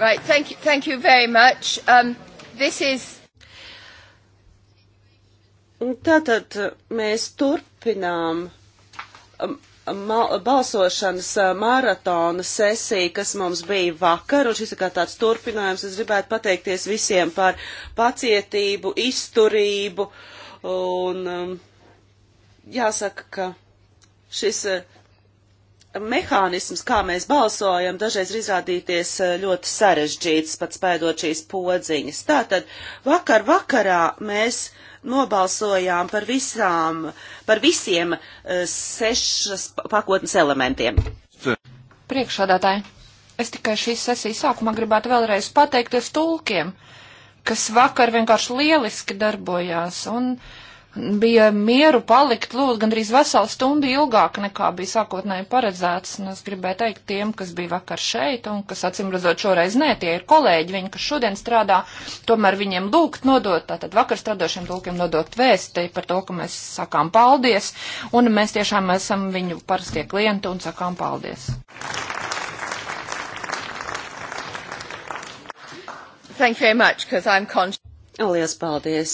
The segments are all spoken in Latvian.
Right, thank you, thank you very much. Um, this is. Tātad uh, mēs turpinām um, um, balsošanas uh, maratona sesija, kas mums bija vakar, un šis ir kā tāds turpinājums. Es gribētu pateikties visiem par pacietību, izturību, un um, jāsaka, ka šis uh, mehānisms, kā mēs balsojam, dažreiz ir izrādīties eh, ļoti sarežģīts, pat spēdot šīs podziņas. Tātad vakar vakarā mēs nobalsojām par visām, par visiem eh, sešas pakotnes elementiem. Priekšādātāji, es tikai šīs sesijas sākumā gribētu vēlreiz pateikties tulkiem, kas vakar vienkārši lieliski darbojās un uh, bija mieru palikt, lūdzu, gandrīz veselu stundu ilgāk nekā bija sākotnēji paredzēts. Un es gribēju teikt tiem, kas bija vakar šeit un kas acimredzot šoreiz nē, tie ir kolēģi, viņi, kas šodien strādā, tomēr viņiem lūgt nodot, tātad vakar strādošiem lūkiem nodot vēsti par to, ka mēs sakām paldies un mēs tiešām esam viņu parastie klienti un sakām paldies. Thank you very much, because I'm conscious. Lielas paldies!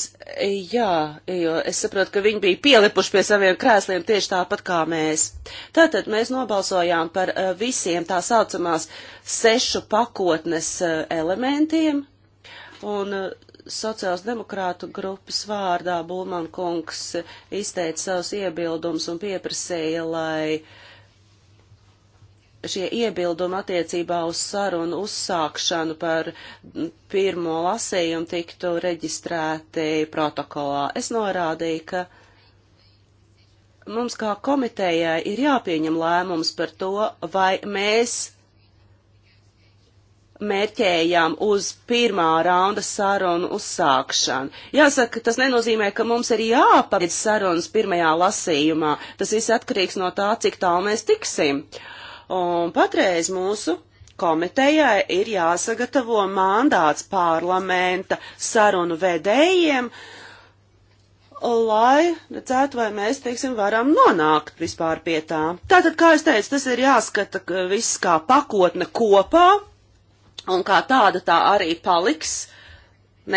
Jā, jo es saprotu, ka viņi bija pielipuši pie saviem krēsliem tieši tāpat kā mēs. Tātad mēs nobalsojām par eh, visiem tā saucamās sešu pakotnes eh, elementiem, un eh, sociāls demokrātu grupas vārdā Bulman kungs izteica savus iebildumus un pieprasīja, lai uh, šie iebildumi attiecībā uz sarunu uzsākšanu par pirmo lasējumu tiktu reģistrēti protokolā. Es norādīju, ka mums kā komitējai ir jāpieņem lēmums par to, vai mēs mērķējām uz pirmā raunda sarunu uzsākšanu. Jāsaka, tas nenozīmē, ka mums ir jāpabeidz sarunas pirmajā lasījumā. Tas viss atkarīgs no tā, cik tālu mēs tiksim. Uh, Un patreiz mūsu komitejai ir jāsagatavo mandāts parlamenta sarunu vedējiem, lai redzētu, vai mēs, teiksim, varam nonākt vispār pie tā. Tātad, kā es teicu, tas ir jāskata viss kā pakotne kopā, un kā tāda tā arī paliks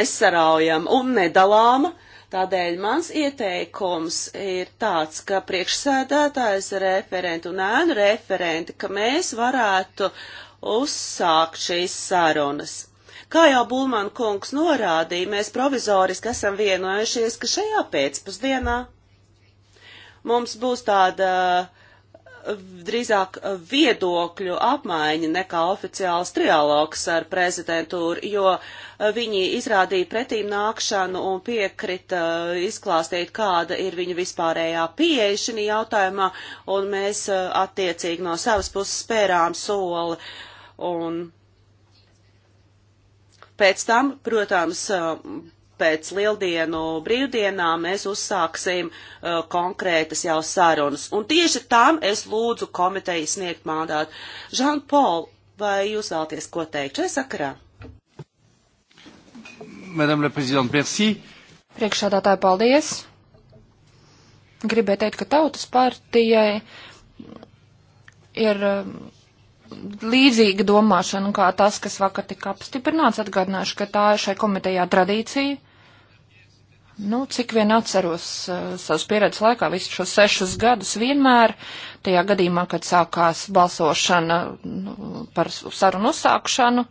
nesaraujama un nedalāma. Tādēļ mans ieteikums ir tāds, ka priekšsēdētājs referenti un ēnu referenti, ka mēs varētu uzsākt šīs sarunas. Kā jau Bulmana kungs norādīja, mēs provizoriski esam vienojušies, ka šajā pēcpusdienā mums būs tāda uh, drīzāk viedokļu apmaiņa nekā oficiāls trialogs ar prezidentūru, jo eh, viņi izrādīja pretīm nākšanu un piekrita eh, izklāstīt, kāda ir viņa vispārējā pieeja šī jautājumā, un mēs eh, attiecīgi no savas puses spērām soli. Un pēc tam, protams, pēc lieldienu brīvdienām mēs uzsāksim uh, konkrētas jau sarunas. Un tieši tam es lūdzu komiteju sniegt mandātu. Žan Paul, vai jūs vēlties ko teikt šajā sakarā? Madame la Présidente, merci. Priekšādātāji, paldies. Gribēju teikt, ka tautas partijai ir um, līdzīga domāšana kā tas, kas vakar tika apstiprināts. Atgādināšu, ka tā ir šai komitejā tradīcija. Nu, cik vien atceros eh, savas pieredzes laikā, visus šos sešus gadus vienmēr, tajā gadījumā, kad sākās balsošana nu, par sarunu uzsākšanu,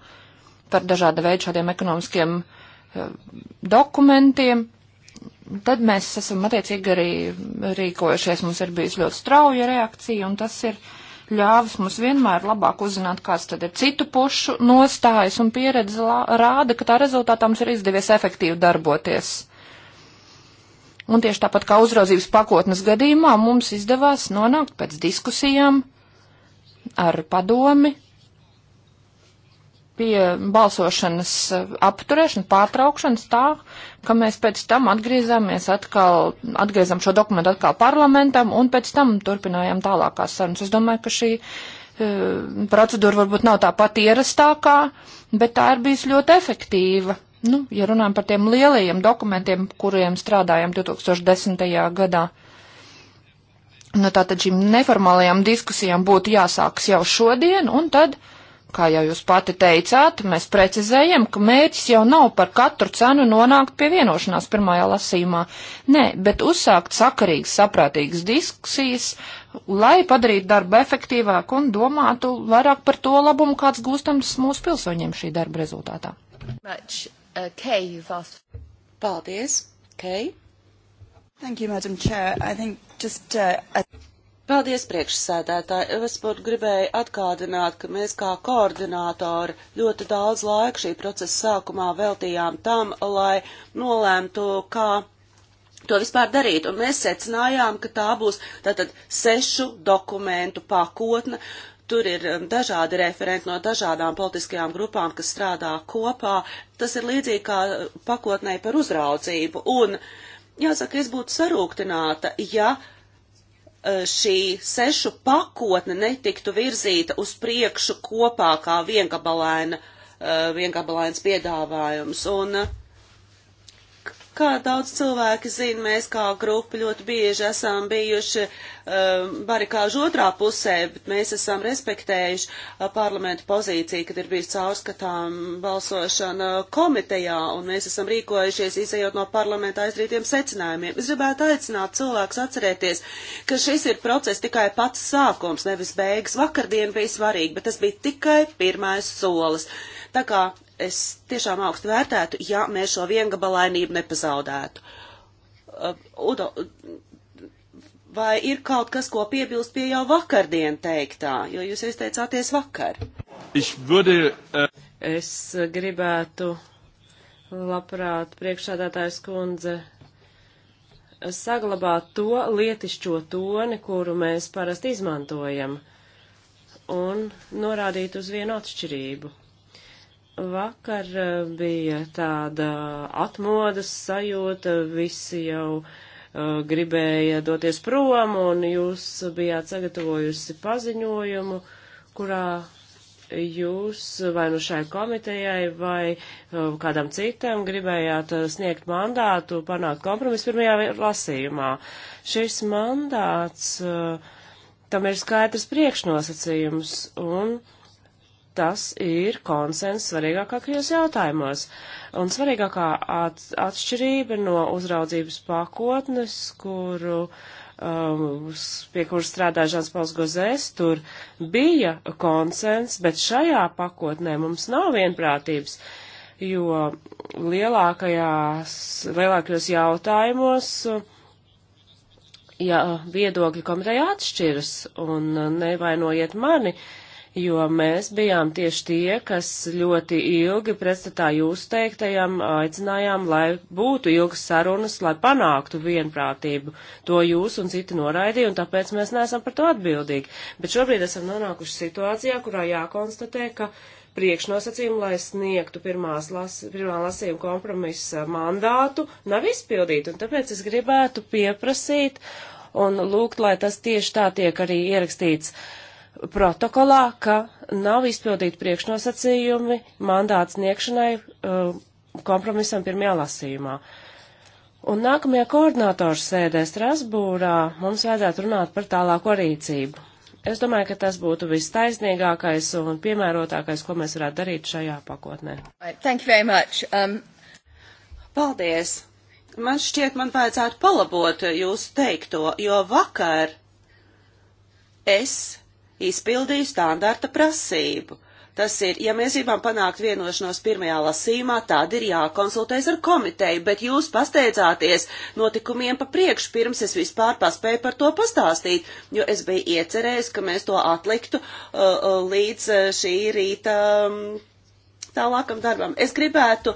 par dažāda veida šādiem ekonomiskiem eh, dokumentiem, tad mēs esam attiecīgi arī rīkojušies, mums ir bijusi ļoti strauja reakcija, un tas ir ļāvis mums vienmēr labāk uzzināt, kāds tad ir citu pušu nostājas un pieredze rāda, ka tā rezultātā mums ir izdevies efektīvi darboties. Un tieši tāpat kā uzraudzības pakotnes gadījumā mums izdevās nonākt pēc diskusijām ar padomi pie balsošanas eh, apturēšanas, pārtraukšanas tā, ka mēs pēc tam atgriezāmies atkal, atgriezām šo dokumentu atkal parlamentam un pēc tam turpinājām tālākās sarunas. Es domāju, ka šī uh, procedūra varbūt nav tā pati ierastākā, bet tā ir bijusi ļoti efektīva. Nu, ja runājam par tiem lielajiem dokumentiem, kuriem strādājam 2010. gadā, nu tātad šīm neformālajām diskusijām būtu jāsākas jau šodien, un tad, kā jau jūs pati teicāt, mēs precizējam, ka mērķis jau nav par katru cenu nonākt pie vienošanās pirmajā lasīmā. Nē, bet uzsākt sakarīgas, saprātīgas diskusijas, lai padarītu darbu efektīvāku un domātu vairāk par to labumu, kāds gūstams mūsu pilsoņiem šī darba rezultātā. Much uh, Kay, you've asked. Paldies, Kay. Thank you, Madam Chair. I think just... Uh, a... Paldies, priekšsēdētāji. Es pat gribēju atgādināt, ka mēs kā koordinātori ļoti daudz laika šī procesa sākumā veltījām tam, lai nolēmtu, kā to vispār darīt. Un mēs secinājām, ka tā būs tātad sešu dokumentu pakotne, uh, Tur ir um, dažādi referenti no dažādām politiskajām grupām, kas strādā kopā. Tas ir līdzīgi kā pakotnē par uzraudzību. Un, jāsaka, es būtu sarūktināta, ja uh, šī sešu pakotne netiktu virzīta uz priekšu kopā kā vienkabalaina, uh, vienkabalains piedāvājums. Un, uh, Kā daudz cilvēki zina, mēs kā grupa ļoti bieži esam bijuši um, barikāžu otrā pusē, bet mēs esam respektējuši uh, parlamentu pozīciju, kad ir bijis caurskatām balsošana komitejā, un mēs esam rīkojušies izējot no parlamenta aizrītiem secinājumiem. Es gribētu aicināt cilvēkus atcerēties, ka šis ir process tikai pats sākums, nevis beigas. Vakardien bija svarīgi, bet tas bija tikai pirmais solis. Tā kā es tiešām augstu vērtētu, ja mēs šo viengabalainību nepazaudētu. Uh, Udo, vai ir kaut kas, ko piebilst pie jau vakardien teiktā, jo jūs izteicāties vakar? Würde, uh... Es gribētu labprāt priekšādātājs kundze saglabāt to lietišķo toni, kuru mēs parasti izmantojam, un norādīt uz vienu atšķirību Vakar eh, bija tāda atmodas sajūta, visi jau uh, gribēja doties prom, un jūs bijāt sagatavojusi paziņojumu, kurā jūs vai nu šai komitejai vai uh, kādam citam gribējāt sniegt mandātu, panākt kompromisu pirmajā lasījumā. Šis mandāts, uh, tam ir skaidrs priekšnosacījums, un tas ir konsens svarīgākajos jautājumos. Un svarīgākā at atšķirība no uzraudzības pakotnes, kuru, um, pie kuras strādāja Žans Pauls Gozēs, tur bija konsens, bet šajā pakotnē mums nav vienprātības, jo lielākajās, lielākajos jautājumos uh, ja viedokļi komiteja atšķiras un nevainojiet mani, uh, jo mēs bijām tieši tie, kas ļoti ilgi pretstatā jūsu teiktajam aicinājām, lai būtu ilgas sarunas, lai panāktu vienprātību. To jūs un citi noraidīja, un tāpēc mēs neesam par to atbildīgi. Bet šobrīd esam nonākuši situācijā, kurā jākonstatē, ka priekšnosacījumi, lai sniegtu pirmās las, pirmā lasījuma kompromisa mandātu, nav izpildīti, un tāpēc es gribētu pieprasīt un lūgt, lai tas tieši tā tiek arī ierakstīts. Uh, protokolā, ka nav izpildīti priekšnosacījumi mandāts sniegšanai uh, kompromisam pirmajā lasījumā. Un nākamajā koordinātoru sēdē Strasbūrā mums vajadzētu runāt par tālāko rīcību. Es domāju, ka tas būtu viss taisnīgākais un piemērotākais, ko mēs varētu darīt šajā pakotnē. Thank you very much. Um... Paldies. Man šķiet, man vajadzētu palabot jūsu teikto, jo vakar es izpildīju standarta prasību. Tas ir, ja mēs gribam panākt vienošanos pirmajā lasīmā, tad ir jākonsultējas ar komiteju, bet jūs pasteidzāties notikumiem pa priekšu, pirms es vispār paspēju par to pastāstīt, jo es biju iecerējis, ka mēs to atliktu uh, uh līdz uh, šī rīta. Um, tālākam darbam. Es gribētu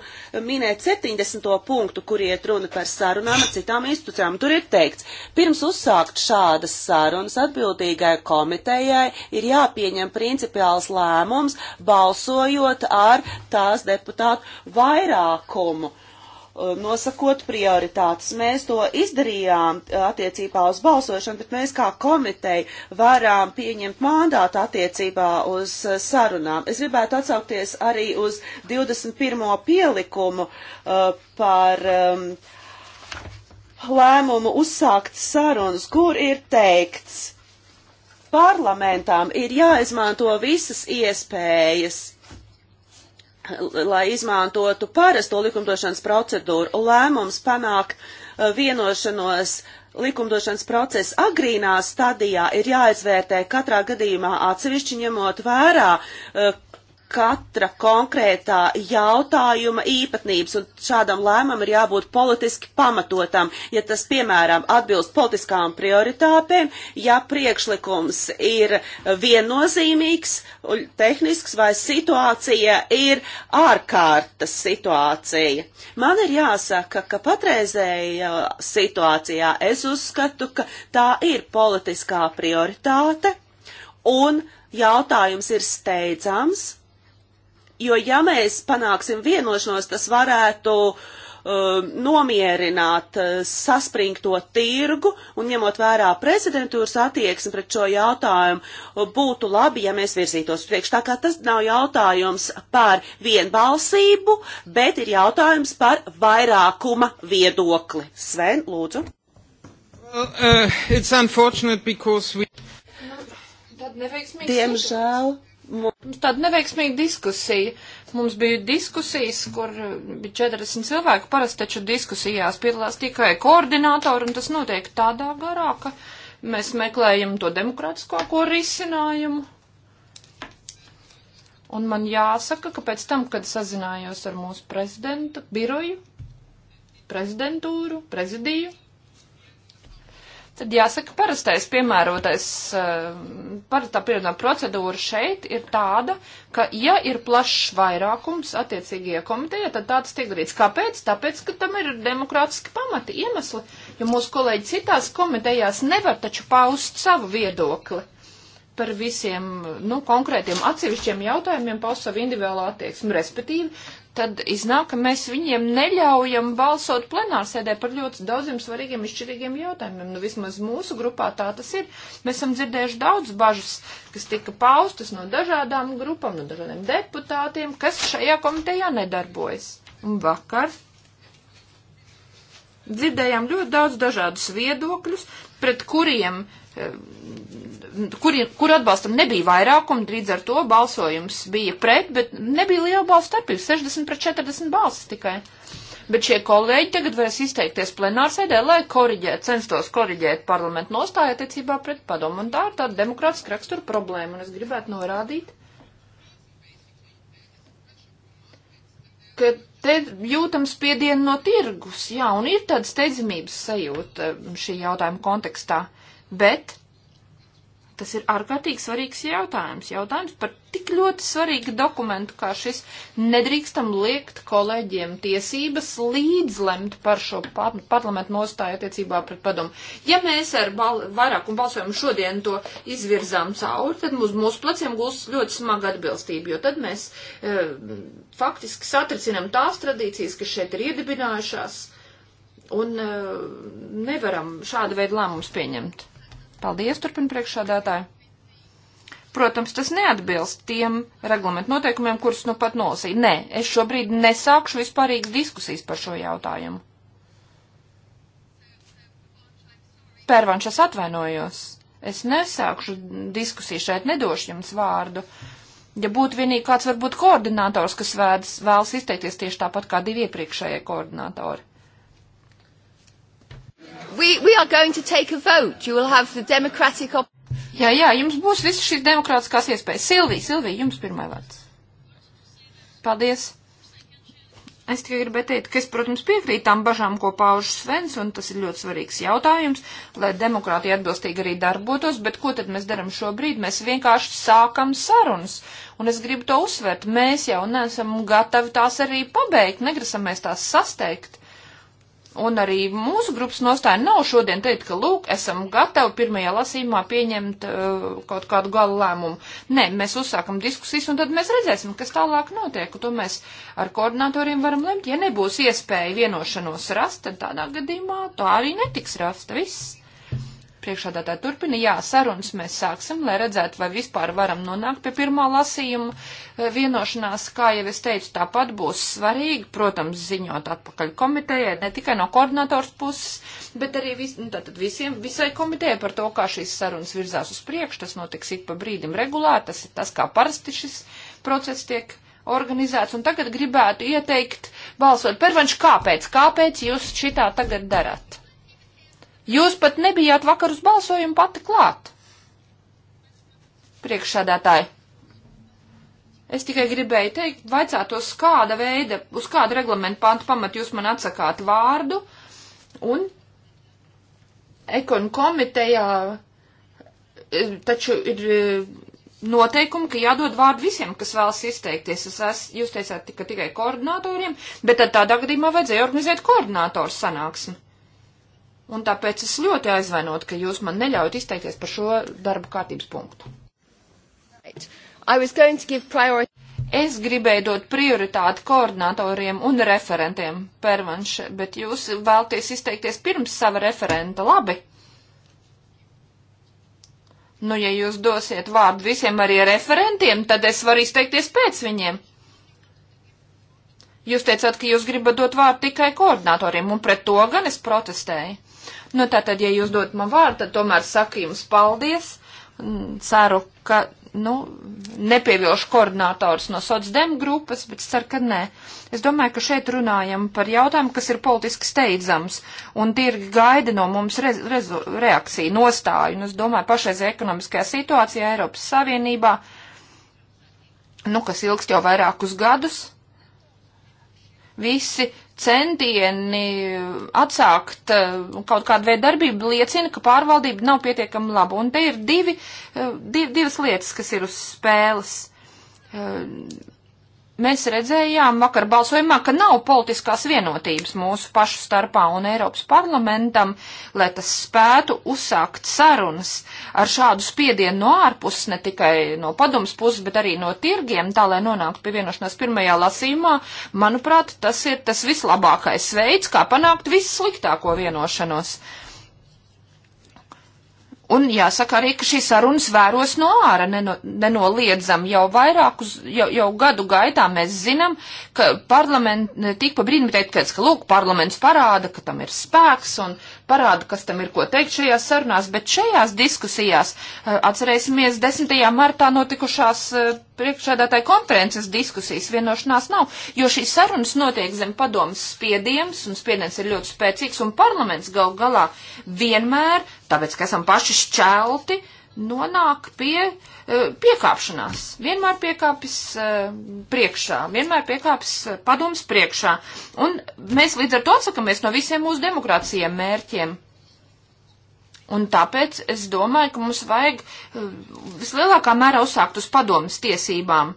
minēt 70. punktu, kur iet runa par sarunām ar citām institūcijām. Tur ir teikts, pirms uzsākt šādas sarunas atbildīgai komitejai ir jāpieņem principiāls lēmums, balsojot ar tās deputātu vairākumu. Eh, nosakot prioritātes. Mēs to izdarījām eh, attiecībā uz balsošanu, bet mēs kā komiteja varam pieņemt mandātu attiecībā uz eh, sarunām. Es gribētu atsaukties arī uz 21. pielikumu uh, par um, lēmumu uzsākt sarunas, kur ir teikts, parlamentām ir jāizmanto visas iespējas lai izmantotu parasto likumdošanas procedūru, lēmums panākt uh, vienošanos likumdošanas procesa agrīnā stadijā ir jāizvērtē katrā gadījumā atsevišķi ņemot vērā, uh, katra konkrētā jautājuma īpatnības, un šādam lēmam ir jābūt politiski pamatotam, ja tas, piemēram, atbilst politiskām prioritātēm, ja priekšlikums ir viennozīmīgs, tehnisks vai situācija ir ārkārtas situācija. Man ir jāsaka, ka patreizējā situācijā es uzskatu, ka tā ir politiskā prioritāte, un jautājums ir steidzams jo ja mēs panāksim vienošanos, tas varētu uh, nomierināt uh, saspringto tirgu un ņemot vērā prezidentūras attieksmi pret šo jautājumu, uh, būtu labi, ja mēs virzītos priekš. Tā kā tas nav jautājums par vienbalsību, bet ir jautājums par vairākuma viedokli. Sven, lūdzu. Well, uh, we... Nu, Diemžēl. Situācijas mums tāda neveiksmīga diskusija. Mums bija diskusijas, kur bija 40 cilvēku, parasti taču diskusijās piedalās tikai koordinātori, un tas notiek tādā garā, ka mēs meklējam to demokrātiskāko risinājumu. Un man jāsaka, ka pēc tam, kad sazinājos ar mūsu prezidenta biroju, prezidentūru, prezidiju, tad jāsaka, parastais piemērotais, eh, parastā pieredzā procedūra šeit ir tāda, ka, ja ir plašs vairākums attiecīgajā komitejā, tad tāds tiek darīts. Kāpēc? Tāpēc, ka tam ir demokrātiski pamati, iemesli, jo mūsu kolēģi citās komitejās nevar taču paust savu viedokli par visiem, nu, konkrētiem atsevišķiem jautājumiem paust savu individuālo attieksmi. Respektīvi, tad iznāk, ka mēs viņiem neļaujam balsot plenārsēdē par ļoti daudziem svarīgiem, izšķirīgiem jautājumiem. Nu, vismaz mūsu grupā tā tas ir. Mēs esam dzirdējuši daudz bažas, kas tika paustas no dažādām grupām, no dažādiem deputātiem, kas šajā komitejā nedarbojas. Un vakar dzirdējām ļoti daudz dažādus viedokļus, pret kuriem uh, kur, ehm, kur atbalstam nebija vairākuma, drīz ar to balsojums bija pret, bet nebija liela balsu starpība, 60 pret 40 balsas tikai. Bet šie kolēģi tagad varēs izteikties plenārsēdē, lai koriģēt, censtos koriģēt parlamentu nostāju attiecībā pret padomu. Un tā ir tāda demokrātiska rakstura problēma, un es gribētu norādīt, ka te jūtam spiedienu no tirgus, jā, un ir tāda steidzamības sajūta um, šī jautājuma kontekstā. Uh, bet tas ir ārkārtīgi svarīgs jautājums. Jautājums par tik ļoti svarīgu dokumentu kā šis. Nedrīkstam liekt kolēģiem tiesības līdzlemt par šo par, parlamentu nostāju attiecībā pret padomu. Ja mēs ar bal, vairākumu balsojumu šodien to izvirzām cauri, tad uz mūsu pleciem gūs ļoti smaga atbilstība, jo tad mēs e, faktiski satricinam tās tradīcijas, kas šeit ir iedibinājušās, un e, nevaram šādu veidu lēmumus pieņemt. Paldies, turpina priekšādātāji. Protams, tas neatbilst tiem reglamentu noteikumiem, kurus nu pat nolasīju. Nē, es šobrīd nesākšu vispārīgas diskusijas par šo jautājumu. Pērvanš, es atvainojos. Es nesākšu diskusiju šeit, nedošu jums vārdu. Ja būtu vienīgi kāds varbūt koordinators, kas vēdas, vēlas izteikties tieši tāpat kā divi iepriekšējie koordinatori. We, we are going to take a vote. You will have the democratic op- Jā, jā, jums būs visas šīs demokrātiskās iespējas. Silvija, Silvija, jums pirmā vārds. Paldies. Es tikai gribēju teikt, ka es, protams, piekrītu tām bažām, ko pauž Svens, un tas ir ļoti svarīgs jautājums, lai demokrātija atbilstīgi arī darbotos, bet ko tad mēs daram šobrīd? Mēs vienkārši sākam sarunas, un es gribu to uzsvērt. Mēs jau nesam gatavi tās arī pabeigt, negrasamies tās sasteigt. Un arī mūsu grupas nostāja nav šodien teikt, ka, lūk, esam gatavi pirmajā lasīmā pieņemt uh, kaut kādu galu lēmumu. Nē, mēs uzsākam diskusijas, un tad mēs redzēsim, kas tālāk notiek. Un to mēs ar koordinatoriem varam lemt. Ja nebūs iespēja vienošanos rast, tad tādā gadījumā tā arī netiks rasta. Viss. Priekšādātāji turpina, jā, sarunas mēs sāksim, lai redzētu, vai vispār varam nonākt pie pirmā lasījuma e, vienošanās. Kā jau es teicu, tāpat būs svarīgi, protams, ziņot atpakaļ komitejai, ne tikai no koordinators puses, bet arī vis, nu, visiem, visai komitejai par to, kā šīs sarunas virzās uz priekšu. Tas notiks ik pa brīdim regulāri, tas ir tas, kā parasti šis process tiek organizēts, un tagad gribētu ieteikt balsot par vanš, kāpēc, kāpēc jūs šitā tagad darat? Jūs pat nebijāt vakar uz balsojumu pati klāt. Priekšsēdētāji. Es tikai gribēju teikt, vaicātos, kāda veida, uz kādu reglamentu pantu pamat jūs man atsakāt vārdu, un ekon komitejā e, taču ir e, noteikumi, ka jādod vārdu visiem, kas vēlas izteikties. Es es, jūs teicāt, ka tikai koordinatoriem, bet tad tādā gadījumā vajadzēja organizēt koordinatoru sanāksmi un tāpēc es ļoti aizvainot, ka jūs man neļaujat izteikties par šo darbu kārtības punktu. Right. Es gribēju dot prioritāti koordinatoriem un referentiem, pervanš, bet jūs vēlties izteikties pirms sava referenta, labi? Nu, ja jūs dosiet vārdu visiem arī referentiem, tad es varu izteikties pēc viņiem. Jūs teicāt, ka jūs gribat dot vārdu tikai koordinatoriem, un pret to gan es protestēju. Nu, tātad, ja jūs dot man vārdu, tad tomēr saku jums paldies. Ceru, ka, nu, nepievilšu koordinātors no socdem grupas, bet ceru, ka nē. Es domāju, ka šeit runājam par jautājumu, kas ir politiski steidzams, un tirgi gaida no mums re re reakciju, nostāju, un nu, es domāju, pašreizajā ekonomiskajā situācijā Eiropas Savienībā, nu, kas ilgst jau vairākus gadus, visi centieni atsākt eh, kaut kādu veidu darbību liecina, ka pārvaldība nav pietiekama laba. Un te ir divi, eh, div, divas lietas, kas ir uz spēles. Eh, Mēs redzējām vakar balsojumā, ka nav politiskās vienotības mūsu pašu starpā un Eiropas parlamentam, lai tas spētu uzsākt sarunas ar šādu spiedienu no ārpuses, ne tikai no padomas puses, bet arī no tirgiem, tā lai nonāktu pie vienošanās pirmajā lasīmā. Manuprāt, tas ir tas vislabākais veids, kā panākt vissliktāko vienošanos. Uh, Un jāsaka arī, ka šīs sarunas vēros no ārā neno, nenoliedzam. Jau vairākus, jau, jau gadu gaitā mēs zinām, ka parlament, tik pa brīdim teikt, ka, lūk, parlaments parāda, ka tam ir spēks un parādu, kas tam ir ko teikt šajās sarunās, bet šajās diskusijās eh, atcerēsimies 10. martā notikušās eh, priekšādātāja konferences diskusijas vienošanās nav, jo šīs sarunas notiek zem padomas spiediems, un spiediens ir ļoti spēcīgs, un parlaments gal galā vienmēr, tāpēc, ka esam paši šķelti, nonāk pie uh, Eh, piekāpšanās, vienmēr piekāpjas eh, priekšā, vienmēr piekāpjas eh, padoms priekšā. Un mēs līdz ar to atsakamies no visiem mūsu demokrācijiem mērķiem. Un tāpēc es domāju, ka mums vajag vislielākā mērā uzsākt uz padomas tiesībām.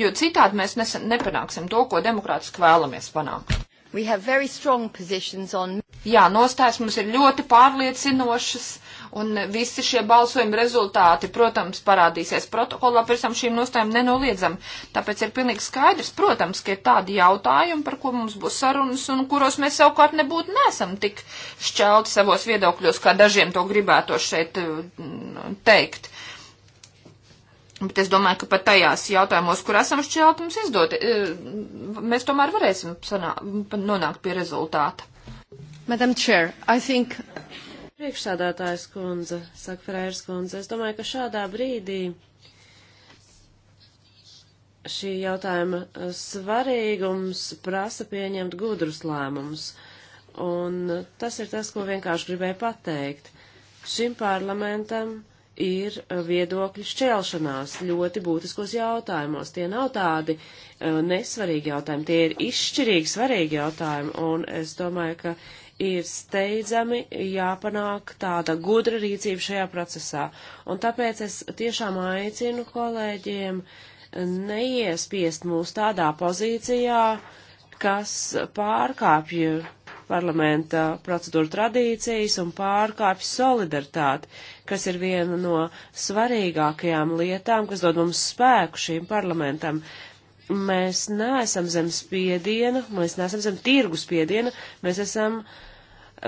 Jo citādi mēs nesen, nepanāksim to, ko demokrātiski vēlamies panākt. On... Jā, nostājas mums ir ļoti pārliecinošas. Uh, un visi šie balsojuma rezultāti, protams, parādīsies protokolā, pēc tam šīm nostājām nenoliedzam. Tāpēc ir pilnīgi skaidrs, protams, ka ir tādi jautājumi, par ko mums būs sarunas un kuros mēs savukārt nebūtu nesam tik šķelti savos viedokļos, kā dažiem to gribēto šeit mm, teikt. Bet es domāju, ka pat tajās jautājumos, kur esam šķelti, mums izdot, e, mēs tomēr varēsim sanā, nonākt pie rezultāta. Madam Chair, I think Priekšsādātājs kundze, saka Frērs kundze, es domāju, ka šādā brīdī šī jautājuma uh, svarīgums prasa pieņemt gudrus lēmumus. Un uh, tas ir tas, ko vienkārši gribēju pateikt. Šim parlamentam ir uh, viedokļu šķelšanās ļoti būtiskos jautājumos. Tie nav tādi uh, nesvarīgi jautājumi, tie ir izšķirīgi svarīgi jautājumi, un es domāju, ka ir steidzami jāpanāk tāda gudra rīcība šajā procesā. Un tāpēc es tiešām aicinu kolēģiem neiespiest mūs tādā pozīcijā, kas pārkāpj parlamenta procedūru tradīcijas un pārkāpj solidaritāti, kas ir viena no svarīgākajām lietām, kas dod mums spēku šīm parlamentam mēs neesam zem spiediena, mēs neesam zem tirgu spiediena, mēs esam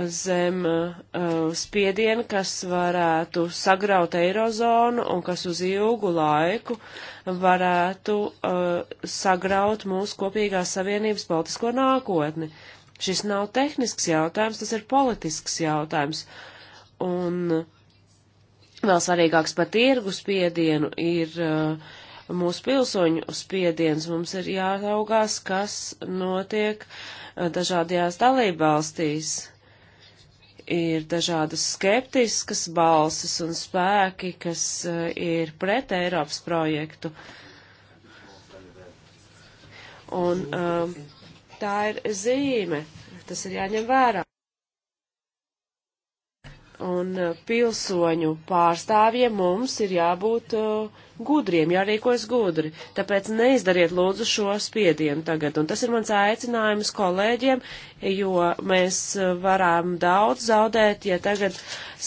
zem uh, spiediena, kas varētu sagraut eirozonu un kas uz ilgu laiku varētu uh, sagraut mūsu kopīgās savienības politisko nākotni. Šis nav tehnisks jautājums, tas ir politisks jautājums. Un vēl svarīgāks par tirgu spiedienu ir uh, mūsu pilsoņu spiediens. Mums ir jāraugās, kas notiek uh, dažādajās dalībvalstīs ir dažādas skeptiskas balsis un spēki, kas eh, ir pret Eiropas projektu. Un um, tā ir zīme, tas ir jāņem vērā. Un eh, pilsoņu pārstāvjiem mums ir jābūt uh, gudriem, jārīkojas gudri. Tāpēc neizdariet lūdzu šo spiedienu tagad. Un tas ir mans aicinājums kolēģiem, jo mēs eh, varam daudz zaudēt, ja tagad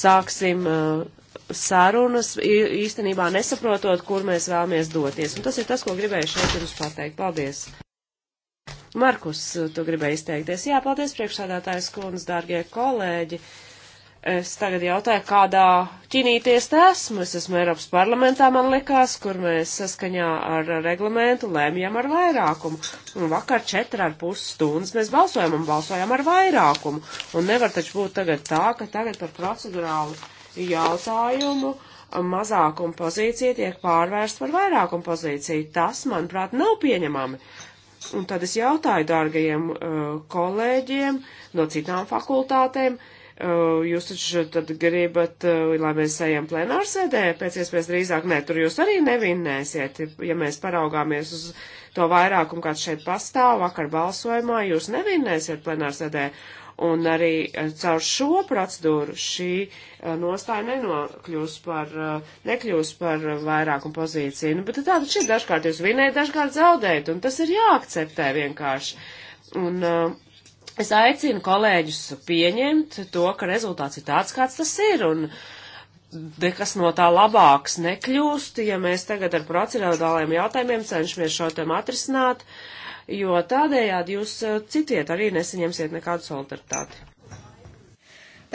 sāksim eh, sarunas, īstenībā nesaprotot, kur mēs vēlamies doties. Un tas ir tas, ko gribēju šeit jums pateikt. Paldies! Markus, tu gribēji izteikties. Jā, paldies priekšsādātājs kundz, dārgie kolēģi. Uh, Es tagad jautāju, kādā ķinīties te esmu. Es esmu Eiropas parlamentā, man likās, kur mēs saskaņā ar reglamentu lēmjam ar vairākumu. Un vakar četrā ar pus stundas mēs balsojam un balsojam ar vairākumu. Un nevar taču būt tagad tā, ka tagad par procedurālu jautājumu mazākuma pozīcija tiek pārvērsta par vairākuma pozīciju. Tas, manuprāt, nav pieņemami. Un tad es jautāju dārgajiem uh, kolēģiem no citām fakultātēm, uh, Uh, jūs taču tad gribat, uh, lai mēs ejam plenārsēdē, pēc iespējas drīzāk, nē, tur jūs arī nevinnēsiet, ja mēs paraugāmies uz to vairākumu, kāds šeit pastāv, vakar balsojumā, jūs nevinnēsiet plenārsēdē. Un arī uh, caur šo procedūru šī nostāja nenokļūs par, nekļūs par vairākumu pozīciju. Nu, bet tāda šī dažkārt jūs vinējat, dažkārt zaudējat, un tas ir jāakceptē vienkārši. Un uh, Es aicinu kolēģus pieņemt to, ka rezultāts ir tāds, kāds tas ir, un nekas no tā labāks nekļūst, ja mēs tagad ar procedurālajiem jautājumiem cenšamies šo tēmu atrisināt, jo tādējādi jūs eh, citiet arī nesaņemsiet nekādu solidaritāti.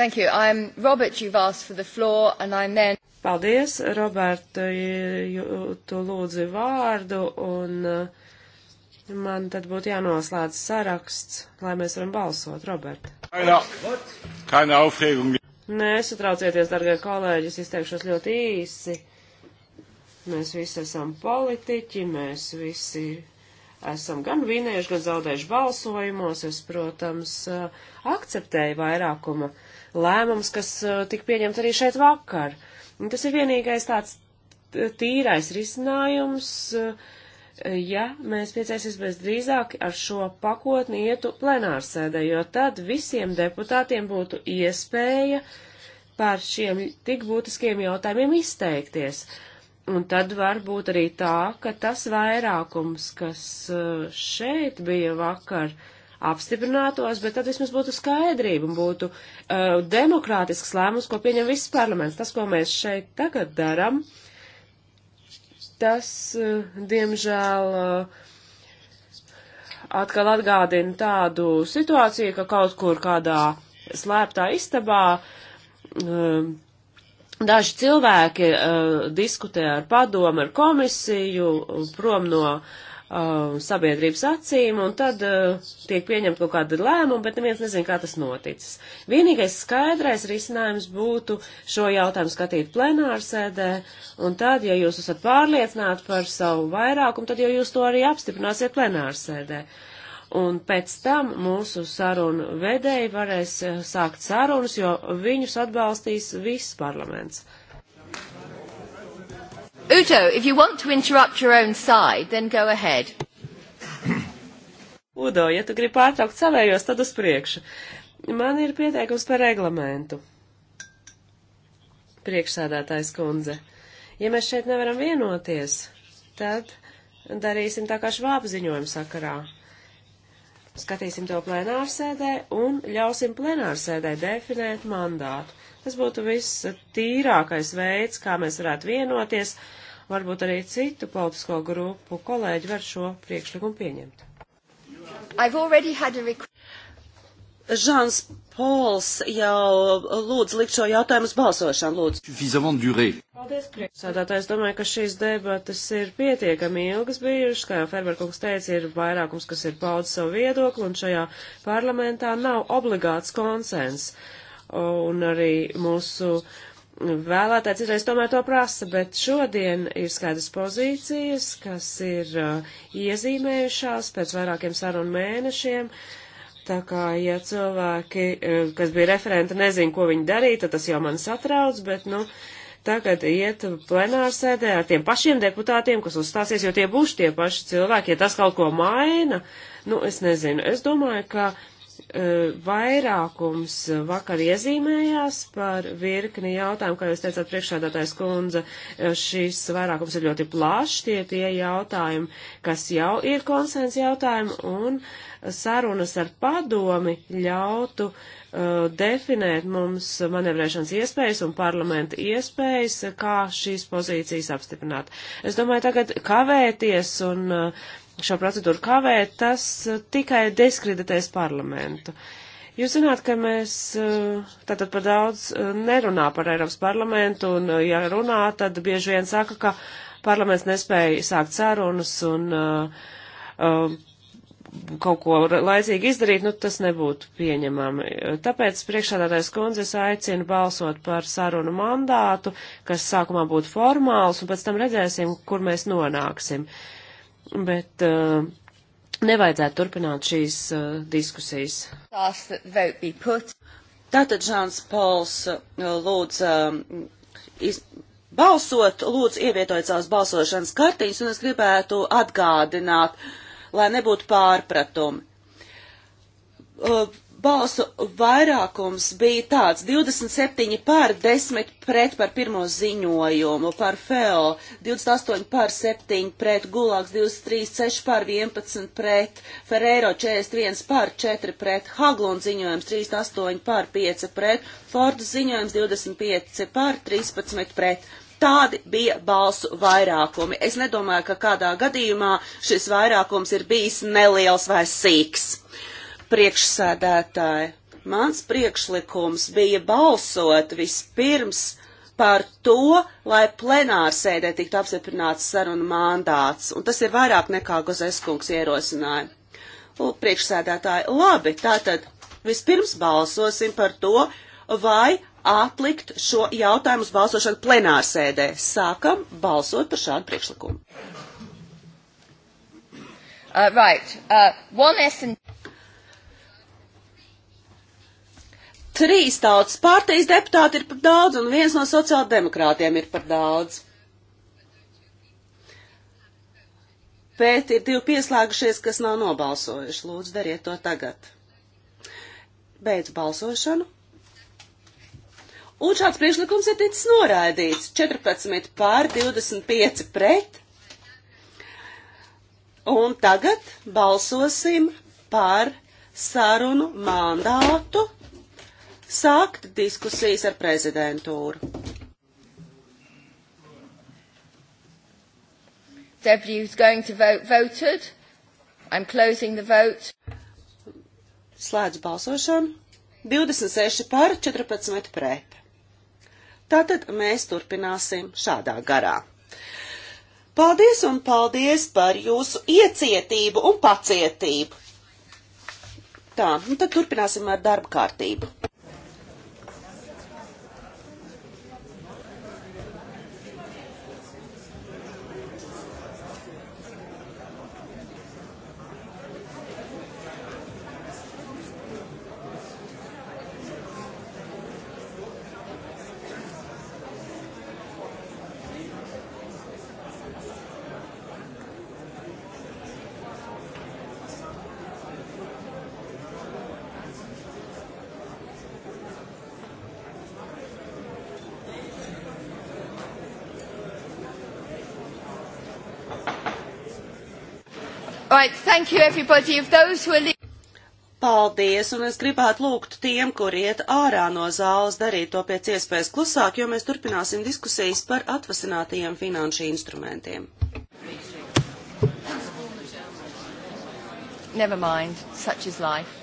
Thank you. I'm Robert, you've asked for the floor, and I'm then... Paldies, Roberta, eh, tu lūdzi vārdu, un uh, Man tad būtu jānoslēdz saraksts, lai mēs varam balsot, Robert. Nesatraucieties, dargie kolēģi, es izteikšos ļoti īsi. Mēs visi esam politiķi, mēs visi esam gan vinējuši, gan zaudējuši balsojumos. Es, protams, akceptēju vairākuma lēmums, kas eh, tika pieņemts arī šeit vakar. Un tas ir vienīgais tāds tīrais risinājums. Uh, ja mēs piecēsies bez drīzāk ar šo pakotni ietu plenārsēdē, jo tad visiem deputātiem būtu iespēja par šiem tik būtiskiem jautājumiem izteikties. Un tad var būt arī tā, ka tas vairākums, kas eh, šeit bija vakar, apstiprinātos, bet tad vismaz būtu skaidrība un būtu uh, demokrātisks lēmums, ko pieņem viss parlaments. Tas, ko mēs šeit tagad daram, uh, tas, eh, diemžēl, eh, atkal atgādina tādu situāciju, ka kaut kur kādā slēptā istabā eh, daži cilvēki diskutē ar padomu, ar komisiju, prom no uh, uh, sabiedrības acīm, un tad uh, tiek pieņemt kaut kāda lēmuma, bet neviens nezin, kā tas noticis. Vienīgais skaidrais risinājums būtu šo jautājumu skatīt plenārsēdē, un tad, ja jūs esat pārliecināti par savu vairākumu, tad jau jūs to arī apstiprināsiet plenārsēdē. Un pēc tam mūsu sarunu vedēji varēs uh, sākt sarunas, jo viņus atbalstīs viss parlaments. Udo, if you want to interrupt your own side, then go ahead. Udo, ja tu gribi pārtraukt savējos, tad uz priekšu. Man ir pieteikums par reglamentu. Priekšsādātājs kundze. Ja mēs šeit nevaram vienoties, tad darīsim tā kā švābziņojuma sakarā skatīsim to plenārsēdē un ļausim plenārsēdē definēt mandātu. Tas būtu viss tīrākais veids, kā mēs varētu vienoties. Varbūt arī citu politisko grupu kolēģi var šo priekšlikumu pieņemt. Žans Pols jau lūdz likt šo jautājumu uz balsošanu, lūdzu. Paldies, priekšsēdētāji. Es domāju, ka šīs debatas ir pietiekami ilgas bijušas. Kā jau Ferberkungs teica, ir vairākums, kas ir paudz savu viedokli, un šajā parlamentā nav obligāts konsens. Un arī mūsu vēlētāji citreiz tomēr to prasa, bet šodien ir skaidrs pozīcijas, kas ir uh, iezīmējušās pēc vairākiem sarunu mēnešiem. Uh, Tā kā, ja cilvēki, eh, kas bija referenti, nezin, ko viņi darīja, tad tas jau man satrauc, bet, nu, tagad iet plenārsēdē ar tiem pašiem deputātiem, kas uzstāsies, jo tie būs tie paši cilvēki, ja tas kaut ko maina, nu, es nezinu. Es domāju, ka E, vairākums vakar iezīmējās par virkni jautājumu, kā jūs teicāt, priekšsēdātājs kundze, e, šīs vairākums ir ļoti plašs, tie tie jautājumi, kas jau ir konsens jautājumi, un sarunas ar padomi ļautu uh, definēt mums manevrēšanas iespējas un parlamenta iespējas, kā šīs pozīcijas apstiprināt. Es domāju, tagad kavēties un uh, šo procedūru kavēt, tas uh, tikai diskreditēs parlamentu. Jūs zināt, ka mēs uh, tātad par daudz uh, nerunā par Eiropas parlamentu, un ja runā, tad bieži vien saka, ka parlaments nespēja sākt sarunas un uh, um, kaut ko laicīgi izdarīt, nu tas nebūtu pieņemami. Tāpēc priekšādātais kundzes aicina balsot par sarunu mandātu, kas sākumā būtu formāls, un pēc tam redzēsim, kur mēs nonāksim. Uh, bet uh, nevajadzētu turpināt šīs uh, diskusijas. Tātad Žāns Pols eh, lūdz iz, balsot, lūdzu ievietojot savas balsošanas kartiņas, un es gribētu atgādināt, lai nebūtu pārpratumi. Uh, balsu vairākums bija tāds 27 pār 10 pret par pirmo ziņojumu, par FEO 28 pār 7 pret, Gulāks 23, 6 pār 11 pret, Ferrero 41 pār 4 pret, Haglund ziņojums 38 pār 5 pret, Fordas ziņojums 25 pār 13 pret. Tādi bija balsu vairākumi. Es nedomāju, ka kādā gadījumā šis vairākums ir bijis neliels vai sīks. Uh, priekšsēdētāji. Mans priekšlikums bija balsot vispirms par to, lai plenārsēdē tiktu apstiprināts saruna mandāts, un tas ir vairāk nekā Gozeskungs ierosināja. Priekšsēdētāji, labi, tātad vispirms balsosim par to, vai atlikt šo jautājumu uz balsošanu plenārsēdē. Sākam balsot par šādu priekšlikumu. Uh, right. uh, trīs tautas partijas deputāti ir par daudz un viens no sociāldemokrātiem ir par daudz. Bet ir divi pieslēgušies, kas nav nobalsojuši. Lūdzu, dariet to tagad. Beidz balsošanu. Un šāds priekšlikums ir ticis noraidīts. 14 pār 25 pret. Un tagad balsosim par sarunu mandātu sākt diskusijas ar prezidentūru. Deputy who's going to vote voted. I'm closing the vote. Slēdz balsošanu. 26 par, 14 pret. Tātad mēs turpināsim šādā garā. Paldies un paldies par jūsu iecietību un pacietību. Tā, un tad turpināsim ar darba kārtību. Right, thank you everybody. If those who are Paldies, un es gribētu lūgt tiem, kur iet ārā no zāles, darīt to pēc iespējas klusāk, jo mēs turpināsim diskusijas par atvasinātajiem finanšu instrumentiem. Never mind, such is life.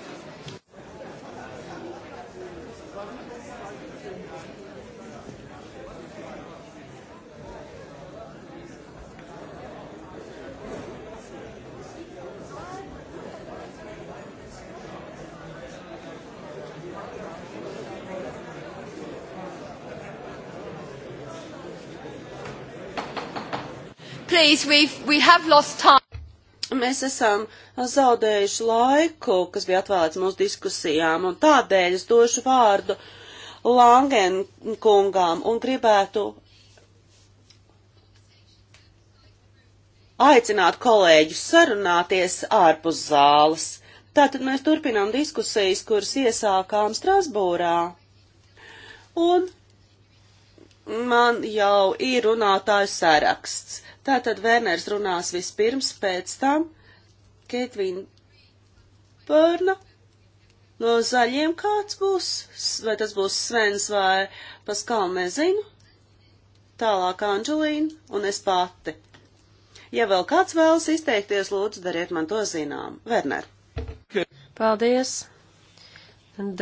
please, we've, we have lost time. Mēs esam zaudējuši laiku, kas bija atvēlēts mūsu diskusijām, un tādēļ es došu vārdu Langen kungām un gribētu aicināt kolēģus sarunāties ārpus zāles. Tātad mēs turpinām diskusijas, kuras iesākām Strasbūrā. Un man jau ir runātājs saraksts. Tātad Vērners runās vispirms, pēc tam Keitvīna Pērna no zaļiem kāds būs, vai tas būs Svens vai Paskal, nezinu. Tālāk Anģelīna un es pati. Ja vēl kāds vēlas izteikties, lūdzu, dariet man to zinām. Werner. Paldies!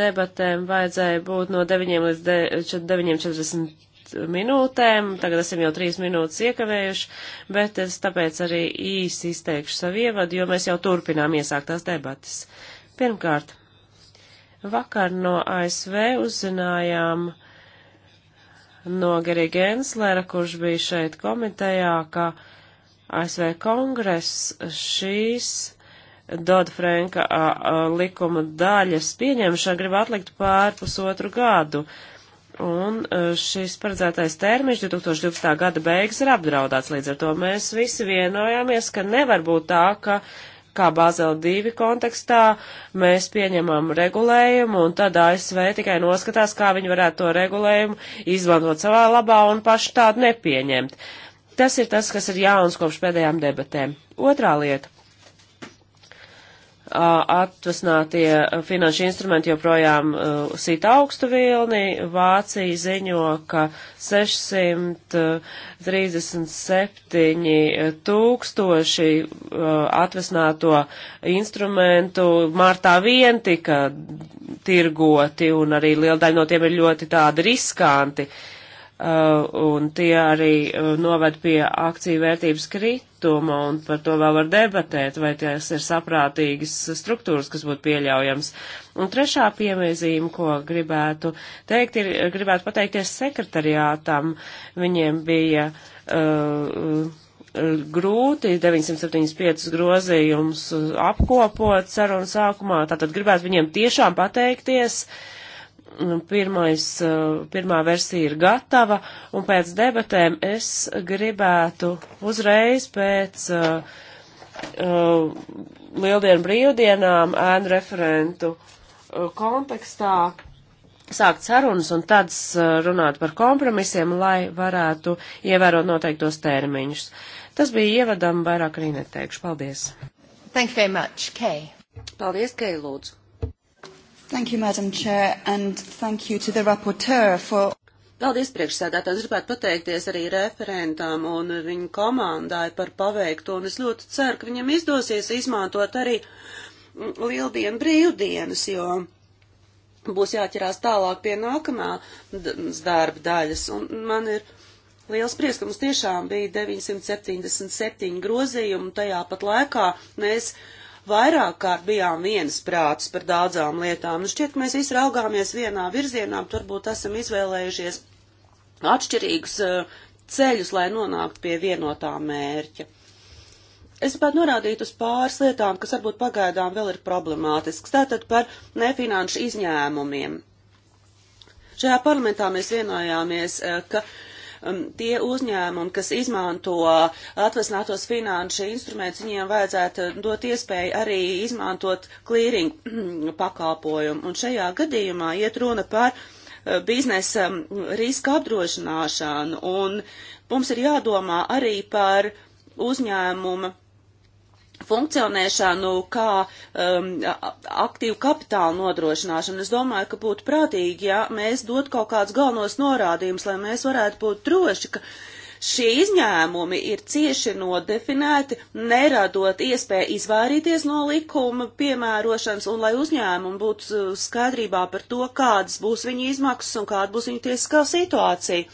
Debatēm vajadzēja būt no 9 līdz 9.45 minūtēm, tagad esam jau trīs minūtes iekavējuši, bet es tāpēc arī īsi izteikšu savu ievadu, jo mēs jau turpinām iesāktās debatas. Pirmkārt, vakar no ASV uzzinājām no Gerija Genslera, kurš bija šeit komitejā, ka ASV kongress šīs Dodd-Franka likuma daļas pieņemšana grib atlikt pār pusotru gadu. Uh, Un e, šis paredzētais termiņš 2012. gada beigas ir apdraudāts, līdz ar to mēs visi vienojāmies, ka nevar būt tā, ka kā Bāzela 2 kontekstā mēs pieņemam regulējumu un tad ASV tikai noskatās, kā viņi varētu to regulējumu izmantot savā labā un paši tādu nepieņemt. Tas ir tas, kas ir jauns kopš pēdējām debatēm. Otrā lieta atvasinātie finanšu instrumenti joprojām uh, sit augstu vilni. Vācija ziņo, ka 637 tūkstoši uh, atvasināto instrumentu martā vien tika tirgoti, un arī liela daļa no tiem ir ļoti tādi riskanti. Uh, Uh, un tie arī uh, noved pie akciju vērtības krituma, un par to vēl var debatēt, vai tās ir saprātīgas struktūras, kas būtu pieļaujams. Un trešā piemēzīme, ko gribētu teikt, ir, gribētu pateikties sekretariātam. Viņiem bija uh, grūti 975 grozījumus apkopot sarunu sākumā, tātad gribētu viņiem tiešām pateikties. Uh, Pirmais, uh, pirmā versija ir gatava, un pēc debatēm es gribētu uzreiz pēc uh, uh lieldienu brīvdienām ēnu referentu uh, kontekstā sākt sarunas un tad runāt par kompromisiem, lai varētu ievērot noteiktos termiņus. Tas bija ievadam, vairāk arī neteikšu. Paldies. Thank you very much, Kei. Paldies, Kei, lūdzu. Thank you, Madam Chair, and thank you to the rapporteur for. Paldies priekšsēdētājs, gribētu pateikties arī referentam un viņa komandai par paveikto, un es ļoti ceru, ka viņam izdosies izmantot arī lieldienu brīvdienas, jo būs jāķerās tālāk pie nākamā darba daļas. Un man ir liels prieks, ka mums tiešām bija 977 grozījumi, un tajā pat laikā mēs vairāk kārt bijām vienas prātas par daudzām lietām. Nu, šķiet, ka mēs visi raugāmies vienā virzienā, turbūt esam izvēlējušies atšķirīgus uh, ceļus, lai nonāktu pie vienotā mērķa. Es gribētu norādīt uz pāris lietām, kas varbūt pagaidām vēl ir problemātisks, tātad par nefinanšu izņēmumiem. Šajā parlamentā mēs vienojāmies, eh, ka Um, tie uzņēmumi, kas izmanto atvesinātos finanšu instrumentus, viņiem vajadzētu dot iespēju arī izmantot klīringu pakalpojumu. Un šajā gadījumā iet runa par uh, biznesa um, riska apdrošināšanu, un mums ir jādomā arī par uzņēmuma funkcionēšanu kā um, aktīvu kapitālu nodrošināšanu. Es domāju, ka būtu prātīgi, ja mēs dot kaut kādus galvenos norādījumus, lai mēs varētu būt droši, ka šie izņēmumi ir cieši nodefinēti, neradot iespēju izvairīties no likuma piemērošanas, un lai uzņēmumi būtu uh, skaidrībā par to, kādas būs viņu izmaksas un kāda būs viņu tiesiskā situācija.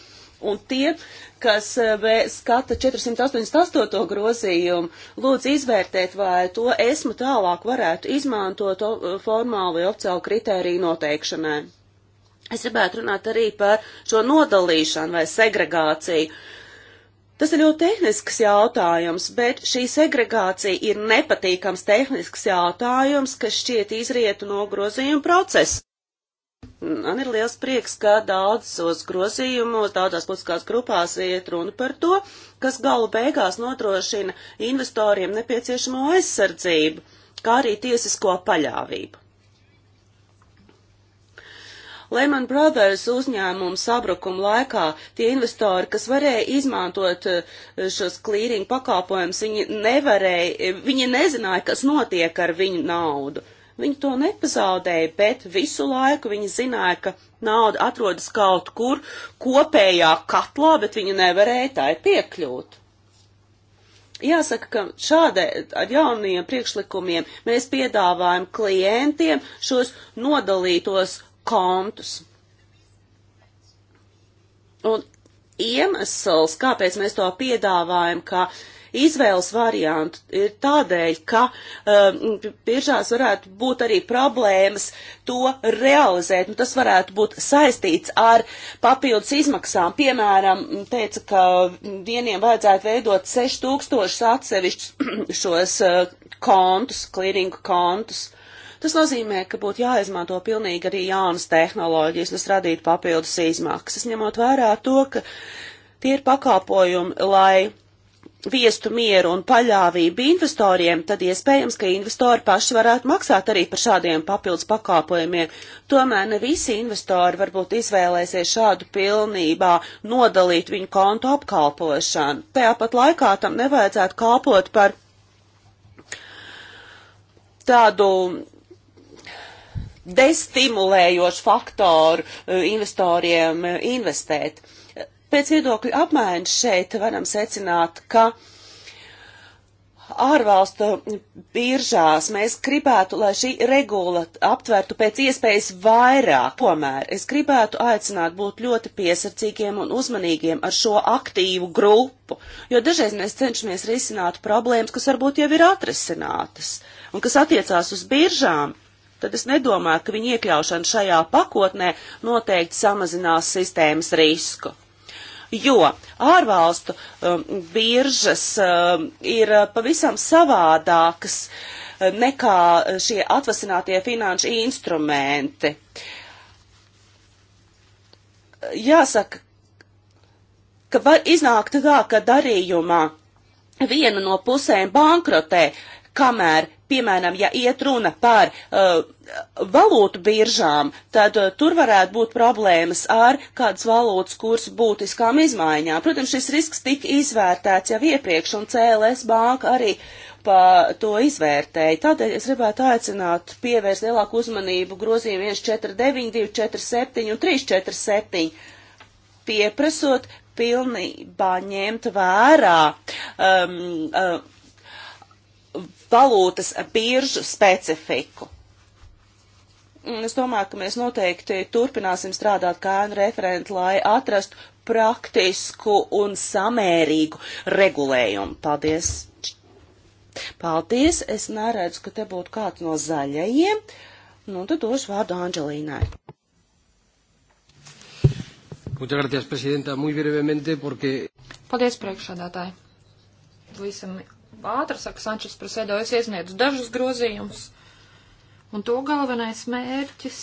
Un tie kas eh, skata 488. grozījumu, lūdzu izvērtēt, vai to esmu tālāk varētu izmantot formāli oficiālu kritēriju noteikšanai. Es gribētu runāt arī par šo nodalīšanu vai segregāciju. Tas ir ļoti tehnisks jautājums, bet šī segregācija ir nepatīkams tehnisks jautājums, kas šķiet izrietu no grozījuma procesa. Man ir liels prieks, ka daudzos grozījumos, daudzās politiskās grupās iet runa par to, kas galu beigās nodrošina investoriem nepieciešamo aizsardzību, kā arī tiesisko paļāvību. Lehman Brothers uzņēmumu sabrukuma laikā tie investori, kas varēja izmantot eh, šos klīringu pakāpojumus, viņi nevarēja, viņi nezināja, kas notiek ar viņu naudu. Viņi to nepazaudēja, bet visu laiku viņi zināja, ka nauda atrodas kaut kur kopējā katlā, bet viņi nevarēja tai piekļūt. Jāsaka, ka šādai ar jaunajiem priekšlikumiem mēs piedāvājam klientiem šos nodalītos kontus. Un iemesls, kāpēc mēs to piedāvājam, ka uh, izvēles variantu, ir tādēļ, ka um, biežās varētu būt arī problēmas to realizēt, un nu, tas varētu būt saistīts ar papildus izmaksām. Piemēram, teica, ka vieniem vajadzētu veidot 6000 atsevišķus šos uh, kontus, klīringu kontus. Tas nozīmē, ka būtu jāizmanto pilnīgi arī jaunas tehnoloģijas, tas radītu papildus izmaksas, ņemot vērā to, ka tie ir pakalpojumi, lai viestu mieru un paļāvību investoriem, tad iespējams, ka investori paši varētu maksāt arī par šādiem papildus pakāpojumiem. Tomēr ne visi investori varbūt izvēlēsies šādu pilnībā nodalīt viņu kontu apkalpošanu. Tāpat laikā tam nevajadzētu kalpot par tādu destimulējošu faktoru eh, investoriem eh, investēt. Uh, Pēc viedokļu apmaiņas šeit varam secināt, ka ārvalstu biržās mēs gribētu, lai šī regula aptvertu pēc iespējas vairāk. Tomēr es gribētu aicināt būt ļoti piesardzīgiem un uzmanīgiem ar šo aktīvu grupu, jo dažreiz mēs cenšamies risināt problēmas, kas varbūt jau ir atrisinātas un kas attiecās uz biržām. Tad es nedomāju, ka viņa iekļaušana šajā pakotnē noteikti samazinās sistēmas risku jo ārvalstu um, biržas um, ir uh, pavisam savādākas uh, nekā šie atvasinātie finanšu instrumenti. Jāsaka, ka var iznākt tā, ka darījumā viena no pusēm bankrotē, kamēr piemēram, ja iet runa par uh, valūtu biržām, tad uh, tur varētu būt problēmas ar kādas valūtas kursu būtiskām izmaiņām. Protams, šis risks tika izvērtēts jau iepriekš, un CLS banka arī pa to izvērtēja. Tādēļ es gribētu aicināt pievērst lielāku uzmanību grozījumiem 149, 247 un 347, pieprasot pilnībā ņemt vērā um, uh, valūtas biržu specifiku. Un es domāju, ka mēs noteikti turpināsim strādāt kā referenti, lai atrastu praktisku un samērīgu regulējumu. Paldies! Paldies! Es neredzu, ka te būtu kāds no zaļajiem. Nu, tad došu vārdu Anģelīnai. Muchas gracias, presidenta. Muy brevemente, porque. Paldies, priekšsādātāji. Pavisam ātri, saka Sančes Prasēdo, es iesniedzu dažus grozījumus, un to galvenais mērķis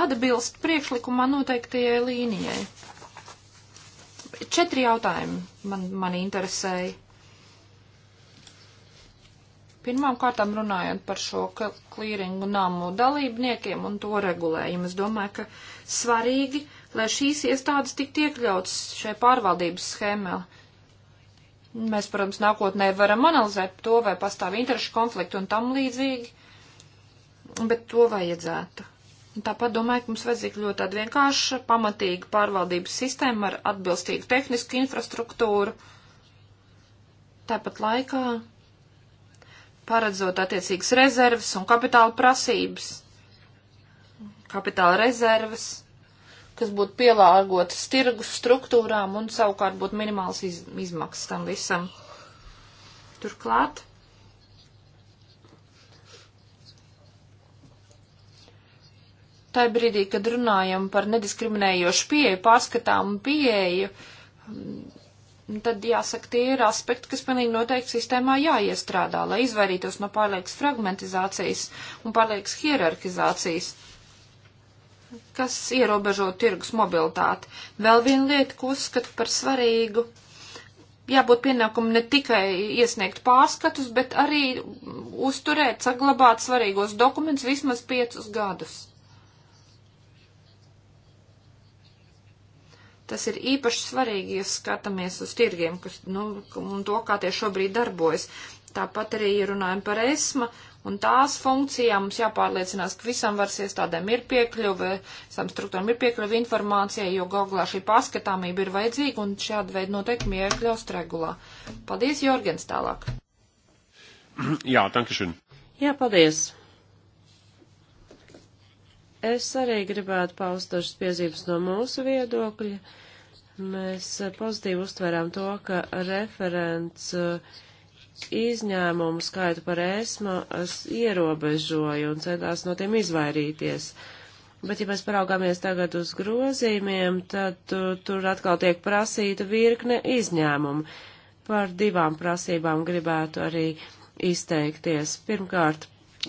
atbilst priekšlikumā noteiktajai līnijai. Četri jautājumi man, man interesēja. Pirmām kārtām runājot par šo klīringu namu dalībniekiem un to regulējumu, es domāju, ka svarīgi, lai šīs iestādes tiktu iekļautas šai pārvaldības schēmē, Mēs, protams, nākotnē varam analizēt to, vai pastāv interešu konflikti un tam līdzīgi, bet to vajadzētu. Tāpat domāju, ka mums vajadzīga ļoti tāda vienkārša, pamatīga pārvaldības sistēma ar atbilstīgu tehnisku infrastruktūru. Tāpat laikā paredzot attiecīgas rezerves un kapitāla prasības, kapitāla rezerves kas būtu pielāgotas tirgus struktūrām un savukārt būtu minimāls iz, izmaksas tam visam. Turklāt. Tā brīdī, kad runājam par nediskriminējošu pieeju, pārskatāmu pieeju, mm, tad jāsaka, tie ir aspekti, kas pilnīgi noteikti sistēmā jāiestrādā, lai izvairītos no pārliekas fragmentizācijas un pārliekas hierarkizācijas. Uh, kas ierobežo tirgus mobilitāti. Vēl viena lieta, ko uzskatu par svarīgu, jābūt pienākumu ne tikai iesniegt pārskatus, bet arī uzturēt, saglabāt svarīgos dokumentus vismaz piecus gadus. Tas ir īpaši svarīgi, ja skatāmies uz tirgiem, kas, nu, un to, kā tie šobrīd darbojas. Tāpat arī runājam par ESMA un tās funkcijā mums jāpārliecinās, ka visam varas iestādēm ir piekļuve, visam struktūram ir piekļuve informācijai, jo galvā šī paskatāmība ir vajadzīga un šāda veida noteikumi iekļaust regulā. Paldies, Jorgens, tālāk. Jā, tankešin. Jā, paldies. Es arī gribētu paust dažas piezīmes no mūsu viedokļa. Mēs pozitīvi uztverām to, ka referents uh, izņēmumu skaitu par ESMA ierobežoja un centās no tiem izvairīties. Bet, ja mēs paraugāmies tagad uz grozījumiem, tad tu, tur atkal tiek prasīta virkne izņēmumu. Par divām prasībām gribētu arī izteikties. Pirmkārt,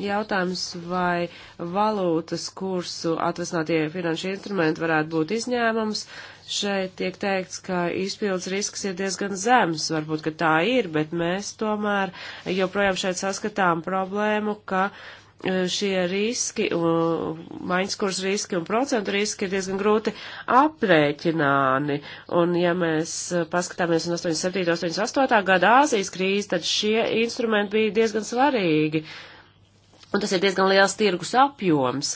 jautājums, vai valūtas kursu atvesinātie finanšu instrumenti varētu būt izņēmums. Uh, Šeit tiek teikts, ka izpildus risks ir diezgan zems, varbūt, ka tā ir, bet mēs tomēr joprojām šeit saskatām problēmu, ka e, šie riski, maiņskurs riski un procentu riski ir diezgan grūti aprēķināni. Un ja mēs e, paskatāmies uz 87. 88. gada Āzijas krīzi, tad šie instrumenti bija diezgan svarīgi. Uh, Un tas ir diezgan liels tirgus apjoms.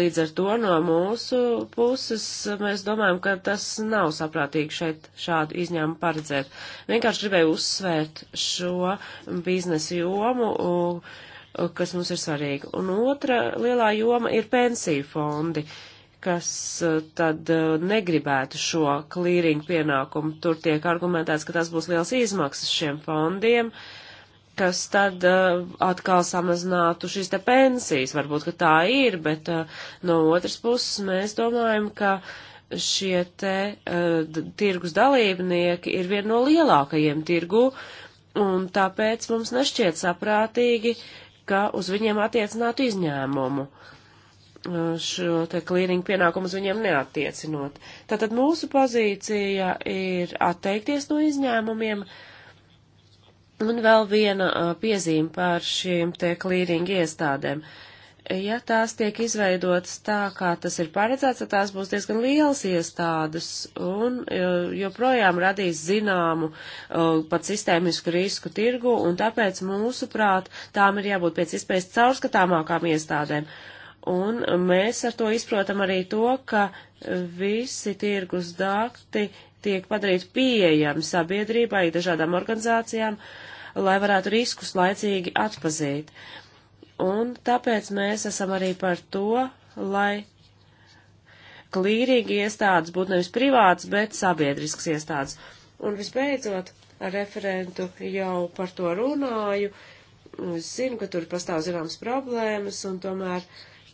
Līdz ar to no mūsu puses mēs domājam, ka tas nav saprātīgi šeit šādu izņēmumu paredzēt. Vienkārši gribēju uzsvērt šo biznesa jomu, kas mums ir svarīga. Un otra lielā joma ir pensiju fondi kas tad negribētu šo klīringu pienākumu. Tur tiek argumentēts, ka tas būs liels izmaksas šiem fondiem. Uh, kas tad uh, atkal samazinātu šīs te pensijas. Varbūt, ka tā ir, bet uh, no otras puses mēs domājam, ka šie te uh, tirgus dalībnieki ir viena no lielākajiem tirgu, un tāpēc mums nešķiet saprātīgi, ka uz viņiem attiecinātu izņēmumu šo te klīringu pienākumu uz viņiem neattiecinot. Tātad mūsu pozīcija ir atteikties no izņēmumiem, uh, Un vēl viena piezīme par šīm te klīringa iestādēm. Ja tās tiek izveidotas tā, kā tas ir paredzēts, tad tās būs diezgan lielas iestādes un joprojām radīs zināmu pat sistēmisku risku tirgu, un tāpēc mūsuprāt tām ir jābūt pēc iespējas caurskatāmākām iestādēm. Un mēs ar to izprotam arī to, ka visi tirgus dakti tiek padarīti pieejami sabiedrībai, dažādām organizācijām, uh, lai varētu riskus laicīgi atpazīt. Un tāpēc mēs esam arī par to, lai klīrīgi iestādes būtu nevis privātas, bet sabiedrisks iestādes. Un visbeidzot, ar referentu jau par to runāju. Es zinu, ka tur pastāv zināmas problēmas, un tomēr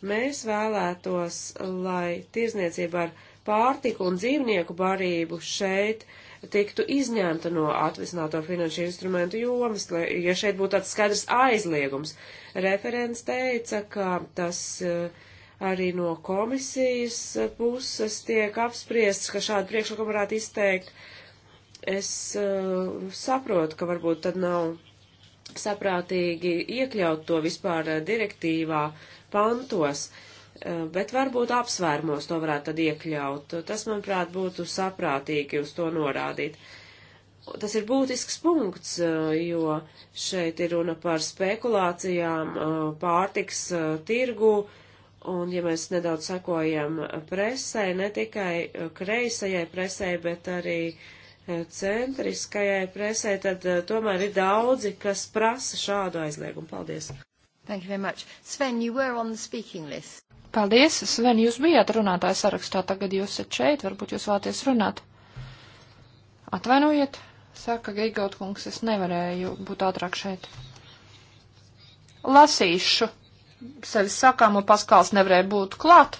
mēs vēlētos, lai tirzniecība ar pārtiku un dzīvnieku barību šeit uh, tiktu izņemta no atvisināto finanšu instrumentu jomas, lai, ja šeit būtu tāds skaidrs aizliegums. Referents teica, ka tas eh, arī no komisijas puses tiek apspriests, ka šādu priekšlikumu varētu izteikt. Es uh, saprotu, ka varbūt tad nav saprātīgi iekļaut to vispār eh, direktīvā pantos. Uh, Eh, bet varbūt apsvērumos to varētu tad iekļaut. Tas, manuprāt, būtu saprātīgi uz to norādīt. Tas ir būtisks punkts, eh, jo šeit ir runa par spekulācijām eh, pārtiks tirgu, un ja mēs nedaudz sakojam presē, ne tikai kreisajai presē, bet arī centriskajai presē, tad tomēr ir daudzi, kas prasa šādu aizliegumu. Paldies! Thank you very much. Sven, you were on the speaking list. Paldies, Sven, jūs bijāt runātāja sarakstā, tagad jūs esat šeit, varbūt jūs vēlaties runāt. Atvainojiet, saka Gigaut kungs, es nevarēju būt ātrāk šeit. Lasīšu. Sevis sakāmo paskāls nevarēja būt klāt,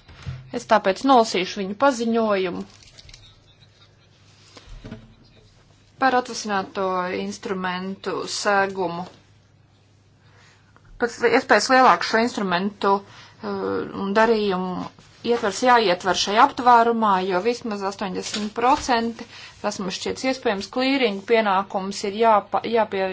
es tāpēc nolasīšu viņu paziņojumu. Par atvasināto instrumentu sēgumu. Pēc iespējas lielāku šo instrumentu uh, Eh, un darījumu ietvers jāietver šai aptvērumā, jo vismaz 80%, tas mums šķiet iespējams, klīringa pienākums ir jāpa, jāpie,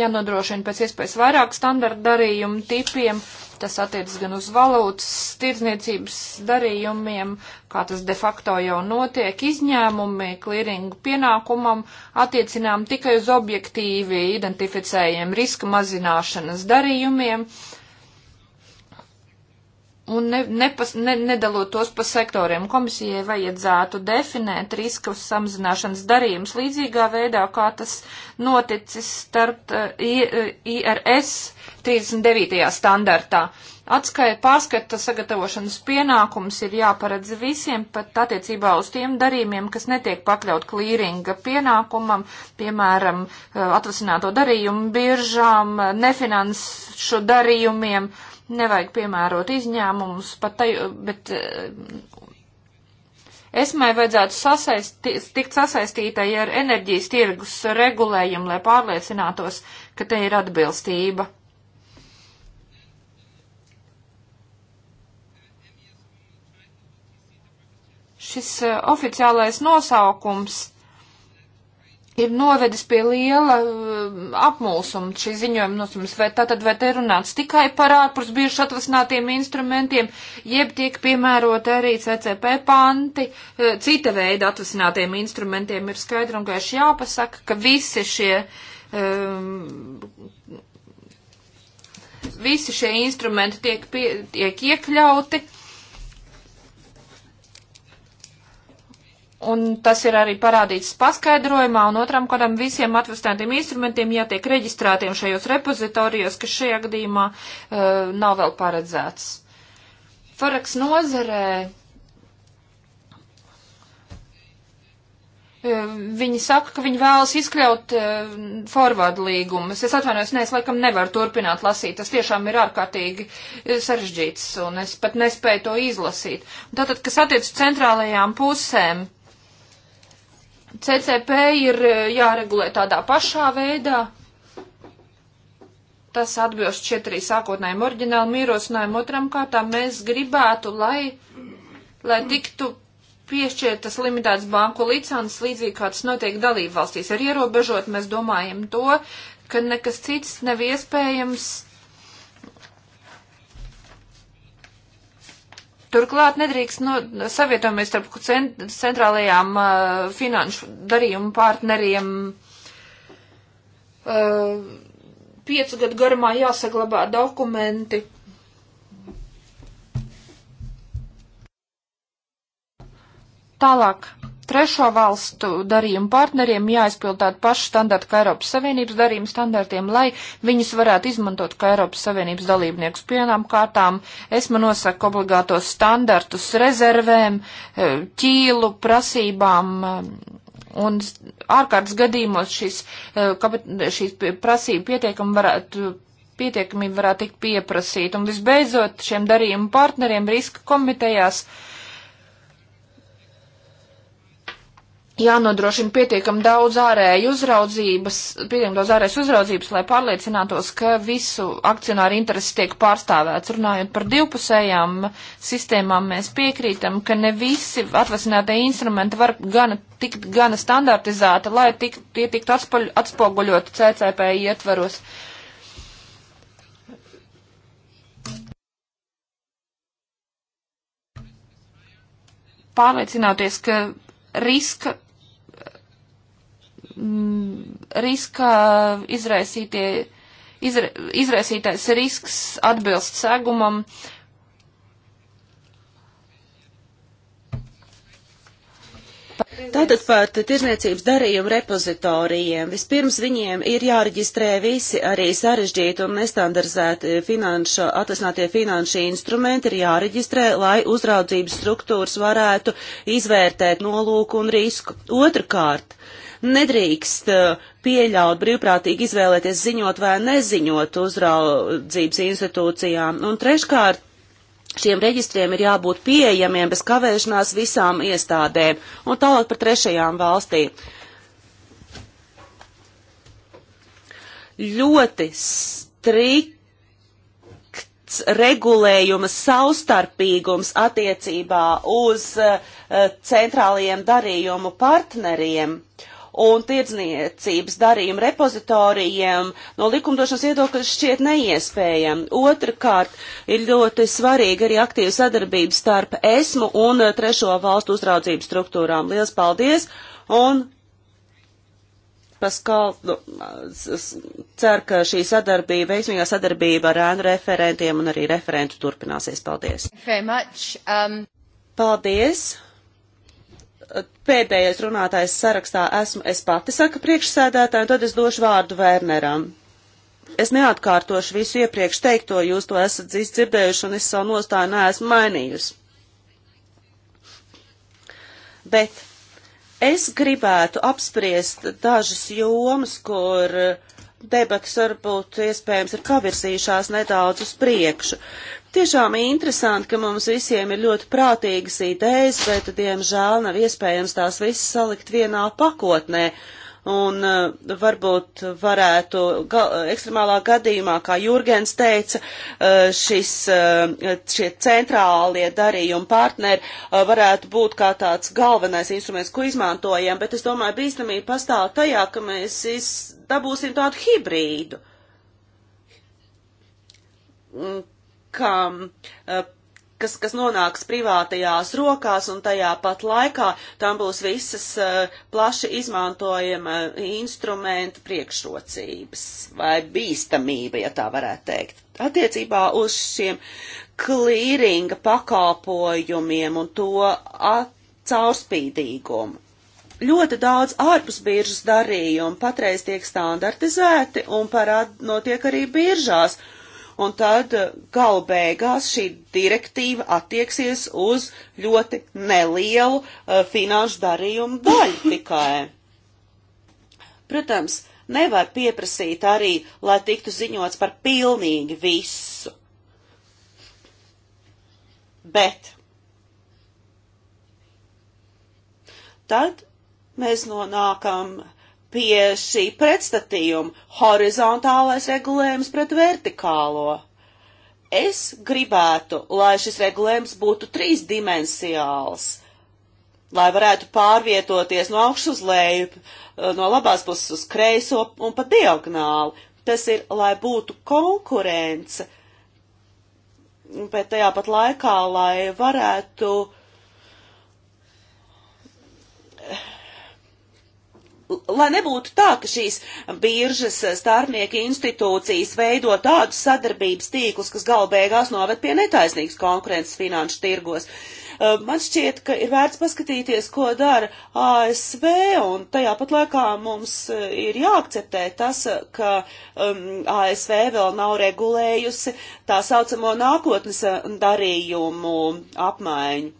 jānodrošina pēc iespējas vairāk standarta darījumu tipiem. Tas attiecas gan uz valūtas, tirdzniecības darījumiem, kā tas de facto jau notiek, izņēmumi klīringu pienākumam attiecinām tikai uz objektīvi identificējiem riska mazināšanas darījumiem. Uh, un ne, nepas, ne, nedalot tos pa sektoriem. Komisijai vajadzētu definēt riska uz samazināšanas darījumus līdzīgā veidā, kā tas noticis starp uh, IRS 39. standartā. Atskaita pārskata sagatavošanas pienākums ir jāparedz visiem, pat attiecībā uz tiem darījumiem, kas netiek pakļaut klīringa pienākumam, piemēram, eh, atvasināto darījumu biržām, nefinanšu darījumiem, uh, nevajag piemērot izņēmumus, pat tai, bet eh, esmai vajadzētu sasaisti, tikt sasaistītai ar enerģijas tirgus regulējumu, lai pārliecinātos, ka te ir atbilstība. Šis eh, oficiālais nosaukums ir novedis pie liela uh, apmulsuma šī ziņojuma nosums, vai tātad vai te runāts tikai par ārpus bieži atvasinātiem instrumentiem, jeb tiek piemērota arī CCP panti, uh, cita veida atvasinātiem instrumentiem ir skaidri un gaiši jāpasaka, ka visi šie, um, visi šie instrumenti tiek, pie, tiek iekļauti Un tas ir arī parādīts paskaidrojumā, un otram kādam visiem atvestētiem instrumentiem jātiek reģistrētiem šajos repozitorijos, kas šajā gadījumā uh, nav vēl paredzēts. Faraks nozarē. Uh, viņi saka, ka viņi vēlas izkļaut uh, forvādu līgumus. Es atvainojos, nē, es laikam nevaru turpināt lasīt. Tas tiešām ir ārkārtīgi uh, sarežģīts, un es pat nespēju to izlasīt. Tātad, kas attiec centrālajām pusēm, CCP ir eh, jāregulē tādā pašā veidā. Tas atbilst šie trīs sākotnējiem oriģinālam ierosinājumam. Otram kārtām mēs gribētu, lai, lai tiktu piešķirtas limitētas banku licences, līdzīgi kā tas notiek dalību valstīs. Ar ierobežot mēs domājam to, ka nekas cits nav iespējams Turklāt nedrīkst no, savietojamies starp cent, centrālajām uh, finanšu darījumu partneriem. Uh, piecu gadu garumā jāsaglabā dokumenti. Tālāk trešo valstu darījumu partneriem jāizpild tādu pašu standartu kā Eiropas Savienības darījumu standartiem, lai viņus varētu izmantot kā Eiropas Savienības dalībniekus pienām kārtām. ESMA nosaka obligātos standartus rezervēm, eh, ķīlu prasībām. Eh, un ārkārtas gadījumos eh, šīs, šīs prasība pietiekami varētu pietiekamība varētu tikt pieprasīta. Un visbeidzot, šiem darījumu partneriem riska komitejās uh, jānodrošina pietiekam daudz ārēju uzraudzības, pietiekam daudz ārējas uzraudzības, lai pārliecinātos, ka visu akcionāru intereses tiek pārstāvēts. Runājot par divpusējām sistēmām, mēs piekrītam, ka ne visi atvasinātie instrumenti var gana, tikt gana standartizēti, lai tik, tie tiktu atspoguļoti CCP ietvaros. Pārliecināties, ka riska Mm, riska izraisītie, izra, izraisītais risks atbilst segumam. Tātad par tirzniecības darījumu repozitorijiem. Vispirms viņiem ir jāreģistrē visi arī sarežģīti un nestandarizēti finanšu, atrasinātie finanšu instrumenti ir jāreģistrē, lai uzraudzības struktūras varētu izvērtēt nolūku un risku. Otrakārt, uh, nedrīkst uh, pieļaut brīvprātīgi izvēlēties ziņot vai neziņot uzraudzības institūcijām. Un treškārt, Šiem reģistriem ir jābūt pieejamiem bez kavēšanās visām iestādēm un tālāk par trešajām valstīm. Ļoti strikts regulējuma saustarpīgums attiecībā uz uh, centrālajiem darījumu partneriem. Uh, un tirdzniecības darījumu repozitorijiem no likumdošanas viedokļa šķiet neiespējami. Otrakārt, ir ļoti svarīga arī aktīva sadarbība starp ESMU un eh, trešo valstu uzraudzības struktūrām. Lielas paldies! Un Paskal nu, cer, ka šī sadarbība, veiksmīgā sadarbība ar ēnu referentiem un arī referentu turpināsies. Paldies! Um, paldies! pēdējais runātājs sarakstā esmu es pati, saka priekšsēdētāji, tad es došu vārdu Werneram. Es neatkārtošu visu iepriekš teikto, jūs to esat dzirdējuši un es savu nostāju neesmu mainījusi. Bet es gribētu apspriest dažas jomas, kur debatas varbūt iespējams ir pavirzījušās nedaudz uz priekšu. Tiešām interesanti, ka mums visiem ir ļoti prātīgas idejas, bet, diemžēl, nav iespējams tās visas salikt vienā pakotnē. Un uh, varbūt varētu ga ekstremālā gadījumā, kā Jurgens teica, uh, šis, uh, šie centrālie darījumi partneri uh, varētu būt kā tāds galvenais instruments, ko izmantojam, bet es domāju, bīstamība pastāv tajā, ka mēs dabūsim tādu hibrīdu. Mm kam, eh, kas, kas nonāks privātajās rokās, un tajā pat laikā tam būs visas eh, plaši izmantojama instrumenta priekšrocības vai bīstamība, ja tā varētu teikt. Attiecībā uz šiem klīringa pakalpojumiem un to caurspīdīgumu. Ļoti daudz ārpus biržas darījumu patreiz tiek standartizēti un parād notiek arī biržās. Uh, un tad eh, galu beigās šī direktīva attieksies uz ļoti nelielu uh, finanšu darījumu daļu tikai. Protams, nevar pieprasīt arī, lai tiktu ziņots par pilnīgi visu. Bet tad mēs nonākam pie šī pretstatījuma - horizontālais regulējums pret vertikālo. Es gribētu, lai šis regulējums būtu trīsdimensiāls, lai varētu pārvietoties no augšas uz leju, no labās puses uz kreiso un pa diagonāli. Tas ir, lai būtu konkurence, bet tajā pat laikā, lai varētu uh, lai nebūtu tā, ka šīs biržas starpnieki institūcijas veido tādus sadarbības tīklus, kas galu beigās noved pie netaisnīgas konkurences finanšu tirgos. Uh, man šķiet, ka ir vērts paskatīties, ko dara ASV, un tajā pat laikā mums uh, ir jāakceptē tas, uh, ka um, ASV vēl nav regulējusi tā saucamo nākotnes darījumu apmaiņu.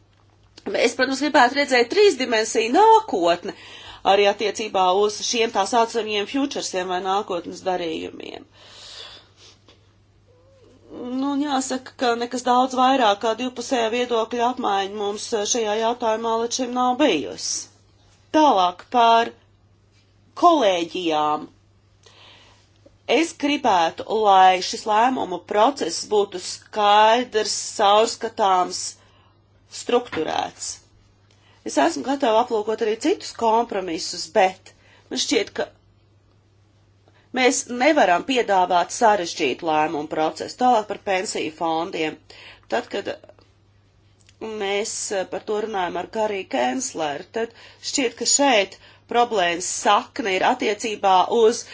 Es, protams, gribētu redzēt trīs dimensiju nākotni. Uh, arī attiecībā uz šiem tā saucamajiem futuresiem vai nākotnes darījumiem. Nu, jāsaka, ka nekas daudz vairāk kā divpusējā viedokļa apmaiņa mums šajā jautājumā līdz šim nav bijusi. Tālāk par kolēģijām Es gribētu, lai šis lēmumu process būtu skaidrs, caurskatāms, struktūrēts. Es esmu gatava aplūkot arī citus kompromisus, bet man šķiet, ka mēs nevaram piedāvāt sarežģītu lēmumu procesu. Tālāk par pensiju fondiem. Tad, kad mēs par to runājam ar Kariju Kensleru, tad šķiet, ka šeit problēmas sakne ir attiecībā uz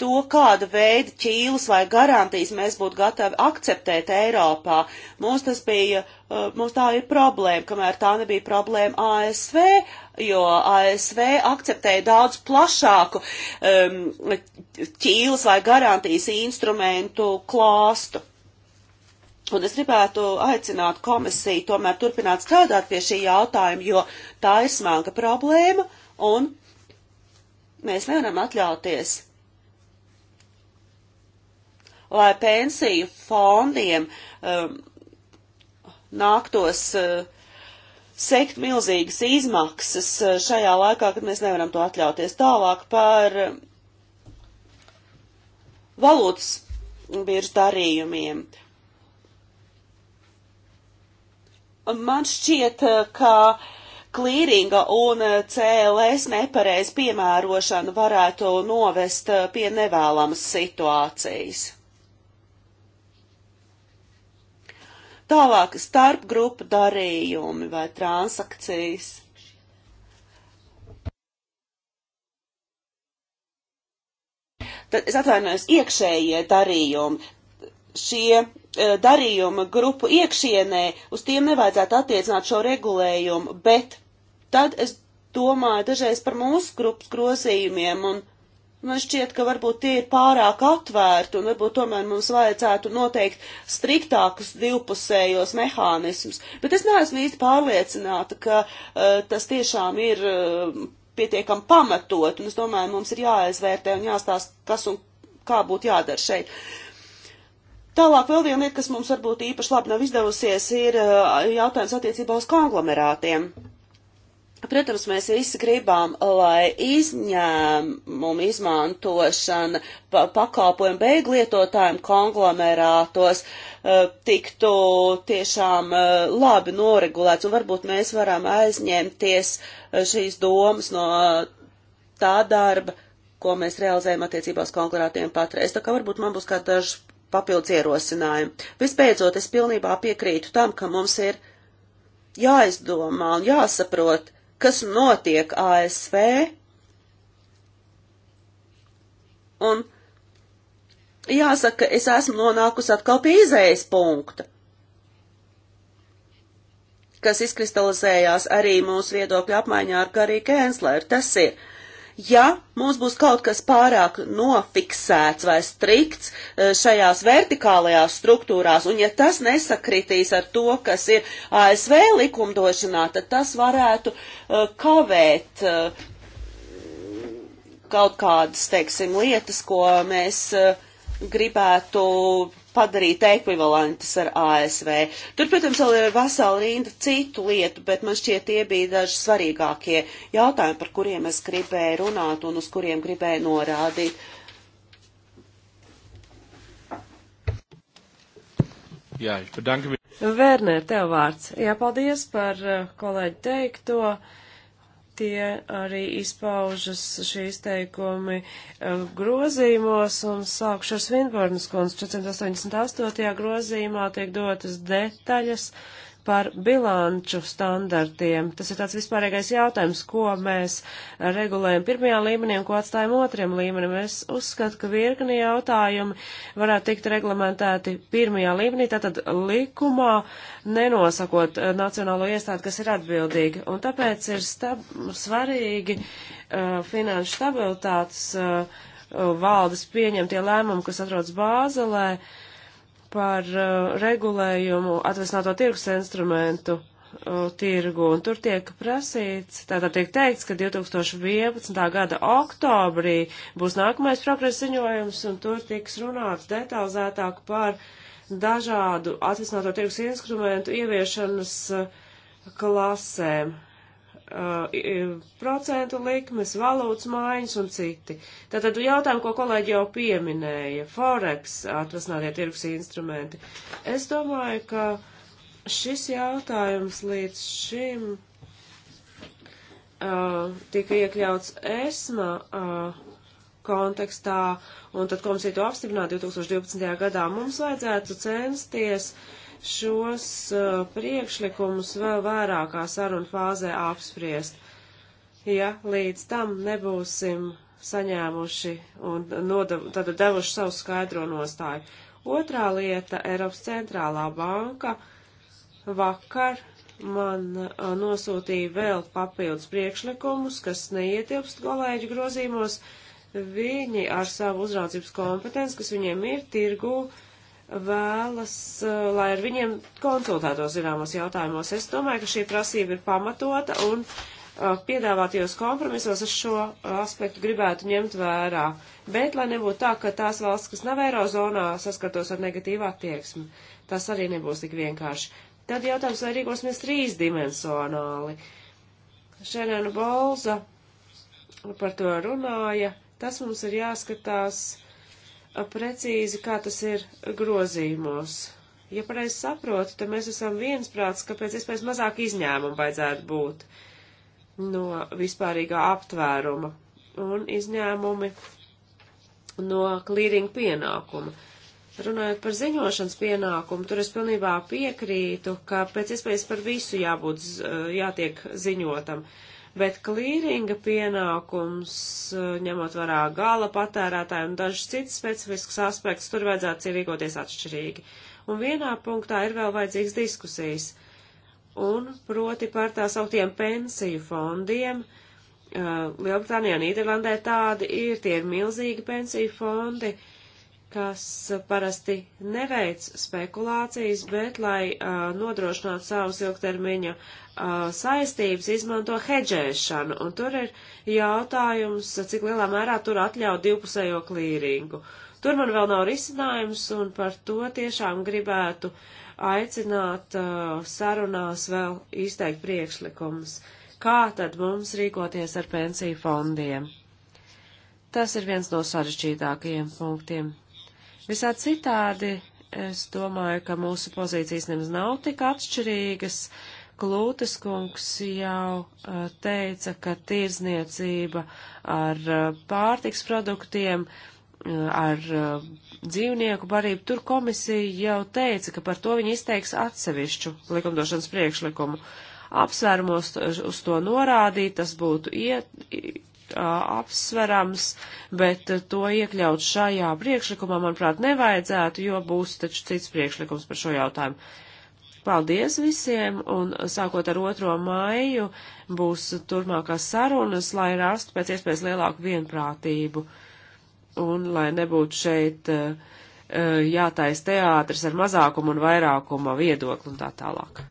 to, kāda veida ķīlus vai garantijas mēs būtu gatavi akceptēt Eiropā. Mums tas bija, uh, mums tā ir problēma, kamēr tā nebija problēma ASV, jo ASV akceptēja daudz plašāku um, ķīlus vai garantijas instrumentu klāstu. Un es gribētu aicināt komisiju tomēr turpināt strādāt pie šī jautājuma, jo tā ir smaga problēma un mēs nevaram atļauties lai pensiju fondiem um, nāktos uh, sekt milzīgas izmaksas uh, šajā laikā, kad mēs nevaram to atļauties. Tālāk par um, valūtas biržu darījumiem. Man šķiet, uh, ka klīringa un uh, CLS nepareiz piemērošana varētu novest pie nevēlamas situācijas. Tālāk starpgrupu darījumi vai transakcijas. Tad es atvainojos iekšējie darījumi. Šie e, darījuma grupu iekšienē, uz tiem nevajadzētu attiecināt šo regulējumu, bet tad es domāju dažreiz par mūsu grupas grozījumiem un man šķiet, ka varbūt tie ir pārāk atvērti un varbūt tomēr mums vajadzētu noteikt striktākus divpusējos mehānismus. Bet es neesmu īsti pārliecināta, ka uh, tas tiešām ir uh, pietiekam pamatot un es domāju, mums ir jāizvērtē un jāstāst, kas un kā būtu jādara šeit. Tālāk vēl viena lieta, kas mums varbūt īpaši labi nav izdevusies, ir uh, jautājums attiecībā uz konglomerātiem. Uh, Protams, mēs visi gribam, lai izņēmumu izmantošana pa pakalpojumu beiglietotājiem konglomerātos uh, tiktu tiešām uh, labi noregulēts, un varbūt mēs varam aizņemties eh, šīs domas no tā darba, ko mēs realizējam attiecībās konglomerātiem patreiz. Tā kā varbūt man būs kā dažs papildus ierosinājumi. Vispēcot, es pilnībā piekrītu tam, ka mums ir jāizdomā un jāsaprot, kas notiek ASV. Un jāsaka, es esmu nonākusi atkal pie izējas punkta, kas izkristalizējās arī mūsu viedokļu apmaiņā ar Karī Kēnsleru. Tas ir, uh, ja mums būs kaut kas pārāk nofiksēts vai strikts eh, šajās vertikālajās struktūrās, un ja tas nesakritīs ar to, kas ir ASV likumdošanā, tad tas varētu eh, kavēt eh, kaut kādas, teiksim, lietas, ko mēs gribētu padarīt ekvivalentus ar ASV. Tur, protams, vēl ir vesela rinda citu lietu, bet man šķiet tie bija daži svarīgākie jautājumi, par kuriem es gribēju runāt un uz kuriem gribēju norādīt. Jā, Werner, tev vārds. Jā, paldies par eh, kolēģi teikto tie arī izpaužas šī izteikumi e, grozījumos, un sākšu ar Svinbornas kundzes 488. grozījumā tiek dotas detaļas par bilanču standartiem. Tas ir tāds vispārīgais jautājums, ko mēs regulējam pirmajā līmenī un ko atstājam otriem līmenim. Es uzskatu, ka virkni jautājumi varētu tikt reglamentēti pirmajā līmenī, tātad likumā, nenosakot eh, nacionālo iestādi, kas ir atbildīga. Un tāpēc ir svarīgi uh, finanšu stabilitātes uh, valdes pieņemtie lēmumi, kas atrodas Bāzelē, uh, par uh, regulējumu atvesināto tirgus instrumentu uh, tirgu, un tur tiek prasīts, tātad tiek teikts, ka 2011. gada oktobrī būs nākamais progresa ziņojums, un tur tiks runāts detalizētāk par dažādu atvesināto tirgus instrumentu ieviešanas uh, klasēm uh, procentu likmes, valūtas mājas un citi. Tātad jautājumu, ko kolēģi jau pieminēja, Forex atvasinātie tirgus instrumenti. Es domāju, ka šis jautājums līdz šim uh, tika iekļauts ESMA uh, kontekstā, un tad komisija to apstiprināja 2012. gadā. Mums vajadzētu censties uh, šos uh, priekšlikumus vēl vairākā saruna fāzē apspriest. Ja līdz tam nebūsim saņēmuši un nodav, tad devuši savu skaidro nostāju. Otrā lieta - Eiropas centrālā banka vakar man uh, nosūtīja vēl papildus priekšlikumus, kas neietilpst kolēģu grozīmos. Viņi ar savu uzraudzības kompetenci, kas viņiem ir tirgū, uh, vēlas, eh, lai ar viņiem konsultētos zināmos jautājumos. Es domāju, ka šī prasība ir pamatota un eh, piedāvātajos kompromisos es šo eh, aspektu gribētu ņemt vērā. Bet, lai nebūtu tā, ka tās valsts, kas nav eirozonā, saskatos ar negatīvu attieksmi, tas arī nebūs tik vienkārši. Tad jautājums, vai rīkosimies trīsdimensionāli. Šerēna Bolza par to runāja. Tas mums ir jāskatās precīzi, kā tas ir grozīmos. Ja pareizi saprotu, tad mēs esam viensprāts, ka pēc iespējas mazāk izņēmumu vajadzētu būt no vispārīgā aptvēruma un izņēmumi no klīringa pienākuma. Runājot par ziņošanas pienākumu, tur es pilnībā piekrītu, ka pēc iespējas par visu jābūt, jātiek ziņotam. Uh, bet klīringa pienākums, eh, ņemot vērā gala patērētāju un dažus citus specifiskus aspektus, tur vajadzētu rīkoties atšķirīgi. Un vienā punktā ir vēl vajadzīgs diskusijas, un proti par tā sauktiem pensiju fondiem. Eh, Lielbritānijā un Nīderlandē tādi ir, tie ir milzīgi pensiju fondi. Uh, kas parasti neveic spekulācijas, bet, lai uh, nodrošinātu savus ilgtermiņa uh, saistības, izmanto hedžēšanu. Un tur ir jautājums, cik lielā mērā tur atļauj divpusējo klīringu. Tur man vēl nav risinājums, un par to tiešām gribētu aicināt uh, sarunās vēl izteikt priekšlikumus. Kā tad mums rīkoties ar pensiju fondiem? Tas ir viens no sarežģītākajiem punktiem Visā citādi es domāju, ka mūsu pozīcijas nemaz nav tik atšķirīgas. Klūtes kungs jau uh, teica, ka tirzniecība ar uh, pārtiks produktiem, uh, ar uh, dzīvnieku barību, tur komisija jau teica, ka par to viņi izteiks atsevišķu likumdošanas priekšlikumu. Apsvērumos uz to norādīt, tas būtu iet, apsverams, bet to iekļaut šajā priekšlikumā, manuprāt, nevajadzētu, jo būs taču cits priekšlikums par šo jautājumu. Paldies visiem, un sākot ar 2. maiju būs turmākās sarunas, lai rastu pēc iespējas lielāku vienprātību, un lai nebūtu šeit uh, jātais teātris ar mazākumu un vairākuma viedokli un tā tālāk.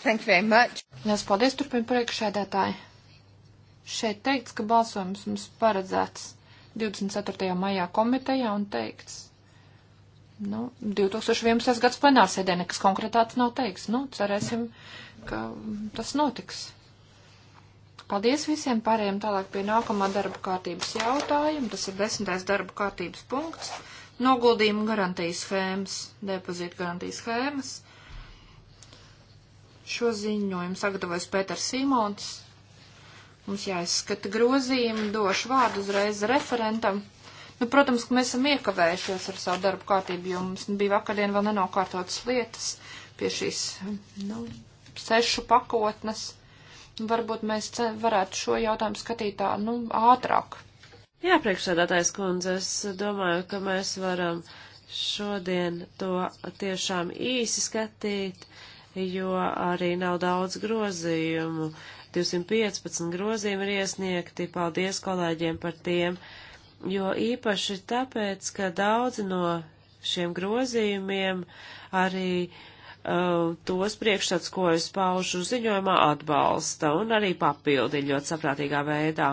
Thank you very much. Jās paldies turpin priekšēdētāji šeit teikts, ka balsojums mums paredzēts 24. maijā komitejā un teikts. Nu, 2011. gads plenārsēdē nekas konkrētāts nav teikts. Nu, cerēsim, ka tas notiks. Paldies visiem pārējiem tālāk pie nākamā darba kārtības jautājuma. Tas ir desmitais darba kārtības punkts. Noguldījuma garantijas schēmas, depozīta garantijas schēmas. Šo ziņojumu sagatavojas Pēters Simons. Mums jāizskata grozījumi, došu vārdu uzreiz referentam. Nu, protams, ka mēs esam iekavējušies ar savu darbu kārtību, jo mums bija vakardien vēl nenokārtotas lietas pie šīs, nu, sešu pakotnes. Varbūt mēs varētu šo jautājumu skatīt tā, nu, ātrāk. Jā, priekšsēdētājs kundze, es domāju, ka mēs varam šodien to tiešām īsi skatīt, jo arī nav daudz grozījumu. Uh, 215 grozījumi ir iesniegti. Paldies kolēģiem par tiem, jo īpaši tāpēc, ka daudzi no šiem grozījumiem arī uh, tos priekšstats, ko es paužu ziņojumā, atbalsta un arī papildi ļoti saprātīgā veidā.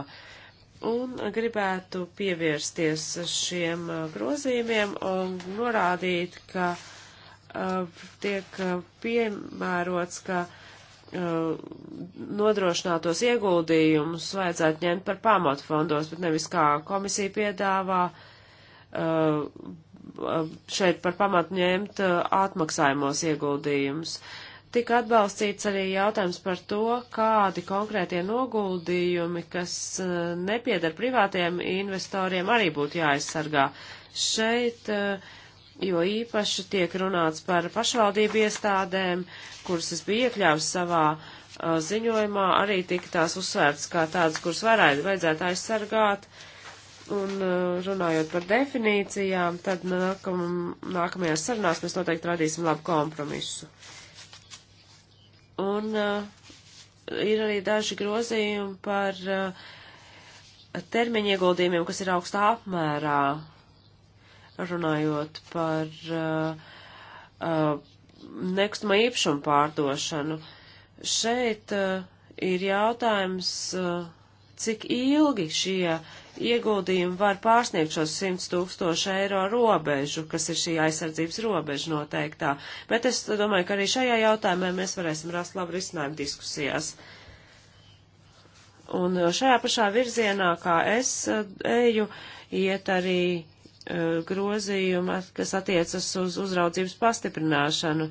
Un gribētu pievērsties šiem uh, grozījumiem un norādīt, ka uh, tiek uh, piemērots, ka uh, Uh, nodrošinātos ieguldījumus vajadzētu ņemt par pamatu fondos, bet nevis kā komisija piedāvā uh, uh, šeit par pamatu ņemt atmaksājumos ieguldījumus. Tika atbalstīts arī jautājums par to, kādi konkrētie noguldījumi, kas nepiedar privātiem investoriem, arī būtu jāaizsargā. Šeit uh, jo īpaši tiek runāts par pašvaldību iestādēm, kuras es biju iekļāvis savā uh, ziņojumā, arī tika tās uzsvērts kā tādas, kuras varētu vajadzētu aizsargāt. Un uh, runājot par definīcijām, tad nākam, nākamajās sarunās mēs noteikti radīsim labu kompromisu. Un uh, ir arī daži grozījumi par uh, termiņa ieguldījumiem, kas ir augstā apmērā runājot par uh, uh, nekustamā īpašuma pārdošanu. Šeit uh, ir jautājums, uh, cik ilgi šie ieguldījumi var pārsniegt šo 100 tūkstošu eiro robežu, kas ir šī aizsardzības robeža noteiktā. Bet es domāju, ka arī šajā jautājumā mēs varēsim rast labu risinājumu diskusijās. Un šajā pašā virzienā, kā es uh, eju, iet arī Eh, grozījuma, kas attiecas uz uzraudzības pastiprināšanu.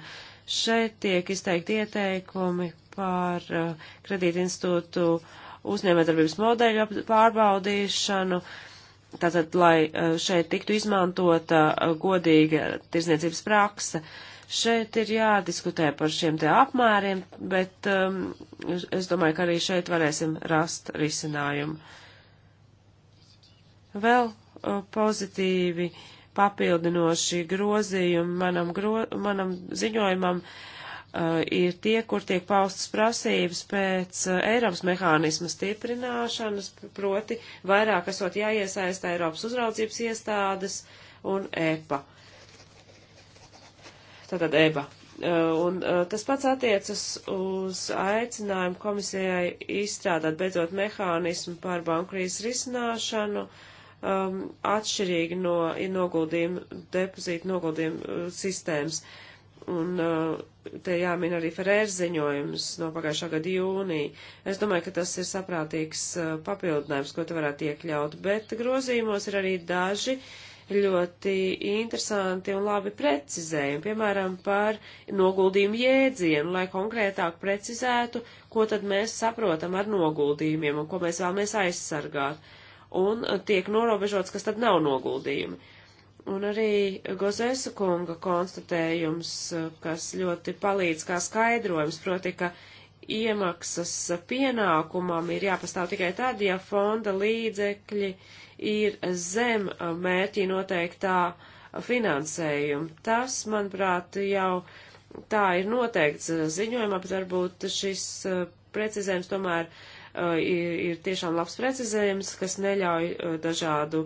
Šeit tiek izteikti ieteikumi par eh, kredītinstitūtu uzņēmētarbības modeļu pārbaudīšanu, tātad, lai eh, šeit tiktu izmantota godīga tirzniecības praksa. Šeit ir jādiskutē par šiem te apmēriem, bet um, es domāju, ka arī šeit varēsim rast risinājumu. Vēl Uh, pozitīvi papildinoši grozījumi manam, gro, manam ziņojumam uh, ir tie, kur tiek paustas prasības pēc uh, Eiropas mehānisma stiprināšanas, proti vairāk esot jāiesaista Eiropas uzraudzības iestādes un EPA. Tātad EBA. Un tas pats attiecas uz aicinājumu komisijai izstrādāt beidzot mehānismu par bankrīzes risināšanu. Uh, um, atšķirīgi no noguldījuma, depozīta noguldījuma uh, sistēmas. Un uh, te jāmin arī Ferērs ziņojums no pagājušā gada jūnija. Es domāju, ka tas ir saprātīgs uh, papildinājums, ko te varētu iekļaut, bet grozījumos ir arī daži ļoti interesanti un labi precizējumi, piemēram, par noguldījumu jēdzienu, lai konkrētāk precizētu, ko tad mēs saprotam ar noguldījumiem un ko mēs vēlamies aizsargāt. Uh, un tiek norobežots, kas tad nav noguldījumi. Un arī Gozēsa kunga konstatējums, kas ļoti palīdz kā skaidrojums, proti, ka iemaksas pienākumam ir jāpastāv tikai tad, ja fonda līdzekļi ir zem mērķī noteiktā finansējuma. Tas, manuprāt, jau tā ir noteikts ziņojumā, bet varbūt šis precizējums tomēr uh, Uh, ir, ir tiešām labs precizējums, kas neļauj uh, dažādu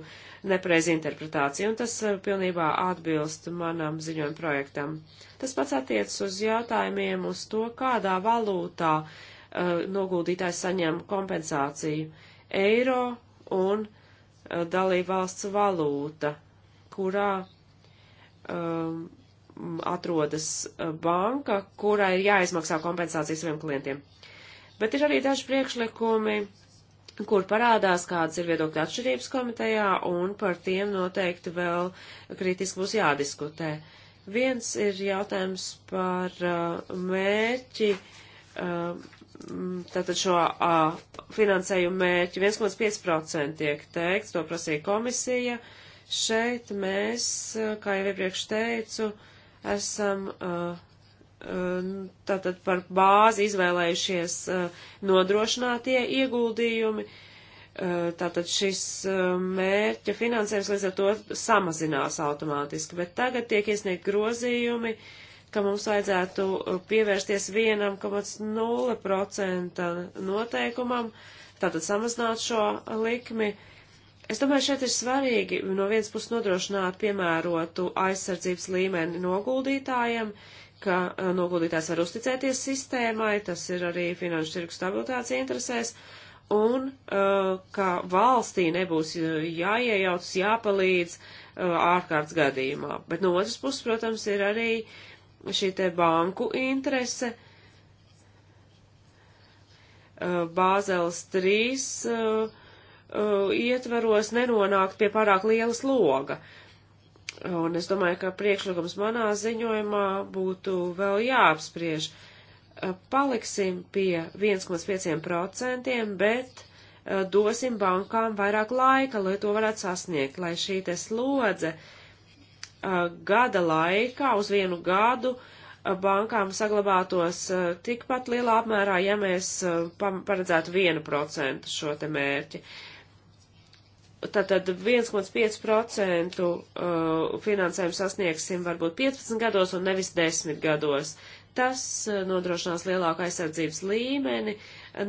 nepreiz interpretāciju, un tas uh, pilnībā atbilst manam ziņojuma projektam. Tas pats attiecas uz jautājumiem uz to, kādā valūtā noguldītājs saņem kompensāciju - eiro un dalībvalsts valūta, kurā um, atrodas banka, kurai ir jāizmaksā kompensācija saviem klientiem. Uh, Bet ir arī daži priekšlikumi, kur parādās, kādas ir viedokļa atšķirības komitejā, un par tiem noteikti vēl kritiski būs jādiskutē. Viens ir jautājums par uh, mērķi, uh, tātad šo uh, finansējumu mērķi 1,5% tiek teikts, to prasīja komisija. Šeit mēs, uh, kā jau iepriekš teicu, esam. Uh, Ehm, tātad par bāzi izvēlējušies eh, nodrošinātie ieguldījumi, ehm, tātad šis ehm, mērķa finansējums līdz ar to samazinās automātiski, bet tagad tiek iesniegt grozījumi, ka mums vajadzētu eh, pievērsties 1,0% noteikumam, tātad samazināt šo likmi. Es domāju, šeit ir svarīgi no vienas puses nodrošināt piemērotu aizsardzības līmeni noguldītājiem, uh, ka eh, noguldītājs var uzticēties sistēmai, tas ir arī finanšu tirgu stabilitātes interesēs, un eh, ka valstī nebūs eh, jāiejauc, jāpalīdz ārkārtas gadījumā. Bet no otras puses, protams, ir arī šī te banku interese. Bāzels 3 ietvaros nenonākt pie pārāk lielas loga. Uh, Un es domāju, ka priekšlikums manā ziņojumā būtu vēl jāapspriež. Eh, paliksim pie 1,5%, bet eh, dosim bankām vairāk laika, lai to varētu sasniegt, lai šī te slodze eh, gada laikā uz vienu gadu bankām saglabātos tikpat lielā apmērā, ja mēs paredzētu 1% šo te mērķi. Uh, Tātad 1,5% uh, finansējumu sasniegsim varbūt 15 gados un nevis 10 gados. Tas uh, nodrošinās lielāku aizsardzības līmeni,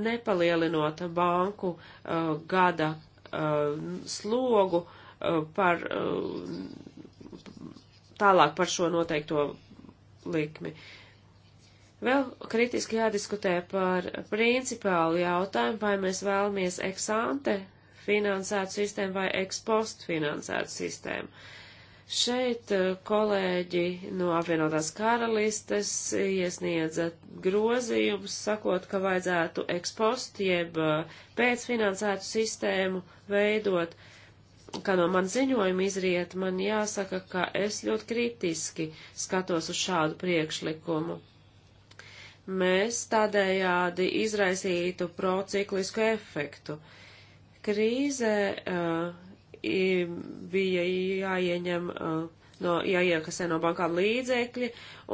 nepalielinot banku uh, gada uh, slogu uh, par, uh, tālāk par šo noteikto likmi. Vēl kritiski jādiskutē par principālu jautājumu, vai mēs vēlamies eksante finansētu sistēmu vai ekspost finansētu sistēmu. Šeit eh, kolēģi no apvienotās karalistes iesniedza grozījumus, sakot, ka vajadzētu ekspost jeb eh, pēcfinansētu sistēmu veidot. Kā no man ziņojuma izriet, man jāsaka, ka es ļoti kritiski skatos uz šādu priekšlikumu mēs tādējādi izraisītu prociklisku efektu. Krīzē uh, bija jāieņem, uh, no, jāiekasē no bankām līdzekļi,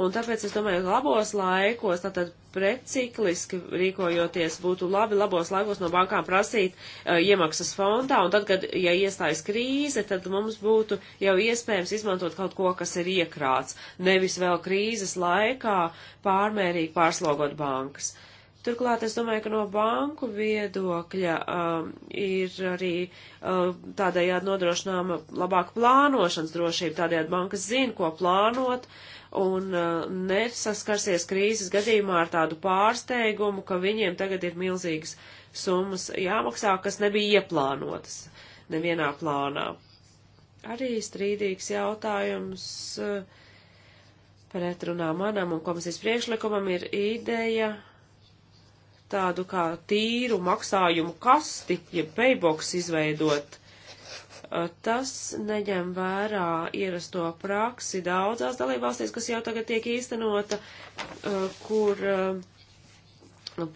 un tāpēc es domāju, labos laikos, tātad precikliski rīkojoties, būtu labi labos laikos no bankām prasīt uh, iemaksas fondā, un tad, kad, ja iestājas krīze, tad mums būtu jau iespējams izmantot kaut ko, kas ir iekrāts, nevis vēl krīzes laikā pārmērīgi pārslogot bankas. Uh, Turklāt es domāju, ka no banku viedokļa um, ir arī um, tādējādi nodrošināma labāka plānošanas drošība, tādējādi bankas zina, ko plānot un uh, nesaskarsies krīzes gadījumā ar tādu pārsteigumu, ka viņiem tagad ir milzīgas summas jāmaksā, kas nebija ieplānotas nevienā plānā. Arī strīdīgs jautājums. Uh, Pretrunā manam un komisijas priekšlikumam ir ideja tādu kā tīru maksājumu kasti, jeb ja paybox izveidot. Uh, tas neņem vērā ierasto praksi daudzās dalībvalstīs, kas jau tagad tiek īstenota, uh, kur uh,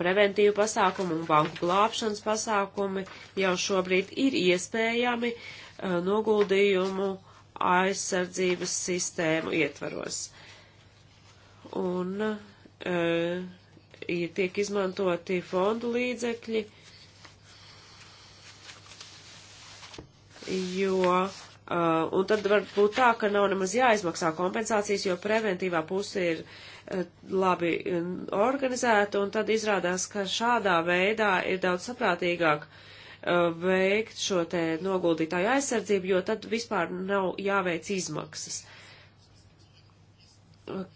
preventīvu pasākumu un banku glābšanas pasākumi jau šobrīd ir iespējami noguldījumu aizsardzības sistēmu ietvaros. Un uh, ir, tiek izmantoti fondu līdzekļi, jo, uh, un tad var būt tā, ka nav nemaz jāizmaksā kompensācijas, jo preventīvā puse ir uh, labi um, organizēta, un tad izrādās, ka šādā veidā ir daudz saprātīgāk uh, veikt šo te noguldītāju aizsardzību, jo tad vispār nav jāveic izmaksas.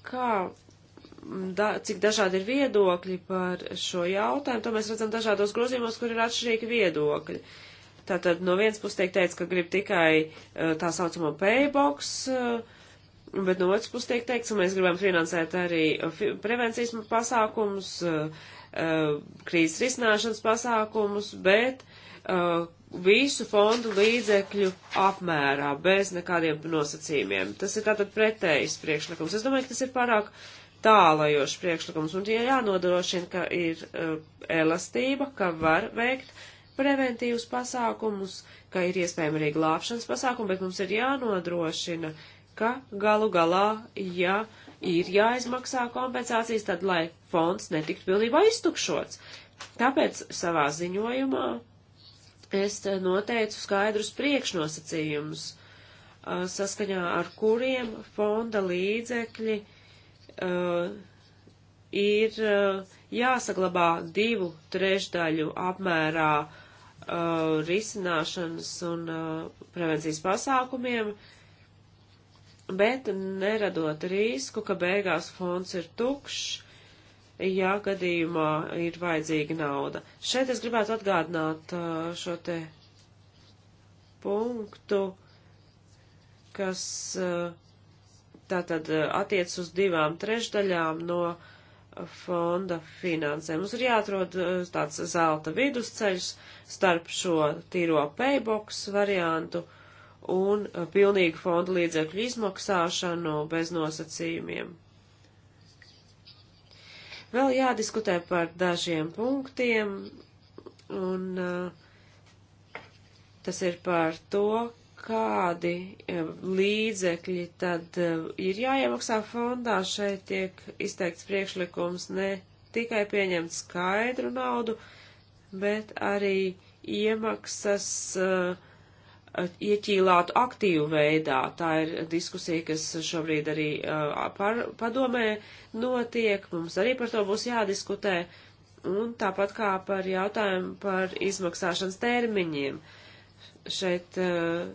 Kā da, cik dažādi ir viedokļi par šo jautājumu, to mēs redzam dažādos grozījumos, kur ir atšķirīgi viedokļi. Tātad no vienas puses tiek teikts, ka grib tikai eh, tā saucamo paybox, eh, bet no otras puses tiek teikts, ka mēs gribam finansēt arī eh, prevencijas pasākumus, krīzes risināšanas pasākumus, bet visu fondu līdzekļu apmērā, bez nekādiem nosacījumiem. Tas ir tātad pretējs priekšlikums. Es domāju, ka tas ir pārāk uh, tālajošs priekšlikums. Mums ir jānodrošina, ka ir uh, elastība, ka var veikt preventīvus pasākumus, ka ir iespējami arī glābšanas pasākumi, bet mums ir jānodrošina, ka galu galā, ja ir jāizmaksā kompensācijas, tad lai fonds netiktu pilnībā iztukšots. Tāpēc savā ziņojumā es noteicu skaidrus priekšnosacījumus, eh, saskaņā ar kuriem fonda līdzekļi uh, uh, ir uh, jāsaglabā divu trešdaļu apmērā uh, risināšanas un uh, prevencijas pasākumiem, bet neradot risku, ka beigās fonds ir tukšs, ja gadījumā ir vajadzīga nauda. Šeit es gribētu atgādināt uh, šo te punktu, kas uh, tātad eh, attiec uz divām trešdaļām no eh, fonda finansēm. Mums ir jāatrod eh, tāds zelta vidusceļš starp šo tīro paybox variantu un pilnīgu fonda līdzekļu izmaksāšanu bez nosacījumiem. Vēl jādiskutē par dažiem punktiem, un tas ir par to, kādi e, līdzekļi tad e, ir jāiemaksā fondā, šeit tiek izteikts priekšlikums ne tikai pieņemt skaidru naudu, bet arī iemaksas uh, ieķīlātu aktīvu veidā. Tā ir diskusija, kas šobrīd arī uh, par, padomē notiek. Mums arī par to būs jādiskutē. Un tāpat kā par jautājumu par izmaksāšanas termiņiem. Uh, šeit uh,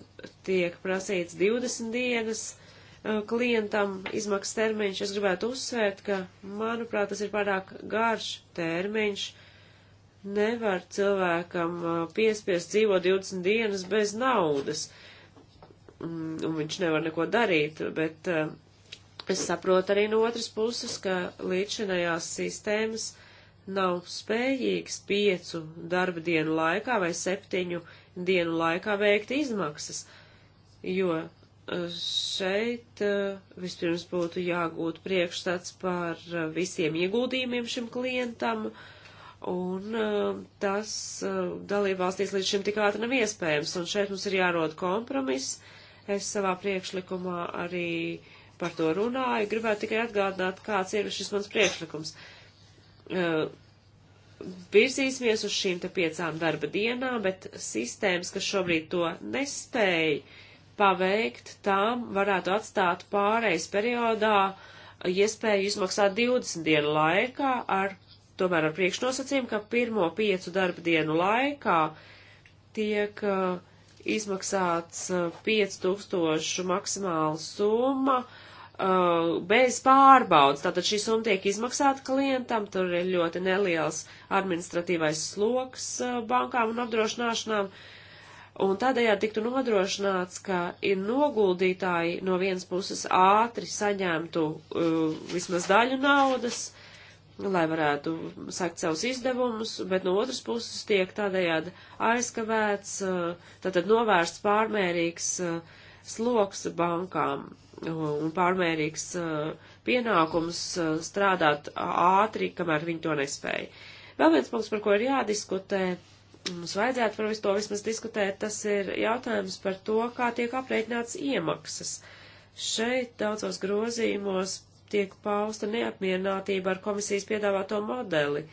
tiek prasīts 20 dienas uh, klientam izmaksas termiņš. Es gribētu uzsvērt, ka, manuprāt, tas ir pārāk garš termiņš. Nevar cilvēkam uh, piespiest dzīvo 20 dienas bez naudas, mm, un viņš nevar neko darīt, bet uh, es saprotu arī no otras puses, ka līdzinājās sistēmas nav spējīgas piecu darba dienu laikā vai septiņu dienu dienu laikā veikt izmaksas, jo eh, šeit eh, vispirms būtu jāgūt priekšstats par eh, visiem ieguldījumiem šim klientam, un tas dalībvalstīs līdz šim tik ātri nav iespējams, un šeit mums ir jārod kompromiss. Es savā priekšlikumā arī par to runāju, gribētu tikai atgādināt, kāds ir šis mans priekšlikums virzīsimies uz šīm te piecām darba dienām, bet sistēmas, kas šobrīd to nespēj paveikt, tām varētu atstāt pārejas periodā iespēju izmaksāt 20 dienu laikā ar, tomēr ar priekšnosacījumu, ka pirmo piecu darba dienu laikā tiek uh, izmaksāts uh, 5000 maksimāla summa, uh, uh, bez pārbaudas. Tātad šī summa tiek izmaksāta klientam, tur ir ļoti neliels administratīvais sloks uh, bankām un apdrošināšanām. Un tādējādi tiktu nodrošināts, ka ir noguldītāji no vienas puses ātri saņemtu uh, vismaz daļu naudas, lai varētu sakt savus izdevumus, bet no otras puses tiek tādējādi aizkavēts, uh, tātad novērsts pārmērīgs uh, sloks bankām. Uh, un pārmērīgs uh, pienākums uh, strādāt ātri, kamēr viņi to nespēja. Vēl viens punkts, par ko ir jādiskutē, mums vajadzētu par visu to vismaz diskutēt, tas ir jautājums par to, kā tiek aprēķināts iemaksas. Šeit daudzos grozījumos tiek pausta neapmierinātība ar komisijas piedāvāto modeli,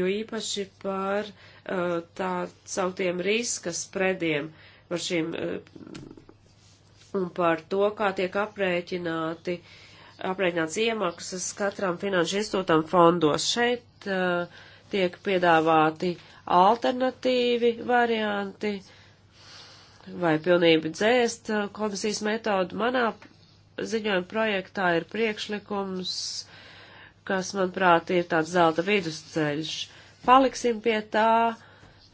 jo īpaši par tā sauktiem riska sprediem, par šīm un par to, kā tiek aprēķināti, aprēķināts iemaksas katram finanšu institūtam fondos. Šeit uh, tiek piedāvāti alternatīvi varianti vai pilnība dzēst uh, komisijas metodu. Manā ziņojuma projektā ir priekšlikums, kas, manuprāt, ir tāds zelta vidusceļš. Paliksim pie tā,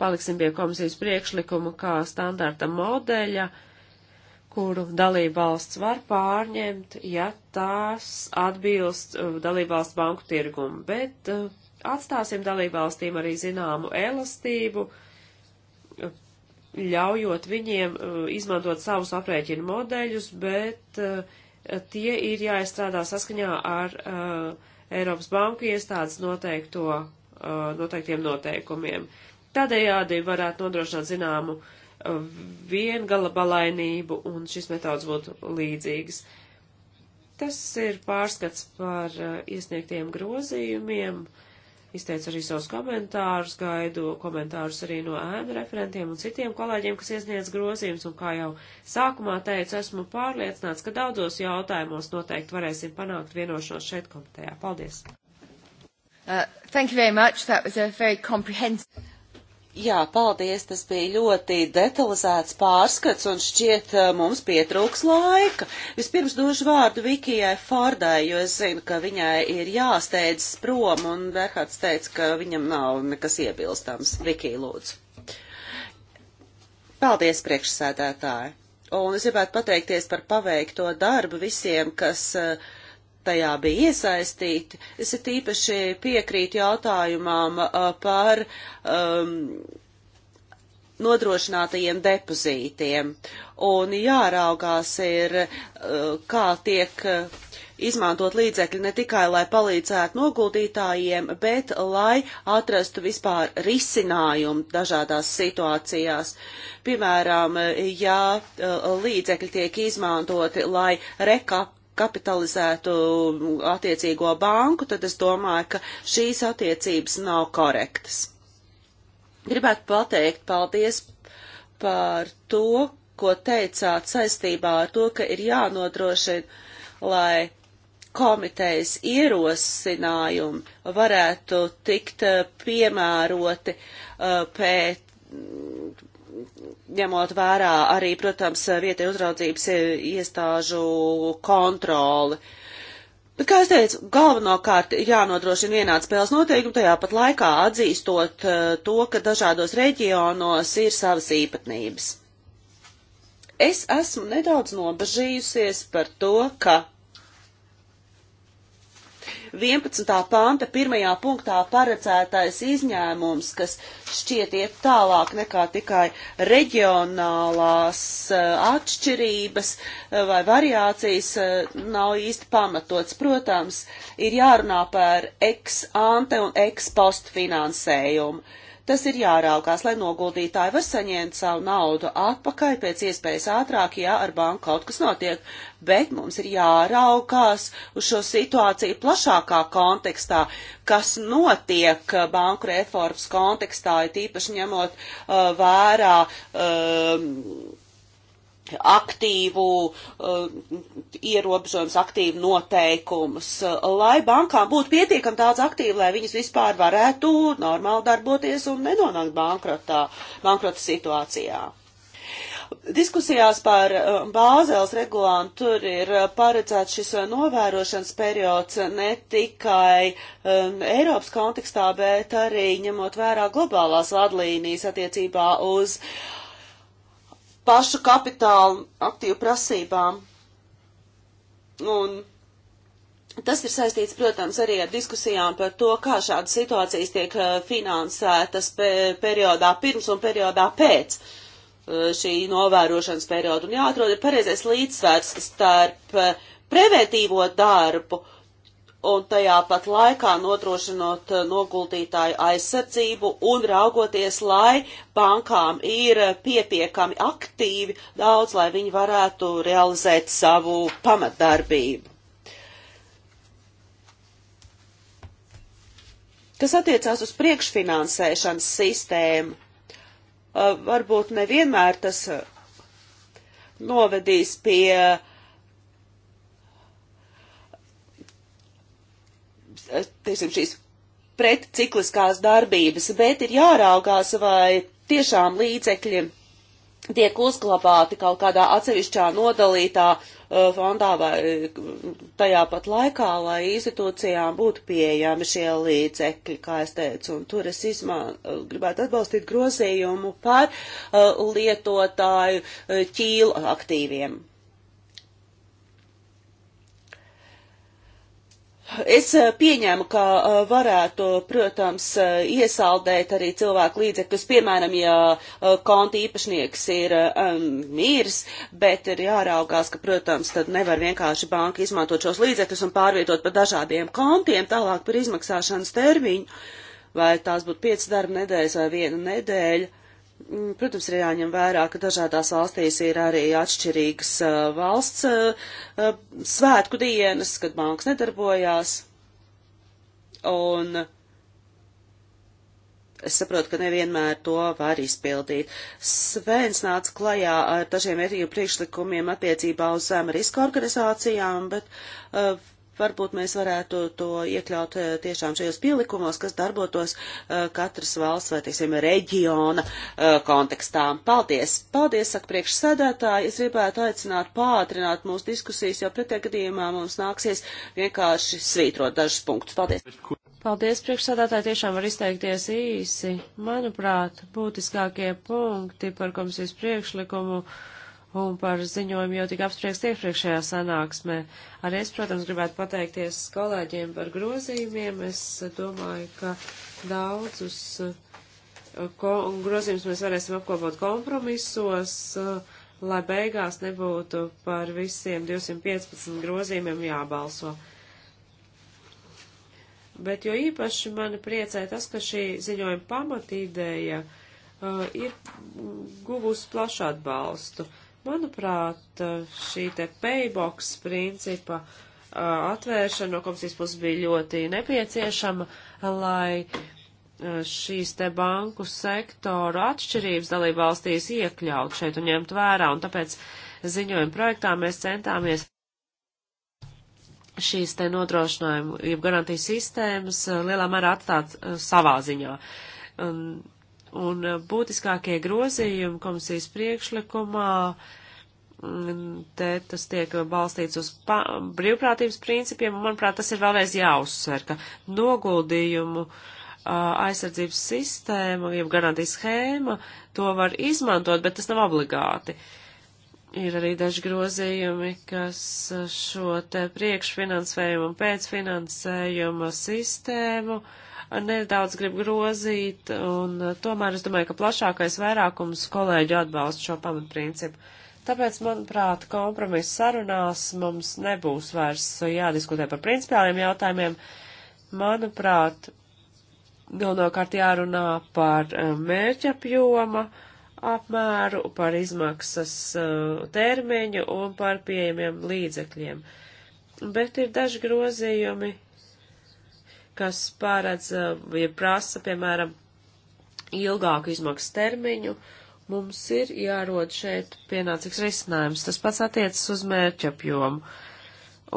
paliksim pie komisijas priekšlikuma kā standarta modeļa. Uh, kuru dalībvalsts var pārņemt, ja tās atbilst uh, dalībvalsts banku tirgumu, bet uh, atstāsim dalībvalstīm arī zināmu elastību, ļaujot viņiem uh, izmantot savus aprēķinu modeļus, bet tie ir jāizstrādā saskaņā ar Eiropas banku iestādes noteikto, noteiktiem noteikumiem. Tādējādi varētu nodrošināt zināmu uh, viengala un šis metods būtu līdzīgs. Tas ir pārskats par uh, iesniegtiem grozījumiem. Izteicu arī savus komentārus, gaidu komentārus arī no ēnu referentiem un citiem kolēģiem, kas iesniedz grozījumus, un kā jau sākumā teicu, esmu pārliecināts, ka daudzos jautājumos noteikti varēsim panākt vienošanos šeit komitejā. Paldies! Uh, thank you very much. That was a very comprehensive. Jā, paldies, tas bija ļoti detalizēts pārskats un šķiet eh, mums pietrūks laika. Vispirms došu vārdu Vikijai Fārdai, jo es zinu, ka viņai ir jāsteidzas prom un Berhards teica, ka viņam nav nekas iebilstams. Vikija, lūdzu. Paldies, priekšsēdētāji. Un es gribētu pateikties par paveikto darbu visiem, kas uh, tajā bija iesaistīti. Es tīpaši piekrītu jautājumām uh, par um, nodrošinātajiem depozītiem. Un jāraugās ir, uh, kā tiek uh, izmantot līdzekļi ne tikai, lai palīdzētu noguldītājiem, bet lai atrastu vispār risinājumu dažādās situācijās. Piemēram, ja līdzekļi tiek izmantoti, lai rekap kapitalizētu mm, attiecīgo banku, tad es domāju, ka šīs attiecības nav korektas. Gribētu pateikt paldies par to, ko teicāt saistībā ar to, ka ir jānodrošina, lai komitejas ierosinājumi varētu tikt eh, piemēroti eh, pēc ņemot vērā arī, protams, vietai uzraudzības iestāžu kontroli. Bet, kā es teicu, galvenokārt jānodrošina vienāds spēles noteikumi, tajā pat laikā atzīstot eh, to, ka dažādos reģionos ir savas īpatnības. Es esmu nedaudz nobežījusies par to, ka 11. panta pirmajā punktā paredzētais izņēmums, kas šķiet iet tālāk nekā tikai reģionālās eh, atšķirības eh, vai variācijas, eh, nav īsti pamatots. Protams, ir jārunā par ex ante un ex post finansējumu Tas ir jāraugās, lai noguldītāji var saņemt savu naudu atpakaļ pēc iespējas ātrāk, ja ar banku kaut kas notiek, bet mums ir jāraugās uz šo situāciju plašākā kontekstā, kas notiek banku reformas kontekstā, ja tīpaši ņemot uh, vērā uh, aktīvu uh, ierobežojums, aktīvu noteikumus, eh, lai bankām būtu pietiekami daudz aktīvu, lai viņas vispār varētu normāli darboties un nenonākt bankrotā, bankrota situācijā. Diskusijās par eh, bāzēles regulānu tur ir paredzēts šis novērošanas periods ne tikai um, Eiropas kontekstā, bet arī ņemot vērā globālās vadlīnijas attiecībā uz uh, pašu kapitālu aktīvu prasībām. Un tas ir saistīts, protams, arī ar diskusijām par to, kā šādas situācijas tiek eh, finansētas periodā pirms un periodā pēc eh, šī novērošanas perioda. Un jāatrod ir pareizais līdzsvars starp eh, preventīvo darbu un tajā pat laikā notrošinot eh, noguldītāju aizsardzību un raugoties, lai bankām ir pietiekami aktīvi daudz, lai viņi varētu realizēt savu pamatdarbību. Kas attiecās uz priekšfinansēšanas sistēmu, eh, varbūt nevienmēr tas eh, novedīs pie uh, Eh, teiksim, šīs pretcikliskās darbības, bet ir jāraugās, vai tiešām līdzekļi tiek uzglabāti kaut kādā atsevišķā nodalītā uh, fondā vai eh, tajā pat laikā, lai institūcijām būtu pieejami šie līdzekļi, kā es teicu, un tur es izmā, gribētu atbalstīt grozījumu par uh, lietotāju uh, ķīlu aktīviem. Es eh, pieņēmu, ka eh, varētu, protams, eh, iesaldēt arī cilvēku līdzekļus, piemēram, ja konta īpašnieks ir um, mīrs, bet ir jāraugās, ka, protams, tad nevar vienkārši banka izmantot šos līdzekļus un pārvietot pa dažādiem kontiem tālāk par izmaksāšanas termiņu, vai tās būtu 5 darba nedēļas vai viena nedēļa. Mm, protams, ir jāņem vērā, ka dažādās valstīs ir arī atšķirīgas uh, valsts uh, uh, svētku dienas, kad bankas nedarbojās. Un es saprotu, ka nevienmēr to var izpildīt. Svēns nāca klajā ar dažiem etiķu priekšlikumiem attiecībā uz zem riska organizācijām, bet uh, varbūt mēs varētu to iekļaut eh, tiešām šajos pielikumos, kas darbotos eh, katras valsts vai, teiksim, reģiona eh, kontekstā. Paldies! Paldies, saka priekšsēdētāji! Es gribētu aicināt pātrināt mūsu diskusijas, jo pretējā gadījumā mums nāksies vienkārši svītrot dažus punktus. Paldies! Paldies, priekšsādātāji, tiešām var izteikties īsi. Manuprāt, būtiskākie punkti par komisijas priekšlikumu un par ziņojumu jau tika apspriest iepriekšējā sanāksmē. Arī es, protams, gribētu pateikties kolēģiem par grozījumiem. Es domāju, ka daudzus eh, grozījumus mēs varēsim apkopot kompromisos, eh, lai beigās nebūtu par visiem 215 grozījumiem jābalso. Bet jo īpaši mani priecē tas, ka šī ziņojuma pamatīdēja uh, eh, ir guvusi plašu atbalstu. Uh, Manuprāt, šī te paybox principa atvēršana no komisijas puses bija ļoti nepieciešama, lai šīs te banku sektora atšķirības dalība valstīs iekļaut šeit un ņemt vērā, un tāpēc ziņojuma projektā mēs centāmies šīs te nodrošinājumu, jeb garantijas sistēmas lielā mērā atstāt savā ziņā. Un Un eh, būtiskākie grozījumi komisijas priekšlikumā, mm, te tas tiek balstīts uz brīvprātības principiem, un manuprāt, tas ir vēlreiz jāuzsver, ka noguldījumu uh, aizsardzības sistēma, jeb garantijas schēma, to var izmantot, bet tas nav obligāti. Ir arī daži grozījumi, kas šo te priekšfinansējumu un pēcfinansējumu sistēmu uh, nedaudz grib grozīt, un eh, tomēr es domāju, ka plašākais vairākums kolēģi atbalsta šo pamatprincipu. Tāpēc, manuprāt, kompromisa sarunās mums nebūs vairs jādiskutē par principiāliem jautājumiem. Manuprāt, galvenokārt jārunā par eh, mērķapjoma apmēru, par izmaksas eh, termiņu un par pieejamiem līdzekļiem. Bet ir daži grozījumi, kas pārēdz, eh, ja prasa, piemēram, ilgāku izmaksu termiņu, mums ir jārod šeit pienācīgs risinājums. Tas pats attiecas uz mērķapjomu.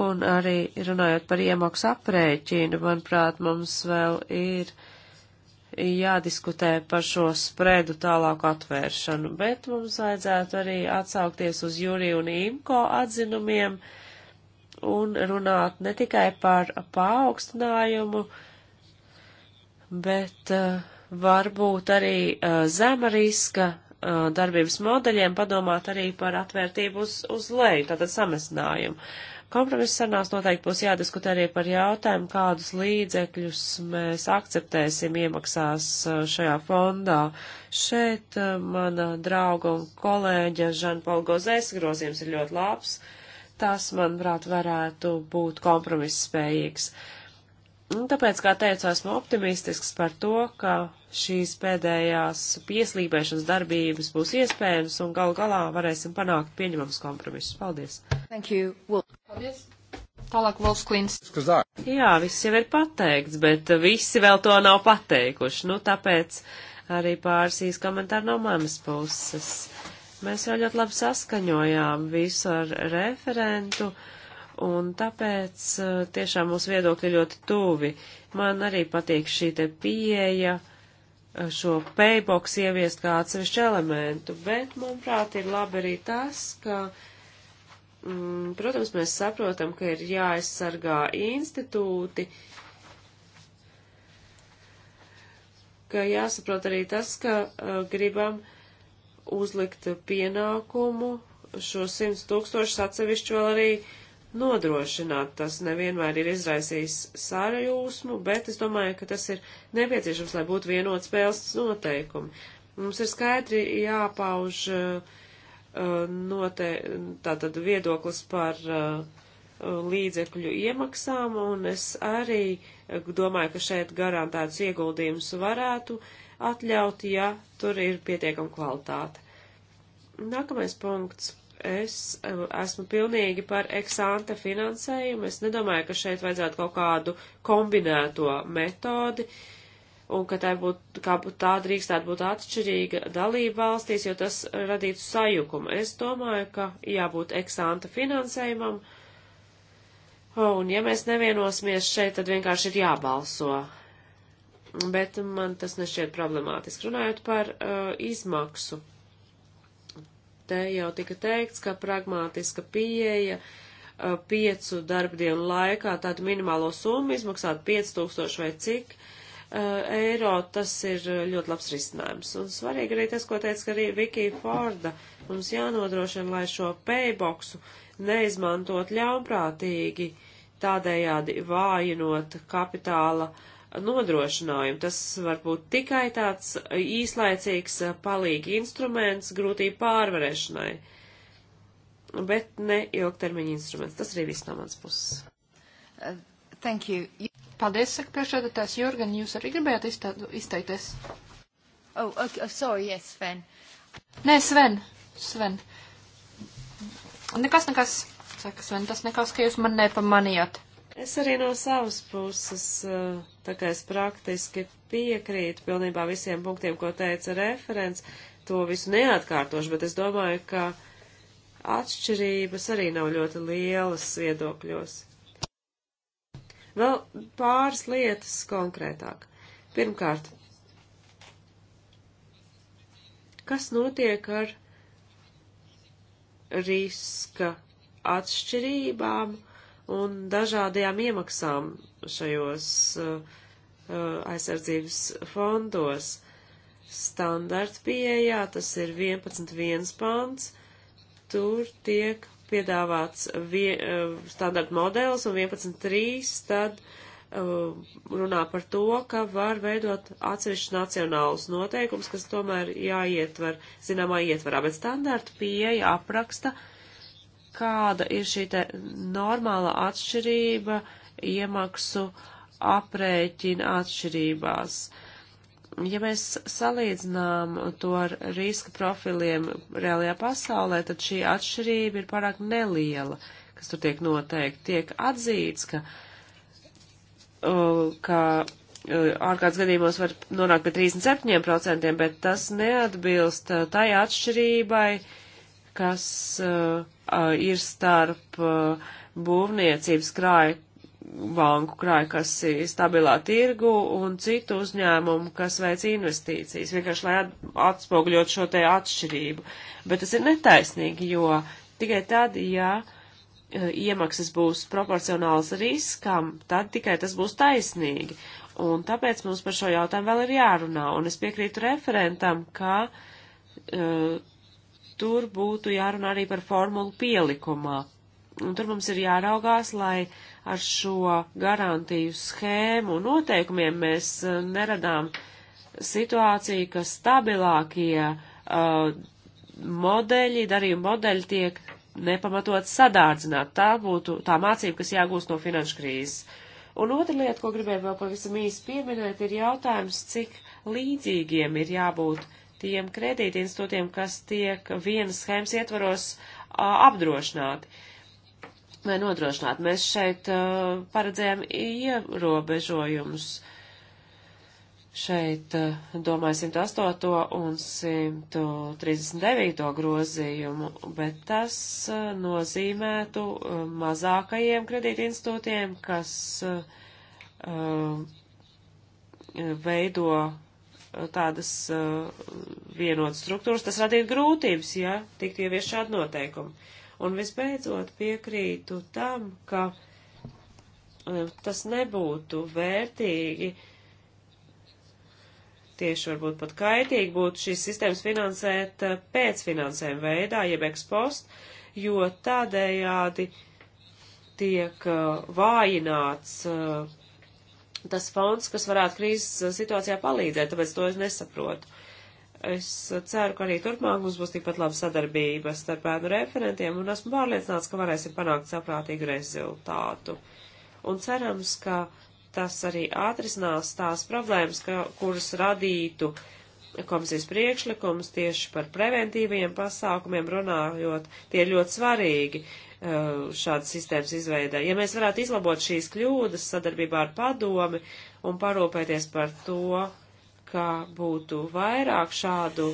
Un arī runājot par iemaksu aprēķinu, manuprāt, mums vēl ir jādiskutē par šo spredu tālāku atvēršanu, bet mums vajadzētu arī atsaukties uz Juriju un Imko atzinumiem, uh, un runāt ne tikai par paaugstinājumu, bet uh, varbūt arī uh, zema riska uh, darbības modeļiem padomāt arī par atvērtību uz, uz leju, tātad samazinājumu. Kompromiss sarunās noteikti būs jādiskutē arī par jautājumu, kādus līdzekļus mēs akceptēsim iemaksās šajā fondā. Šeit mana drauga un kolēģa Žanpaul Gozēs grozījums ir ļoti labs. Uh, tas, manuprāt, varētu būt kompromiss spējīgs. Un tāpēc, kā teicu, esmu optimistisks par to, ka šīs pēdējās pieslīpēšanas darbības būs iespējams un gal galā varēsim panākt pieņemams kompromisus. Paldies! Thank you, Wolf. Paldies! Tālāk, Wolfs Klins. Jā, viss jau ir pateikts, bet visi vēl to nav pateikuši. Nu, tāpēc arī pārsīs komentāri no manas puses. Uh, Mēs jau ļoti labi saskaņojām visu ar referentu, un tāpēc eh, tiešām mūsu viedokļi ļoti tuvi. Man arī patīk šī te pieeja eh, šo paybox ieviest kā atsevišķu elementu, bet, manuprāt, ir labi arī tas, ka, mm, protams, mēs saprotam, ka ir jāaizsargā institūti, ka jāsaprot arī tas, ka uh, gribam uh, uzlikt pienākumu šo 100 tūkstošus atsevišķu vēl arī nodrošināt. Tas nevienmēr ir izraisījis sārajūsmu, bet es domāju, ka tas ir nepieciešams, lai būtu vienot spēles noteikumi. Mums ir skaidri jāpauž uh, note, tātad viedoklis par uh, līdzekļu iemaksām, un es arī domāju, ka šeit garantēts ieguldījums varētu uh, atļaut, ja tur ir pietiekama kvalitāte. Nākamais punkts. Es eh, esmu pilnīgi par eksante finansējumu. Es nedomāju, ka šeit vajadzētu kaut kādu kombinēto metodi un ka tā būtu, kā būtu tā drīkstētu būt atšķirīga dalība valstīs, jo tas radītu sajukumu. Es domāju, ka jābūt eksanta finansējumam. Un ja mēs nevienosimies šeit, tad vienkārši ir jābalso bet man tas nešķiet problemātiski. Runājot par uh, izmaksu, te jau tika teikts, ka pragmātiska pieeja uh, piecu darbdienu laikā tādu minimālo summu izmaksāt 5000 vai cik uh, eiro, tas ir ļoti labs risinājums. Un svarīgi arī tas, ko teica arī Vikija Forda, mums jānodrošina, lai šo payboxu neizmantot ļaunprātīgi, tādējādi vājinot kapitāla uh, nodrošinājumu. Tas var būt tikai tāds īslaicīgs eh, palīgi instruments grūtību pārvarēšanai, bet ne ilgtermiņa instruments. Tas arī viss no mans puses. Uh, thank you. Paldies, saka priekšredatājs Jurgen, jūs arī gribējāt izteikties? Oh, okay, oh, sorry, yes, Sven. Nē, Sven, Sven. Nekas, nekas, saka Sven, tas nekas, ka jūs man nepamanījāt. Es arī no savas puses, eh, tā kā es praktiski piekrītu pilnībā visiem punktiem, ko teica referents, to visu neatkārtošu, bet es domāju, ka atšķirības arī nav ļoti lielas viedokļos. Vēl pāris lietas konkrētāk. Pirmkārt, kas notiek ar riska atšķirībām un dažādajām iemaksām šajos uh, uh, aizsardzības fondos. Standarta pieejā tas ir 11.1 pants, tur tiek piedāvāts vie, uh, standarta modelis un 11.3 tad uh, runā par to, ka var veidot atsevišķus nacionālus noteikumus, kas tomēr jāietver zināmā ietvarā, bet standarta pieeja apraksta uh, kāda ir šī te normāla atšķirība iemaksu aprēķina atšķirībās. Ja mēs salīdzinām to ar riska profiliem reālajā pasaulē, tad šī atšķirība ir pārāk neliela, kas tur tiek noteikti. Tiek atzīts, ka, uh, ka uh, ārkārtas gadījumos var nonākt pie 37%, bet tas neatbilst uh, tai atšķirībai, uh, kas uh, uh, ir starp uh, būvniecības krāju banku krājkasi stabilā tirgu un citu uzņēmumu, kas veic investīcijas, vienkārši lai atspoguļot šo te atšķirību. Bet tas ir netaisnīgi, jo tikai tad, ja uh, iemaksas būs proporcionāls riskam, tad tikai tas būs taisnīgi. Un tāpēc mums par šo jautājumu vēl ir jārunā. Un es piekrītu referentam, ka uh, tur būtu jārunā arī par formulu pielikumā. Un tur mums ir jāraugās, lai ar šo garantiju schēmu un noteikumiem mēs e, neradām situāciju, ka stabilākie uh, modeļi, darījuma modeļi tiek nepamatot sadārdzināti. Tā būtu tā mācība, kas jāgūst no finanšu krīzes. Un otra lieta, ko gribēju vēl pavisam īsi pieminēt, ir jautājums, cik līdzīgiem ir jābūt tiem kredītinstitūtiem, kas tiek vienas schēmas ietvaros apdrošināti vai nodrošināti. Mēs šeit paredzējām ierobežojumus. Šeit domāju 108. un 139. grozījumu, bet tas nozīmētu mazākajiem kredītinstitūtiem, kas veido tādas uh, vienotas struktūras, tas radītu grūtības, ja tiktu ievies šādi noteikumi. Un visbeidzot piekrītu tam, ka uh, tas nebūtu vērtīgi, tieši varbūt pat kaitīgi būtu šīs sistēmas finansēt uh, pēcfinansējuma veidā, jeb ekspost, jo tādējādi tiek vājināts tas fonds, kas varētu krīzes uh, situācijā palīdzēt, tāpēc to es nesaprotu. Es uh, ceru, ka arī turpmāk mums būs tikpat laba sadarbība starp ēnu referentiem, un esmu pārliecināts, ka varēsim panākt saprātīgu rezultātu. Un cerams, ka tas arī atrisinās tās problēmas, ka, kuras radītu komisijas priekšlikums tieši par preventīviem pasākumiem runājot, tie ir ļoti svarīgi, Uh, šādas sistēmas izveidē. Ja mēs varētu izlabot šīs kļūdas sadarbībā ar padomi un parūpēties par to, ka būtu vairāk šādu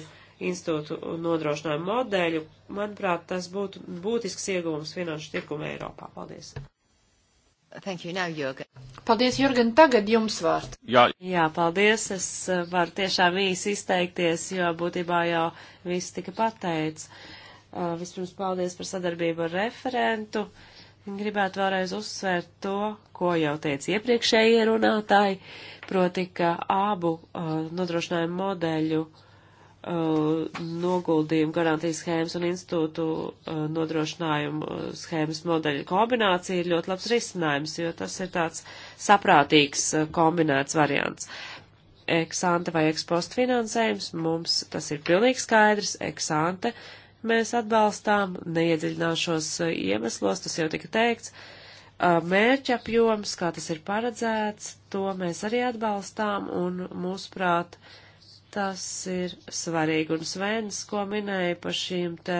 institūtu nodrošinājumu modeļu, manuprāt, tas būtu būtisks ieguvums finanšu tirkumu Eiropā. Paldies! Thank you. Now, Jurgen. Paldies, Jurgen. Tagad jums vārds. Jā. Jā, paldies. Es uh, varu tiešām īsi izteikties, jo būtībā jau viss tika pateicis. Uh, Uh, vispirms paldies par sadarbību ar referentu. Gribētu vēlreiz uzsvērt to, ko jau teica iepriekšējie runātāji, proti, ka abu uh, nodrošinājumu modeļu uh, noguldījumu garantijas schēmas un institūtu uh, nodrošinājumu uh, schēmas modeļu kombinācija ir ļoti labs risinājums, jo tas ir tāds saprātīgs uh, kombinēts variants. Eksante vai ekspost finansējums, mums tas ir pilnīgi skaidrs, eksante uh, mēs atbalstām, neiedziļināšos e, iemeslos, tas jau tika teikts, e, mērķa apjoms, kā tas ir paredzēts, to mēs arī atbalstām, un mūsuprāt, tas ir svarīgi. Un Svens, ko minēja par šīm te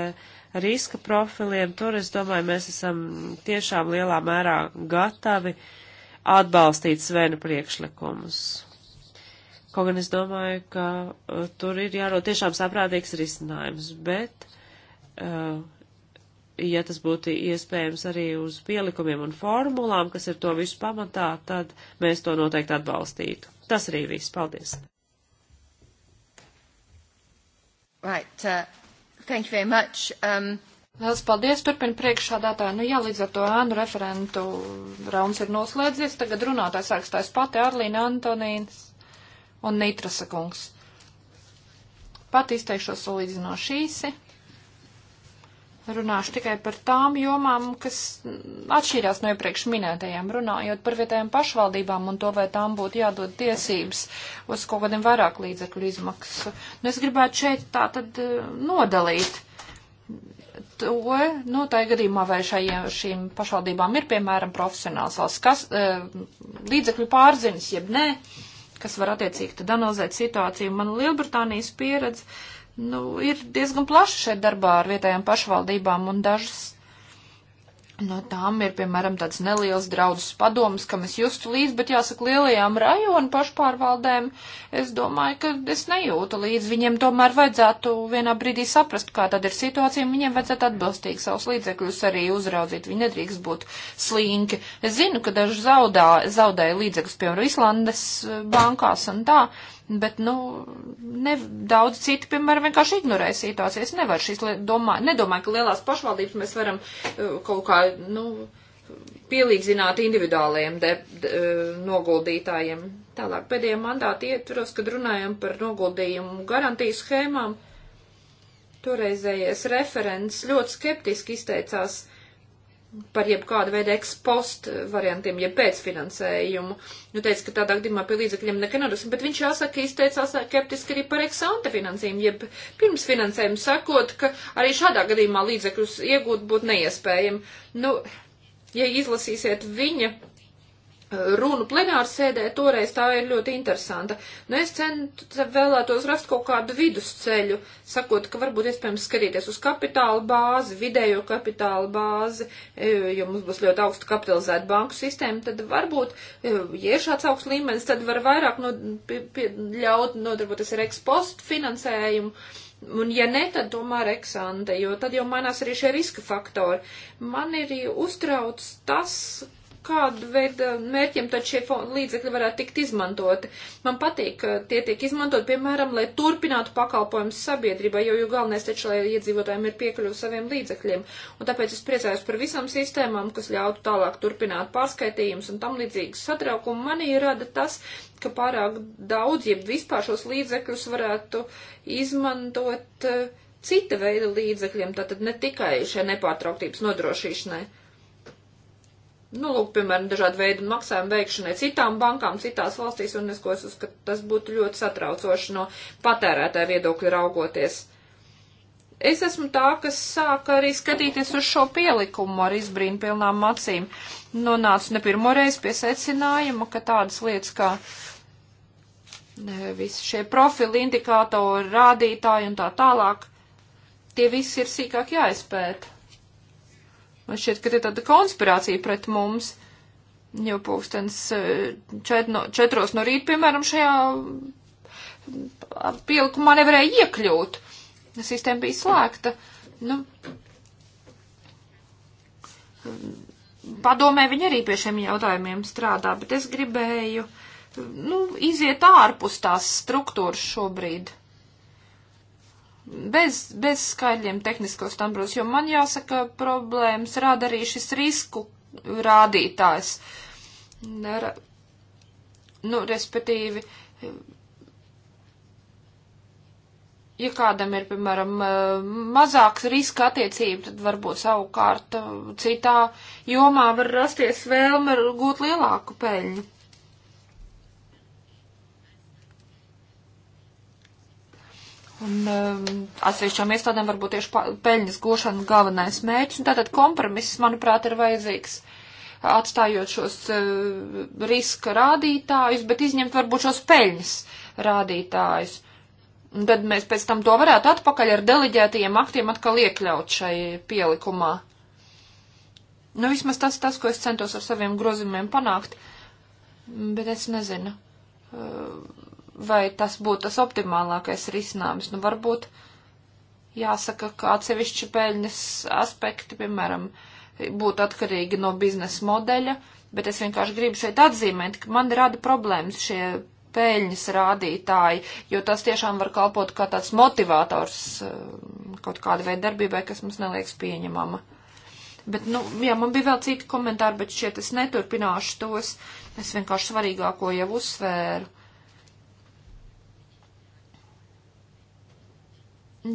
riska profiliem, tur es domāju, mēs esam tiešām lielā mērā gatavi atbalstīt Svena priekšlikumus. Kaut gan es domāju, ka e, tur ir jārod tiešām saprātīgs risinājums, bet uh, Eh, ja tas būtu iespējams arī uz pielikumiem un formulām, kas ir to visu pamatā, tad mēs to noteikti atbalstītu. Tas arī viss. Paldies! Right, uh, thank you very much. Um... Liels paldies, turpina priekšādātāji. Nu jā, līdz ar to ēnu referentu rauns ir noslēdzies. Tagad runātājs sākstājs pati Arlīna Antonīns un Nitrasa kungs. Pat izteikšos salīdzinoši īsi. Runāšu tikai par tām jomām, kas atšķīrās no iepriekš minētajām, runājot par vietējām pašvaldībām un to, vai tām būtu jādod tiesības uz kaut kādiem vairāk līdzekļu izmaksu. Nu, es gribētu šeit tā tad eh, nodalīt to, nu, tā gadījumā vai šajiem, šīm pašvaldībām ir, piemēram, profesionāls valsts, kas eh, līdzekļu pārziņas, jeb nē, kas var attiecīgi tad analizēt situāciju. Man Lielbritānijas pieredze nu, ir diezgan plaši šeit darbā ar vietējām pašvaldībām un dažas No tām ir, piemēram, tāds neliels draudzes padoms, kam es justu līdzi, bet jāsaka, lielajām rajonu pašpārvaldēm es domāju, ka es nejūtu līdzi. Viņiem tomēr vajadzētu vienā brīdī saprast, kā tad ir situācija, un viņiem vajadzētu atbilstīgi savus līdzekļus arī uzraudzīt. Viņi nedrīkst būt slinki. Es zinu, ka daži zaudā, zaudēja līdzekļus, piemēram, Islandes eh, bankās un tā bet, nu, ne, daudz citi, piemēram, vienkārši ignorē situāciju. Es nevaru šīs, domā, nedomāju, ka lielās pašvaldības mēs varam uh, kaut kā, nu, pielīdzināt individuāliem de, de, uh, noguldītājiem. Tālāk pēdējā mandāta ietvaros, kad runājam par noguldījumu garantiju schēmām, toreizējais referents ļoti skeptiski izteicās uh, par jebkādu veidu ekspostu variantiem, jeb pēcfinansējumu. Nu, teica, ka tādā gadījumā pie līdzekļiem nekā nedosim, bet viņš jāsaka, izteicās skeptiski arī par eksanta finansējumu, jeb pirmsfinansējumu, sakot, ka arī šādā gadījumā līdzekļus iegūt būtu neiespējami. Nu, ja izlasīsiet viņa runu plenārsēdē toreiz tā ir ļoti interesanta. Nu, es centu, vēlētos rast kaut kādu vidusceļu, sakot, ka varbūt iespējams skatīties uz kapitāla bāzi, vidējo kapitāla bāzi, e, jo mums būs ļoti augsta kapitalizēta banku sistēma, tad varbūt, e, ja ir šāds augsts līmenis, tad var vairāk no, pie, pie, ļaut nodarboties ar ekspostu finansējumu. Un ja ne, tad tomēr eksante, jo tad jau mainās arī šie riska faktori. Man ir uztrauc tas, kādu veidu mērķiem tad šie līdzekļi varētu tikt izmantoti. Man patīk, ka tie tiek izmantot, piemēram, lai turpinātu pakalpojumus sabiedrībai, jo, jo galvenais taču, lai iedzīvotājiem ir piekļuvi saviem līdzekļiem. Un tāpēc es priecājos par visām sistēmām, kas ļautu tālāk turpināt pārskaitījumus un tam līdzīgas satraukumu. Manī rada tas, ka pārāk daudz, ja vispār šos līdzekļus varētu izmantot eh, cita veida līdzekļiem, tātad ne tikai šai nepārtrauktības nodrošīšanai nu, lūk, piemēram, dažādu veidu maksājumu veikšanai citām bankām, citās valstīs, un es ko es uzskatu, tas būtu ļoti satraucoši no patērētāja viedokļa raugoties. Es esmu tā, kas sāka arī skatīties uz šo pielikumu ar izbrīnu pilnām acīm. Nonācu ne pirmoreiz pie secinājuma, ka tādas lietas kā ne, visi šie profili, indikātori, rādītāji un tā tālāk, tie visi ir sīkāk jāizpēta Man šķiet, ka te tāda konspirācija pret mums, jo pūkstens eh, čet no, četros no rīta, piemēram, šajā pielikumā nevarēja iekļūt. Sistēma bija slēgta. Nu, padomē viņi arī pie šiem jautājumiem strādā, bet es gribēju, nu, iziet ārpus tās struktūras šobrīd bez, bez skaidriem tehniskos tambros, jo man jāsaka, problēmas rada arī šis risku rādītājs. Nera, nu, respektīvi, ja kādam ir, piemēram, mazāks riska attiecība, tad varbūt savukārt citā jomā var rasties vēlme gūt lielāku peļņu. Un um, atsevišķām iestādēm varbūt tieši peļņas gošana galvenais mērķis, un tātad kompromiss, manuprāt, ir vajadzīgs, atstājot šos uh, riska rādītājus, bet izņemt varbūt šos peļņas rādītājus. Un tad mēs pēc tam to varētu atpakaļ ar deleģētajiem aktiem atkal iekļaut šai pielikumā. Nu, vismaz tas, tas, ko es centos ar saviem grozījumiem panākt, bet es nezinu. Uh, vai tas būtu tas optimālākais risinājums. Nu, varbūt jāsaka, ka atsevišķi peļņas aspekti, piemēram, būtu atkarīgi no biznesa modeļa, bet es vienkārši gribu šeit atzīmēt, ka man rada problēmas šie peļņas rādītāji, jo tas tiešām var kalpot kā tāds motivators eh, kaut kāda veida darbībai, kas mums neliekas pieņemama. Bet, nu, jā, man bija vēl citi komentāri, bet šeit es neturpināšu tos. Es vienkārši svarīgāko jau uzsvēru.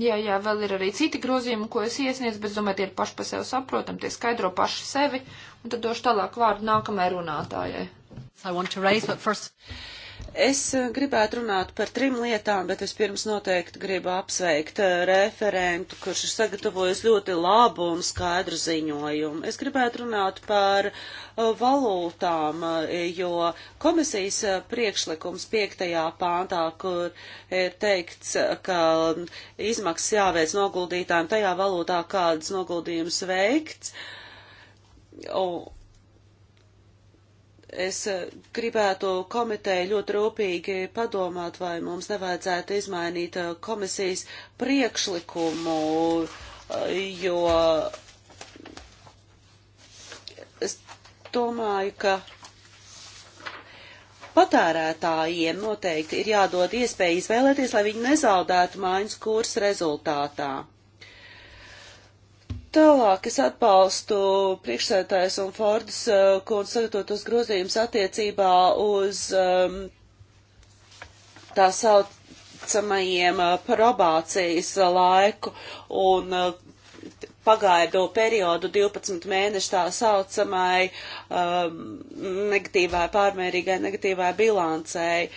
Jā, jā, vēl ir arī citi grozījumi, ko es iesniedzu, bet, domāju, tie ir paši pa sev saprotami, tie skaidro paši sevi, un tad došu tālāk vārdu nākamajai runātājai. So first... Es eh, gribētu runāt par trim lietām, bet es pirms noteikti gribu apsveikt eh, referentu, kurš ir sagatavojis ļoti labu un skaidru ziņojumu. Es gribētu runāt par eh, valūtām, jo komisijas priekšlikums piektajā pāntā, kur ir teikts, ka izmaksas jāveic noguldītājiem tajā valūtā, kādas noguldījums veikts. Un, es eh, gribētu komiteju ļoti rūpīgi padomāt, vai mums nevajadzētu izmainīt eh, komisijas priekšlikumu, eh, jo es domāju, ka patērētājiem noteikti ir jādod iespēja izvēlēties, lai viņi nezaudētu mājas kursu rezultātā. Tālāk es atbalstu priekšsētājs un Fordas eh, kundu sagatavotos grozījumus attiecībā uz um, tā saucamajiem eh, probācijas laiku un eh, pagaidu periodu 12 mēnešu tā saucamai um, negatīvai, pārmērīgai negatīvai bilancei,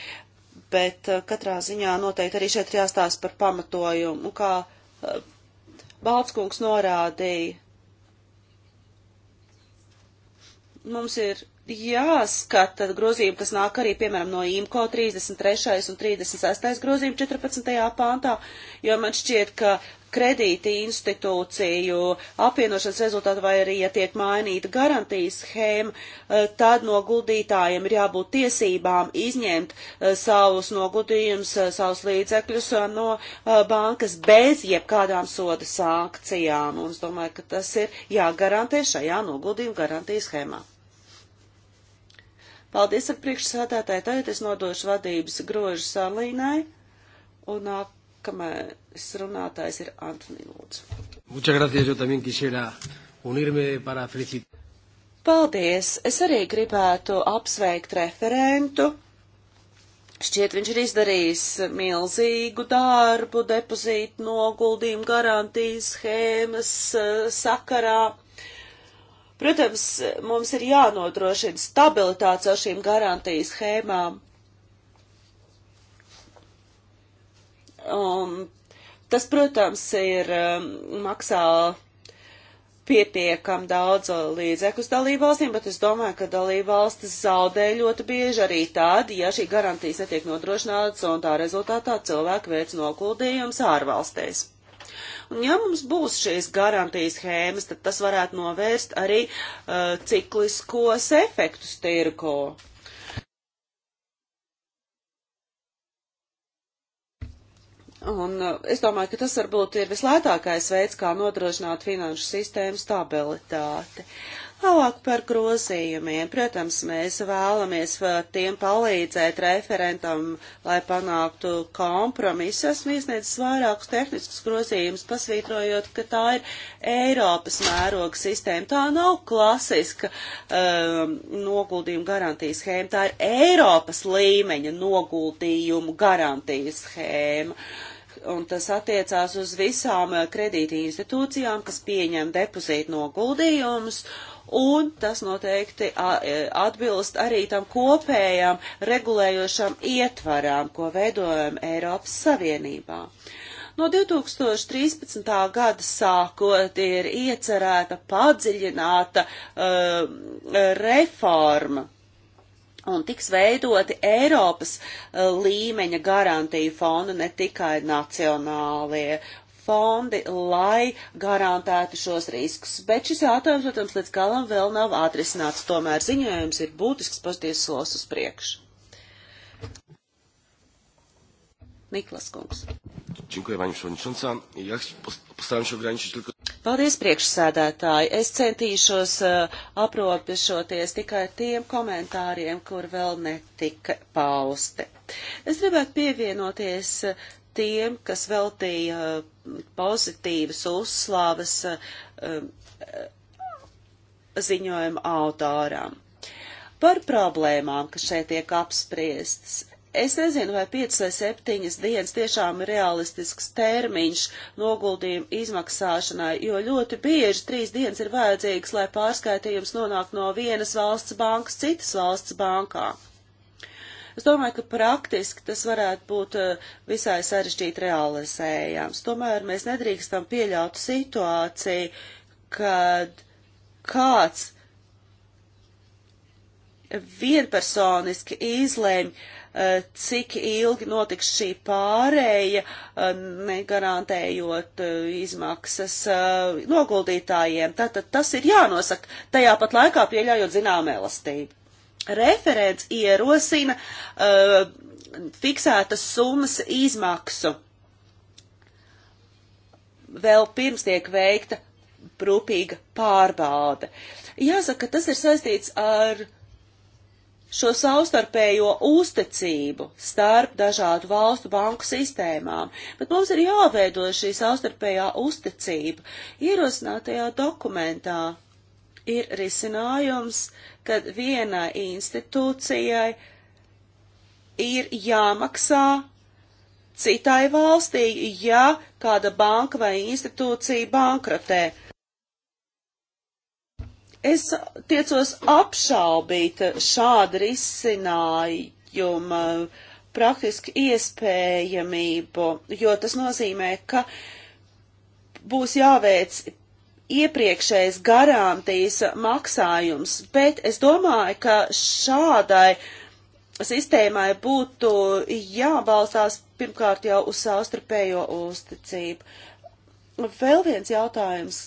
bet uh, katrā ziņā noteikti arī šeit ir jāstāsta par pamatojumu, kā uh, Baltskungs norādīja. Mums ir jāskata grozījumi, kas nāk arī, piemēram, no IMCO 33. un 36. grozījuma 14. pāntā, jo man šķiet, ka kredīti institūciju apvienošanas rezultātu vai arī, ja tiek mainīta garantijas schēma, eh, tad noguldītājiem ir jābūt tiesībām izņemt eh, savus noguldījumus, eh, savus līdzekļus no bankas bez jebkādām soda sankcijām. Un es domāju, ka tas ir jāgarantē šajā noguldījuma garantijas schēmā. Paldies ar priekšsēdētāju. Tagad es nodošu vadības grožu salīnai. Un nāk Nākamais runātājs ir Antoni Lūdzu. Muchas gracias, yo también quisiera unirme para felicitar. Paldies! Es arī gribētu apsveikt referentu. Šķiet, viņš ir izdarījis milzīgu darbu depozītu noguldījumu garantijas schēmas eh, sakarā. Protams, mums ir jānodrošina stabilitāte ar šīm garantijas schēmām, Um, tas, protams, ir um, maksā pietiekam daudz līdzekļus dalībvalstīm, bet es domāju, ka dalībvalstis zaudē ļoti bieži arī tad, ja šī garantijas netiek nodrošināts un tā rezultātā cilvēki veic nokuldījums ārvalstēs. Un ja mums būs šīs garantijas schēmas, tad tas varētu novērst arī uh, cikliskos efektus tirgo. Un uh, es domāju, ka tas varbūt ir vislētākais veids, kā nodrošināt finanšu sistēmu stabilitāti. Tālāk par grozījumiem. Protams, mēs vēlamies uh, tiem palīdzēt referentam, lai panāktu kompromisu. Esmu iesniedzis vairākus tehniskus grozījumus, pasvītrojot, ka tā ir Eiropas mēroga sistēma. Tā nav klasiska um, noguldījuma garantijas schēma, tā ir Eiropas līmeņa noguldījumu garantijas schēma. Uh, un tas attiecās uz visām eh, kredīti institūcijām, kas pieņem depozītu noguldījumus, un tas noteikti e, atbilst arī tam kopējam regulējošam ietvarām, ko veidojam Eiropas Savienībā. No 2013. gada sākot ir iecerēta padziļināta uh, reforma un tiks veidoti Eiropas eh, līmeņa garantiju fonda, ne tikai nacionālie fondi, lai garantētu šos riskus. Bet šis jautājums, protams, līdz galam vēl nav atrisināts. Tomēr ziņojums ir būtisks pozitīvs solis uz priekšu. Niklas Kungs. Paldies, priekšsēdētāji. Es centīšos eh, aprobežoties tikai tiem komentāriem, kur vēl netika pausti. Es gribētu pievienoties eh, tiem, kas veltīja eh, pozitīvas uzslavas ziņojuma autoram. Par problēmām, kas šeit tiek apspriestas, Es nezinu, vai 5 vai 7 dienas tiešām ir realistisks termiņš noguldījuma izmaksāšanai, jo ļoti bieži 3 dienas ir vajadzīgas, lai pārskaitījums nonāk no vienas valsts bankas citas valsts bankā. Es domāju, ka praktiski tas varētu būt eh, visai sarežģīti realizējams. Tomēr mēs nedrīkstam pieļaut situāciju, kad kāds vienpersoniski izlēma, Eh, cik ilgi notiks šī pārēja, eh, negarantējot eh, izmaksas noguldītājiem. Tātad tas ir jānosaka, tajā pat laikā pieļaujot zinām elastību. Referents ierosina uh, fiksētas summas izmaksu vēl pirms tiek veikta rūpīga pārbauda. Jāsaka, tas ir saistīts ar uh, šo savstarpējo uzticību starp dažādu valstu banku sistēmām, bet mums ir jāveido šī savstarpējā uzticība. Ierosinātajā dokumentā ir risinājums, kad vienai institūcijai ir jāmaksā citai valstī, ja kāda banka vai institūcija bankrotē. Es tiecos apšaubīt šādu risinājumu praktiski iespējamību, jo tas nozīmē, ka būs jāveic iepriekšējais garantijas maksājums, bet es domāju, ka šādai sistēmai būtu jābalstās pirmkārt jau uz savstarpējo uzticību. Vēl viens jautājums,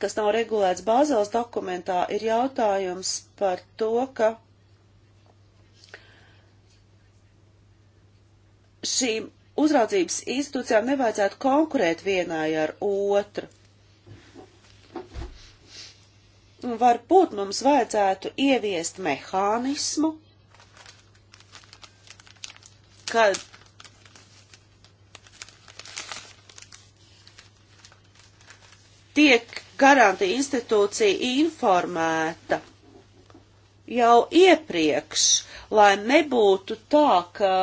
kas nav regulēts bāzēlas dokumentā, ir jautājums par to, ka šīm uzraudzības institūcijām nevajadzētu konkurēt vienai ar otru. Varbūt mums vajadzētu ieviest mehānismu, kad tiek garantija institūcija informēta jau iepriekš, lai nebūtu tā, ka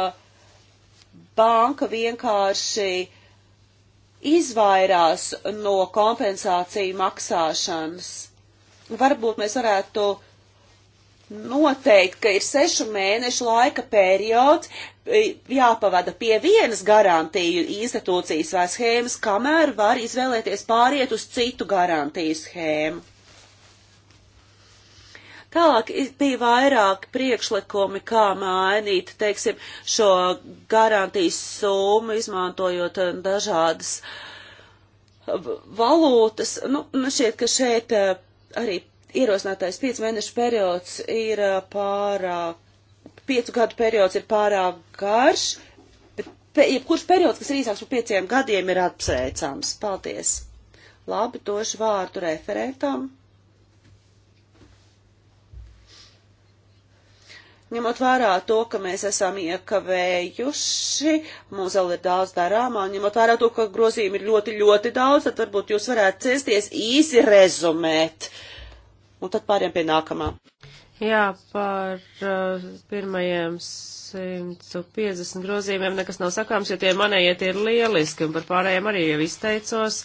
banka vienkārši izvairās no kompensāciju maksāšanas. Varbūt mēs varētu noteikt, ka ir sešu mēnešu laika periods jāpavada pie vienas garantiju institūcijas vai schēmas, kamēr var izvēlēties pāriet uz citu garantiju schēmu. Tālāk bija vairāk priekšlikumi, kā mainīt, teiksim, šo garantijas summu, izmantojot eh, dažādas valūtas. Nu, nu, šķiet, ka šeit eh, arī ierosinātais 5 mēnešu periods ir pārāk, 5 gadu periods ir pārāk garš, bet pe, jebkurš periods, kas ir īsāks par 5 gadiem, ir apsveicams. Paldies! Labi, došu vārdu referentam. Ņemot vērā to, ka mēs esam iekavējuši, mums vēl ir daudz darāmā, un ņemot vērā to, ka grozījumi ir ļoti, ļoti daudz, tad varbūt jūs varētu censties īsi rezumēt Un tad pāriem pie nākamā. Jā, par uh, pirmajiem 150 grozījumiem nekas nav sakāms, jo tie manējie tie ir lieliski, un par pārējiem arī jau izteicos.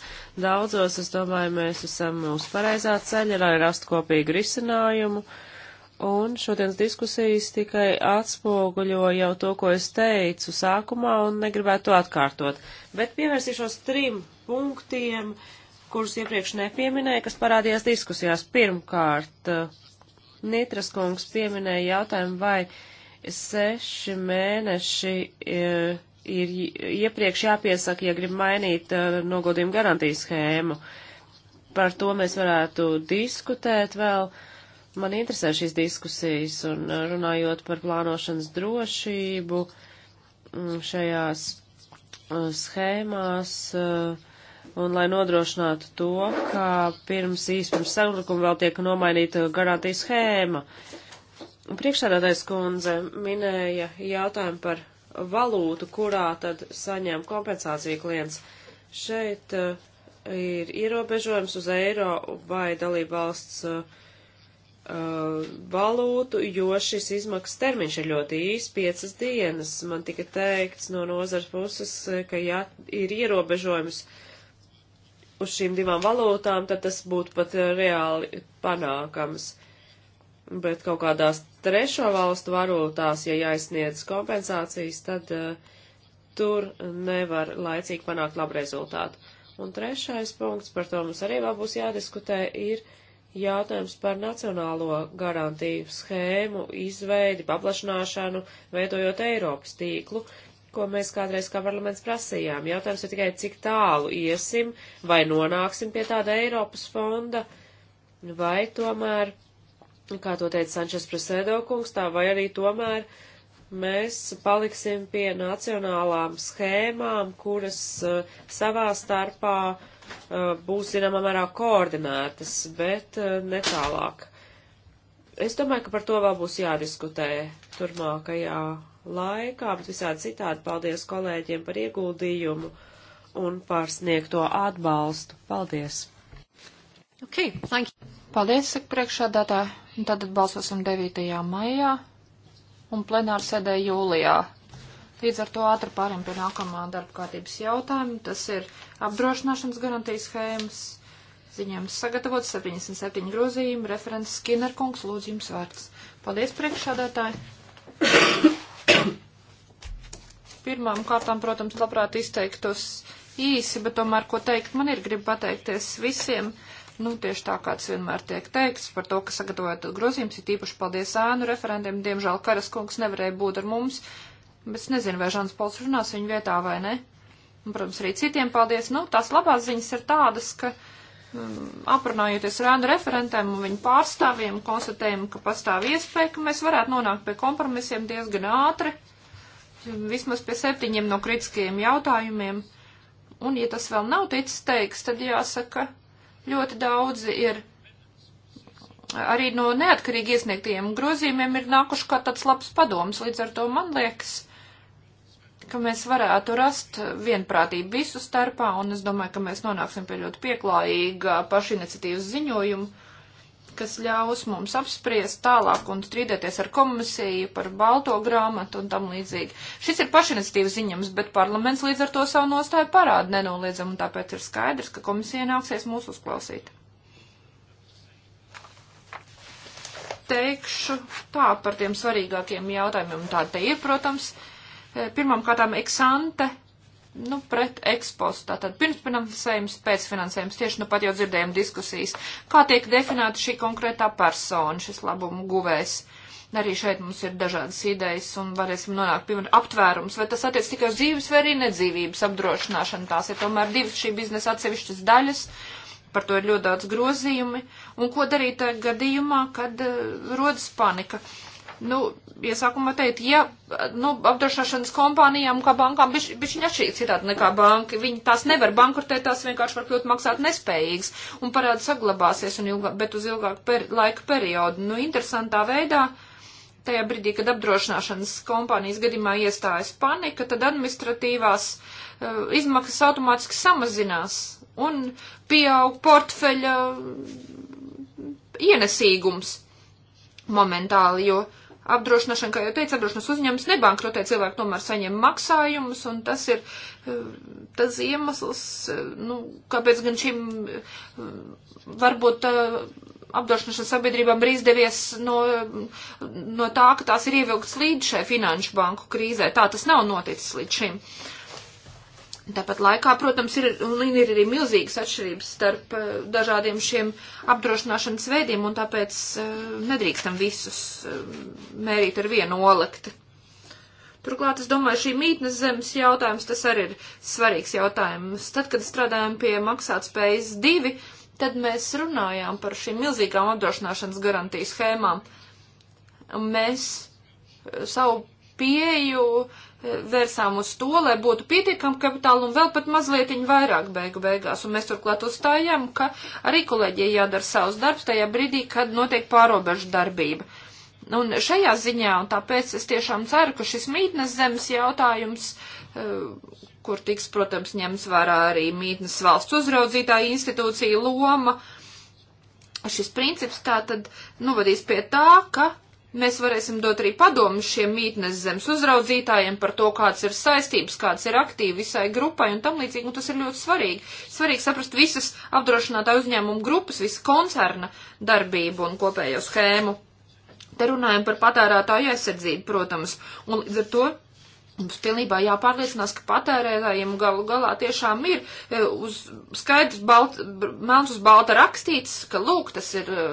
Daudzos, es domāju, mēs esam uz pareizā ceļa, lai rastu kopīgu risinājumu. Un šodienas diskusijas tikai atspoguļo jau to, ko es teicu sākumā, un negribētu to atkārtot. Bet pievērsīšos trim punktiem. Uh, kurus iepriekš nepieminēja, kas parādījās diskusijās. Pirmkārt, Nitras kungs pieminēja jautājumu, vai seši mēneši e, ir, ir iepriekš jāpiesaka, ja grib mainīt e, nogodījumu garantijas schēmu. Par to mēs varētu diskutēt vēl. Man interesē šīs diskusijas un e, runājot par plānošanas drošību šajās schēmās. Uh, un lai nodrošinātu to, ka pirms īspirms sagrukuma vēl tiek nomainīta garantija schēma. Priekšsēdātais kundze minēja jautājumu par valūtu, kurā tad saņem kompensāciju klients. Šeit uh, ir ierobežojums uz eiro vai dalību valsts uh, uh valūtu, jo šis izmaksas termiņš ir ļoti īs - piecas dienas. Man tika teikts no nozars puses, ka ja ir ierobežojums uh, uz šīm divām valūtām, tad tas būtu pat eh, reāli panākams. Bet kaut kādās trešo valstu valūtās, ja jāizsniedz kompensācijas, tad uh, tur nevar laicīgi panākt labu rezultātu. Un trešais punkts, par to mums arī vēl būs jādiskutē, ir jautājums par nacionālo garantiju schēmu, izveidi, paplašināšanu, veidojot Eiropas tīklu. Uh, ko mēs kādreiz kā parlaments prasījām. Jautājums ir tikai, cik tālu iesim vai nonāksim pie tāda Eiropas fonda, vai tomēr, kā to teica Sančes Presēdo kungs, tā vai arī tomēr mēs paliksim pie nacionālām schēmām, kuras uh, savā starpā uh, būs, zināmā mērā, koordinētas, bet uh, eh, netālāk. Es domāju, ka par to vēl būs jādiskutē turpmākajā laikā, bet visādi citādi paldies kolēģiem par ieguldījumu un par sniegto atbalstu. Paldies! Okay, thank you. Paldies, saka priekšādātā. Tad balsosim 9. maijā un plenāra sēdē jūlijā. Līdz ar to ātri pāriem pie nākamā darba kārtības jautājuma. Tas ir apdrošināšanas garantijas schēmas. Ziņojums sagatavots 77 grozījumi, referents Skinner kungs, lūdzu jums vārds. Paldies priekšādātāji! Pirmām kārtām, protams, labprāt izteiktos īsi, bet tomēr, ko teikt, man ir gribu pateikties visiem. Nu, tieši tā kāds vienmēr tiek teikts par to, ka sagatavojot grozījums, ir tīpaši paldies ēnu referendiem. Diemžēl Karas kungs nevarēja būt ar mums, bet es nezinu, vai Žans Pols runās viņu vietā vai ne. Un, protams, arī citiem paldies. Nu, tās labās ziņas ir tādas, ka mm, aprunājoties ar ēnu referentēm un viņu pārstāvjiem, konstatējam, ka pastāv iespēja, ka mēs varētu nonākt pie kompromisiem diezgan ātri vismaz pie septiņiem no kritiskajiem jautājumiem. Un, ja tas vēl nav ticis teiks, tad jāsaka, ļoti daudzi ir arī no neatkarīgi iesniegtiem grozījumiem ir nākuši kā tāds labs padoms. Līdz ar to man liekas, ka mēs varētu rast vienprātību visu starpā, un es domāju, ka mēs nonāksim pie ļoti pieklājīga pašiniciatīvas ziņojuma kas ļaus mums apspriest tālāk un strīdēties ar komisiju par balto grāmatu un tam līdzīgi. Šis ir pašinicitīvas ziņams, bet parlaments līdz ar to savu nostāju parāda nenoliedzam, un tāpēc ir skaidrs, ka komisija nāksies mūs uzklausīt. Teikšu tā par tiem svarīgākiem jautājumiem, un tāda te ir, protams, pirmām kārtām eksante nu, pret ekspostu. Tātad pirmsfinansējums, pēcfinansējums, tieši nu pat jau dzirdējām diskusijas, kā tiek definēta šī konkrētā persona, šis labumu guvējs. Arī šeit mums ir dažādas idejas un varēsim nonākt pie aptvērums, vai tas attiec tikai uz dzīves vai arī nedzīvības apdrošināšanu. Tās ir tomēr divas šī biznesa atsevišķas daļas, par to ir ļoti daudz grozījumi. Un ko darīt eh, gadījumā, kad uh, rodas panika? Uh, nu, iesākumā teikt, ja, nu, apdrošināšanas kompānijām kā bankām bišķi biš atšķirīgi citādi nekā banki, viņi tās nevar bankrotēt, tās vienkārši var kļūt maksāt nespējīgs un parāds saglabāsies, un ilgā, bet uz ilgāku per, laika periodu. Nu, interesantā veidā, tajā brīdī, kad apdrošināšanas kompānijas gadījumā iestājas panika, tad administratīvās uh, izmaksas automātiski samazinās un pieaug portfeļa ienesīgums momentāli, jo apdrošināšana, kā jau teicu, apdrošināšanas uzņēmums nebankrotē, cilvēki tomēr saņem maksājumus, un tas ir eh, tas iemesls, eh, nu, kāpēc gan šim eh, varbūt apdrošināšanas sabiedrībām ir izdevies no, no tā, ka tās ir ievilktas līdz šai finanšu banku krīzē. Tā tas nav noticis līdz šim. Uh, Tāpat laikā, protams, ir, ir arī milzīgas atšķirības starp eh, dažādiem šiem apdrošināšanas veidiem, un tāpēc eh, nedrīkstam visus eh, mērīt ar vienu olekti. Turklāt, es domāju, šī mītnes zemes jautājums, tas arī ir svarīgs jautājums. Tad, kad strādājam pie maksātspējas divi, tad mēs runājām par šīm milzīgām apdrošināšanas garantijas schēmām. Mēs savu pieju uh, vērsām uz to, lai būtu pietiekami kapitāli un vēl pat mazliet vairāk beigu beigās. Un mēs turklāt uzstājām, ka arī kolēģiem jādara savs darbs tajā brīdī, kad notiek pārobežu darbība. Un šajā ziņā, un tāpēc es tiešām ceru, ka šis mītnes zemes jautājums, eh, kur tiks, protams, ņems vērā arī mītnes valsts uzraudzītāja institūcija loma, šis princips tā tad novadīs pie tā, ka Mēs varēsim dot arī padomus šiem mītnes zemes uzraudzītājiem par to, kādas ir saistības, kādas ir aktīvi visai grupai un tam līdzīgi, un tas ir ļoti svarīgi. Svarīgi saprast visas apdrošinātā uzņēmuma grupas, visu koncerna darbību un kopējo schēmu. Te runājam par patērētāju aizsardzību, protams, un līdz ar to Mums pilnībā jāpārliecinās, ka patērētājiem galu galā tiešām ir e, uz skaidrs, balt, melns uz balta rakstīts, ka lūk, tas ir e,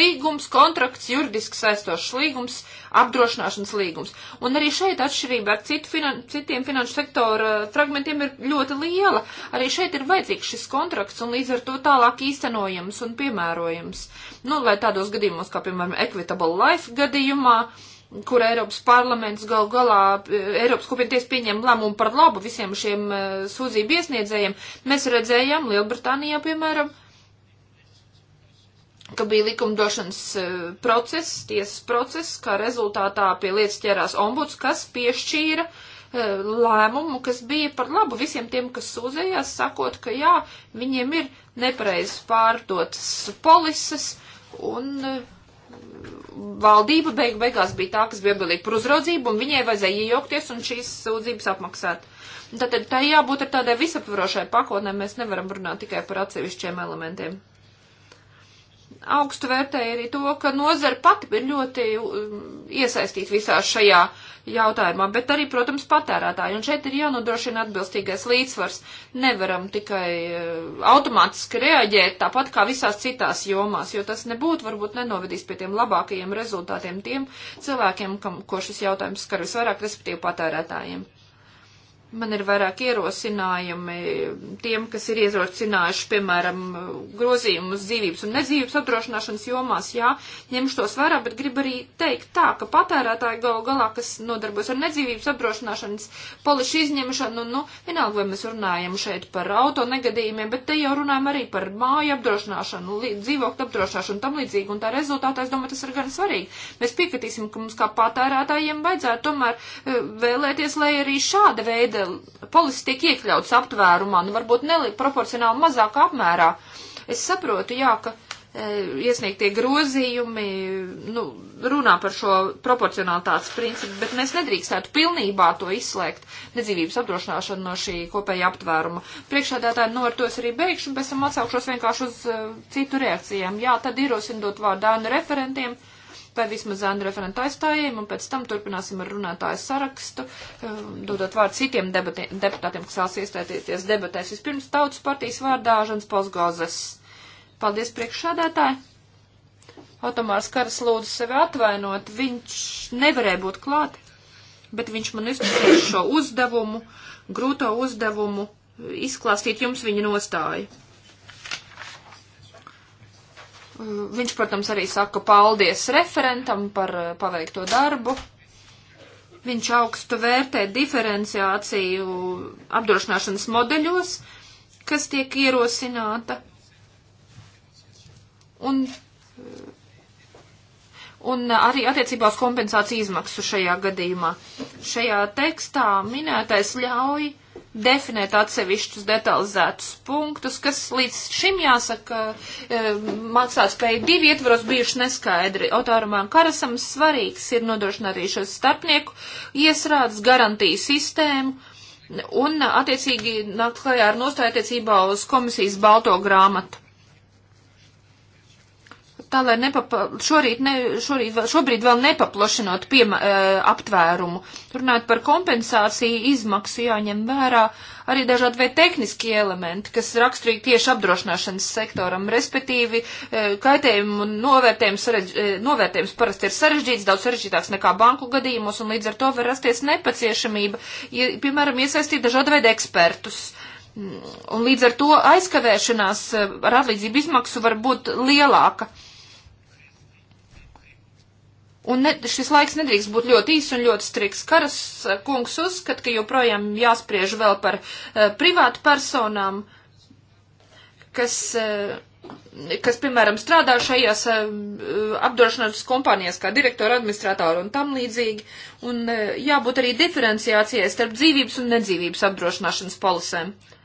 līgums, kontrakts, juridiski saistošs līgums, apdrošināšanas līgums. Un arī šeit atšķirība ar citu finan, citiem finanšu sektora fragmentiem ir ļoti liela. Arī šeit ir vajadzīgs šis kontrakts un līdz ar to tālāk īstenojams un piemērojams. Nu, lai tādos gadījumos, kā piemēram Equitable Life gadījumā, uh, kur Eiropas parlaments gal galā, Eiropas kopienties pieņem lēmumu par labu visiem šiem eh, sūdzību iesniedzējiem, mēs redzējām Lielbritānijā, piemēram, ka bija likumdošanas eh, process, tiesas process, kā rezultātā pie lietas ķērās ombuds, kas piešķīra eh, lēmumu, kas bija par labu visiem tiem, kas sūdzējās, sakot, ka jā, viņiem ir nepareizi pārdotas polises un valdība beig beigās bija tā, kas bija atbildīga par uzraudzību, un viņai vajadzēja iejaukties un šīs sūdzības apmaksāt. Tātad tā jābūt ar tādai visaptvarošai pakotnē, mēs nevaram runāt tikai par atsevišķiem elementiem augstu vērtēju arī to, ka nozara pati ir ļoti um, iesaistīta visā šajā jautājumā, bet arī, protams, patērētāji. Un šeit ir jānodrošina atbilstīgais līdzsvars. Nevaram tikai uh, automātiski reaģēt tāpat kā visās citās jomās, jo tas nebūtu varbūt nenovedīs pie tiem labākajiem rezultātiem tiem cilvēkiem, kam, ko šis jautājums skar visvairāk, respektīvi patērētājiem. Man ir vairāk ierosinājumi tiem, kas ir ierosinājuši, piemēram, grozījumus dzīvības un nedzīvības apdrošināšanas jomās. Jā, ņemšu tos vērā, bet gribu arī teikt tā, ka patērētāji gal galā, kas nodarbojas ar nedzīvības apdrošināšanas polišu izņemšanu, nu, vienalga, vai mēs runājam šeit par auto negadījumiem, bet te jau runājam arī par māju apdrošināšanu, dzīvokļu apdrošināšanu, tam līdzīgi, un tā rezultātā, es domāju, tas ir gan svarīgi. Mēs piekritīsim, ka mums kā patērētājiem vajadzētu tomēr eh, vēlēties, lai arī šāda veida Um, policija tiek iekļauts aptvērumā, nu varbūt nelīgi proporcionāli mazākā apmērā. Es saprotu, jā, ka e, iesniegtie grozījumi nu, runā par šo proporcionalitātes principu, bet mēs nedrīkstētu pilnībā to izslēgt nedzīvības apdrošināšanu no šī kopēja aptvēruma. Priekšādātāji, nu ar to es arī beigšu, bet esam atsaukšos vienkārši uz uh, citu reakcijām. Jā, tad ierosinu dot vārdu ēnu referentiem. Uh, vai vismaz Andru referentu aizstājiem, un pēc tam turpināsim ar runātāju sarakstu, um, dodot vārdu citiem debatē, deputātiem, kas vēlas iestāties debatēs. Vispirms Tautas partijas vārdā Žans Posgozes. Paldies priekšsādātāji! Otomārs Karas lūdzu sevi atvainot, viņš nevarēja būt klāt, bet viņš man uzticēja šo uzdevumu, grūto uzdevumu, izklāstīt jums viņa nostāju. Mm, viņš, protams, arī saka paldies referentam par eh, paveikto darbu. Viņš augstu vērtē diferenciāciju apdrošināšanas modeļos, kas tiek ierosināta. Un, eh, un arī attiecībā uz kompensāciju izmaksu šajā gadījumā. Šajā tekstā minētais ļauj uh, definēt atsevišķus detalizētus punktus, kas līdz šim, jāsaka, e, maksātspēja divi ietvaros bijuši neskaidri. Otārumām karasam svarīgs ir nodrošināt arī šo starpnieku iesrādes garantiju sistēmu, un attiecīgi nākt klajā ar nostāju attiecībā uz komisijas balto grāmatu tā lai nepapa, šorīt, ne, šorīt, šobrīd vēl nepaplašinot piema, e, aptvērumu. Runājot par kompensāciju izmaksu jāņem vērā arī dažādi vai tehniski elementi, kas raksturīgi tieši apdrošināšanas sektoram, respektīvi e, kaitējumu novērtējums, e, novērtējums parasti ir sarežģīts, daudz sarežģītāks nekā banku gadījumos, un līdz ar to var rasties nepaciešamība, ja, piemēram, iesaistīt dažādi veidi ekspertus. Un līdz ar to aizkavēšanās ar atlīdzību izmaksu var būt lielāka. Un ne, šis laiks nedrīkst būt ļoti īs un ļoti striks. Karas eh, kungs uzskat, ka joprojām jāspriež vēl par uh, privātu personām, kas, uh, kas, piemēram, strādā šajās uh, apdrošināšanas kompānijās kā direktori, administratori un tam līdzīgi. Un uh, jābūt arī diferenciācijai starp dzīvības un nedzīvības apdrošināšanas polisēm. Uh,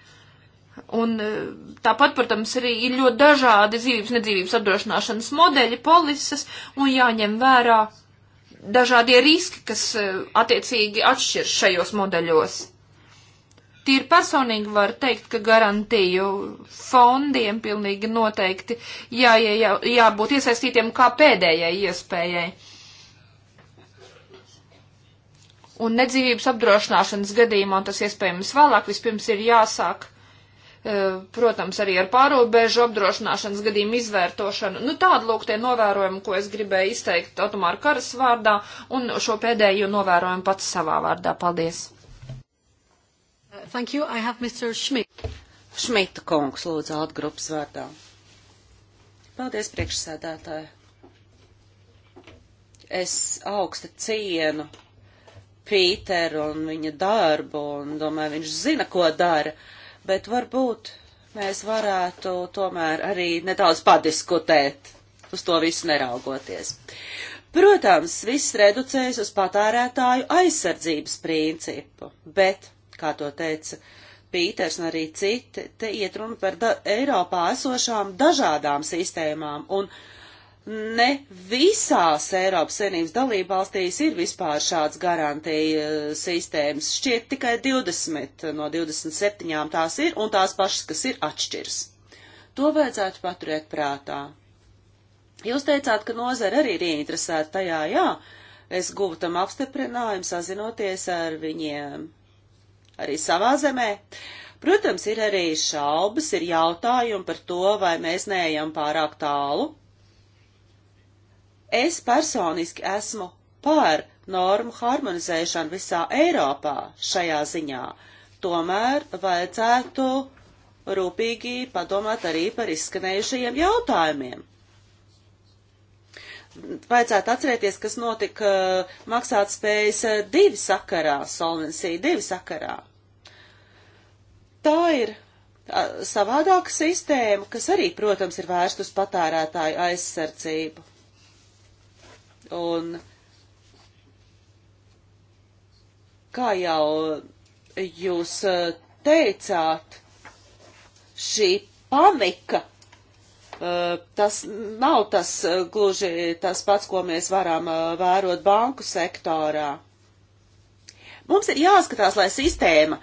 Un e, tāpat, protams, arī ir ļoti dažādi dzīvības, nedzīvības apdrošināšanas modeļi, polises, un jāņem vērā dažādie riski, kas e, attiecīgi atšķiras šajos modeļos. Tīri personīgi var teikt, ka garantiju fondiem pilnīgi noteikti jā, jā, jābūt iesaistītiem kā pēdējai iespējai. Un nedzīvības apdrošināšanas gadījumā, un tas iespējams vēlāk, vispirms ir jāsāk E, protams, arī ar pārobežu apdrošināšanas gadījumu izvērtošanu. Nu, tādu lūk tie novērojumi, ko es gribēju izteikt Otomāra Karas vārdā, un šo pēdējo novērojumu pats savā vārdā. Paldies! Thank you. I have Mr. Schmidt. Šmita kungs lūdzu atgrupas vārdā. Paldies, priekšsēdētāji. Es augsti cienu Pīteru un viņa darbu un domāju, viņš zina, ko dara. Uh, bet varbūt mēs varētu tomēr arī nedaudz padiskutēt, uz to visu neraugoties. Protams, viss reducējas uz patērētāju aizsardzības principu, bet, kā to teica Pīters un arī citi, te iet runa par Eiropā esošām dažādām sistēmām un sistēmām ne visās Eiropas Savienības dalībvalstīs ir vispār šāds garantija eh, sistēmas. Šķiet tikai 20 no 27 tās ir un tās pašas, kas ir atšķirs. To vajadzētu paturēt prātā. Jūs teicāt, ka nozara arī ir ieinteresēta tajā, jā, es guvu tam apstiprinājumu, sazinoties ar viņiem arī savā zemē. Protams, ir arī šaubas, ir jautājumi par to, vai mēs neejam pārāk tālu Es personiski esmu par normu harmonizēšanu visā Eiropā šajā ziņā, tomēr vajadzētu rūpīgi padomāt arī par izskanējušajiem jautājumiem. Vajadzētu atcerēties, kas notika eh, maksātspējas eh, divi sakarā, solvencija divi sakarā. Tā ir eh, savādāka sistēma, kas arī, protams, ir vērst uz patērētāju aizsardzību. Un kā jau jūs eh, teicāt, šī panika, eh, tas nav tas eh, gluži tas pats, ko mēs varam vērot banku sektorā. Mums ir jāskatās, lai sistēma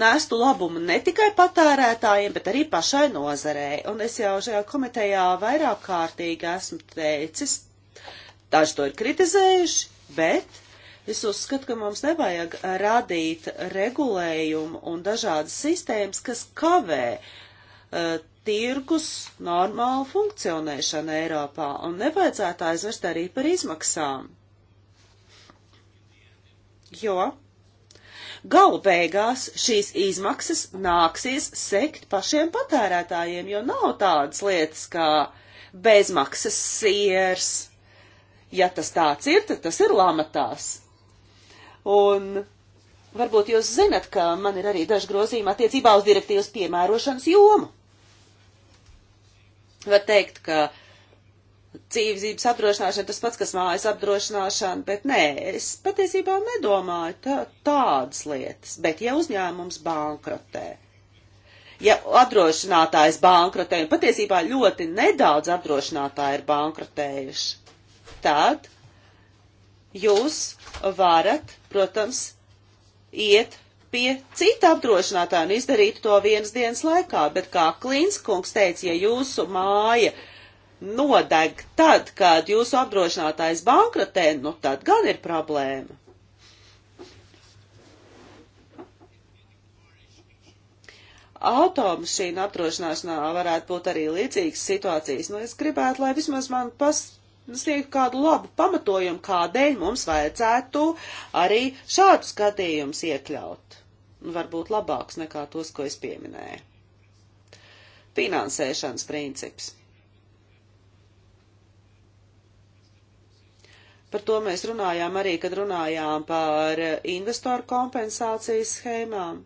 nestu labumu ne tikai patērētājiem, bet arī pašai nozarei. Un es jau šajā komitejā vairāk kārtīgi esmu teicis, Daži to ir kritizējuši, bet es uzskatu, ka mums nevajag radīt regulējumu un dažādas sistēmas, kas kavē uh, tirgus normālu funkcionēšanu Eiropā, un nevajadzētu aizvest arī par izmaksām. Jo galu beigās šīs izmaksas nāksies sekt pašiem patērētājiem, jo nav tādas lietas kā bezmaksas siers Ja tas tāds ir, tad tas ir lamatās. Un varbūt jūs zinat, ka man ir arī daži grozījumi attiecībā uz direktīvas piemērošanas jomu. Var teikt, ka dzīvības apdrošināšana tas pats, kas mājas apdrošināšana, bet nē, es patiesībā nedomāju tā, tādas lietas. Bet ja uzņēmums bankrotē, ja apdrošinātājs bankrotē, un patiesībā ļoti nedaudz apdrošinātāji ir bankrotējuši, tad jūs varat, protams, iet pie cita apdrošinātāja un izdarīt to vienas dienas laikā, bet kā Klīnskungs teica, ja jūsu māja nodeg tad, kad jūsu apdrošinātājs bankrotē, nu tad gan ir problēma. Automašīna apdrošināšanā varētu būt arī līdzīgas situācijas. Nu, es gribētu, lai vismaz man pas, sniegtu kādu labu pamatojumu, kādēļ mums vajadzētu arī šādu skatījumus iekļaut. Nu, varbūt labāks nekā tos, ko es pieminēju. Finansēšanas princips. Par to mēs runājām arī, kad runājām par investoru kompensācijas schēmām.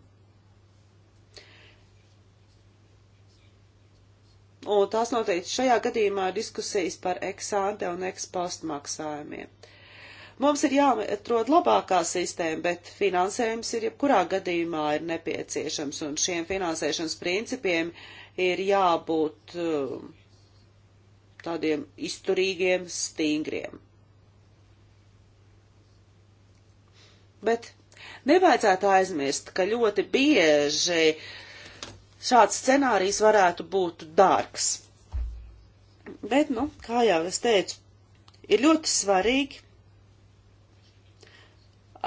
un tās noteikti šajā gadījumā ir diskusijas par eksānte un ekspostu maksājumiem. Mums ir jāatrod labākā sistēma, bet finansējums ir jebkurā gadījumā ir nepieciešams, un šiem finansēšanas principiem ir jābūt uh, tādiem izturīgiem, stingriem. Bet nevajadzētu aizmirst, ka ļoti bieži uh, Šāds scenārijs varētu būt dārgs. Bet, nu, kā jau es teicu, ir ļoti svarīgi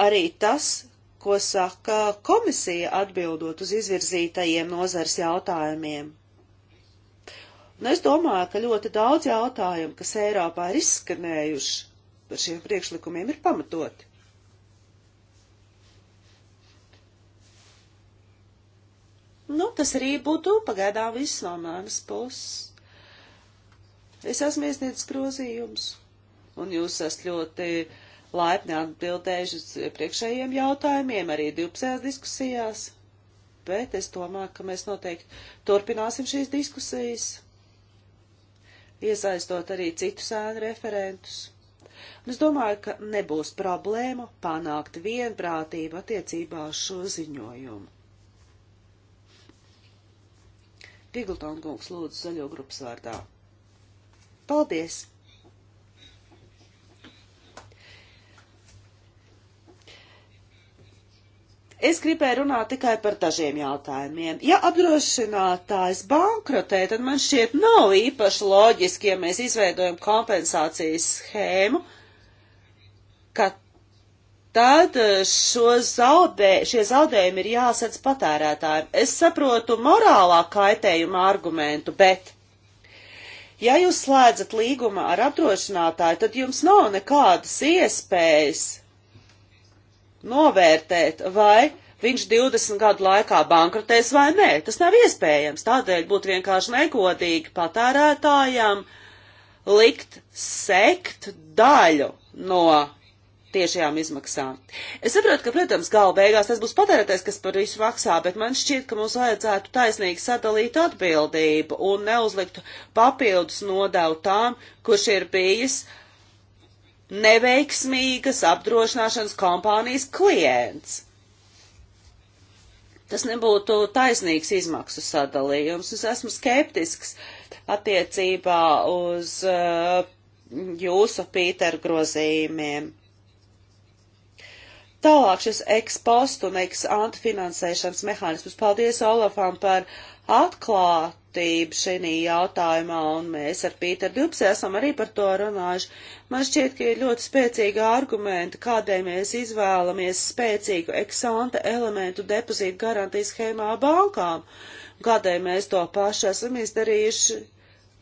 arī tas, ko saka komisija atbildot uz izvirzītajiem nozars jautājumiem. Un es domāju, ka ļoti daudz jautājumu, kas Eiropā ir izskanējuši par šiem priekšlikumiem, ir pamatoti. Nu, tas arī būtu pagaidām viss no manas puses. Es esmu iesniedzis grozījumus, un jūs esat ļoti laipni atbildējuši uz priekšējiem jautājumiem, arī divpusējās diskusijās. Bet es domāju, ka mēs noteikti turpināsim šīs diskusijas, iesaistot arī citus ēnu referentus. Un es domāju, ka nebūs problēmu panākt vienprātību attiecībā uz šo ziņojumu. Piglton kungs lūdzu zaļo grupas vārdā. Paldies! Es gribēju runāt tikai par dažiem jautājumiem. Ja apdrošinātājs bankrotē, tad man šķiet nav īpaši loģiski, ja mēs izveidojam kompensācijas schēmu, ka tad eh, zaudē, šie zaudējumi ir jāsadz patērētājiem. Es saprotu morālā kaitējuma argumentu, bet ja jūs slēdzat līgumu ar apdrošinātāju, tad jums nav nekādas iespējas novērtēt, vai viņš 20 gadu laikā bankrotēs vai nē. Tas nav iespējams. Tādēļ būtu vienkārši negodīgi patērētājām likt sekt daļu no tiešajām izmaksām. Es saprotu, ka, protams, gala beigās tas būs patērētais, kas par visu maksā, bet man šķiet, ka mums vajadzētu taisnīgi sadalīt atbildību un neuzlikt papildus nodevu tām, kurš ir bijis neveiksmīgas apdrošināšanas kompānijas klients. Tas nebūtu taisnīgs izmaksu sadalījums. Es esmu skeptisks attiecībā uz uh, jūsu pīteru grozījumiem. Tālāk šis ekspostu un eksāntu finansēšanas mehānismus. Paldies Olafam par atklātību šī jautājumā, un mēs ar Pīteru Dubsi esam arī par to runājuši. Man šķiet, ka ir ļoti spēcīgi argumenti, kādēļ mēs izvēlamies spēcīgu eksānta elementu depozītu garantijas schēmā bankām, kādēļ mēs to paši esam izdarījuši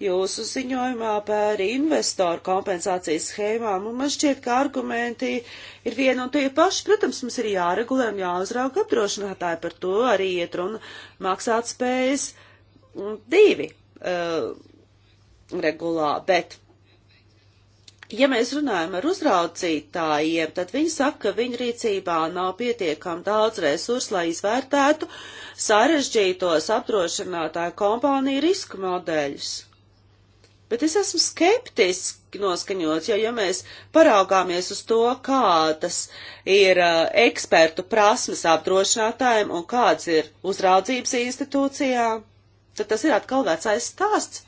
jūsu ziņojumā par investoru kompensācijas schēmām, un man šķiet, ka argumenti ir vieni un tie paši. Protams, mums ir jāregulē un jāuzrauga apdrošinātāji par to arī iet runa maksāt spējas divi uh, regulā, bet. Ja mēs runājam ar uzraucītājiem, tad viņi saka, ka viņu rīcībā nav pietiekami daudz resursu, lai izvērtētu sarežģītos apdrošinātāju kompāniju riska modeļus. Bet es esmu skeptiski noskaņots, jo, ja mēs paraugāmies uz to, kādas ir uh, ekspertu prasmes apdrošinātājiem un kādas ir uzraudzības institūcijā, tad tas ir atkal vecais stāsts.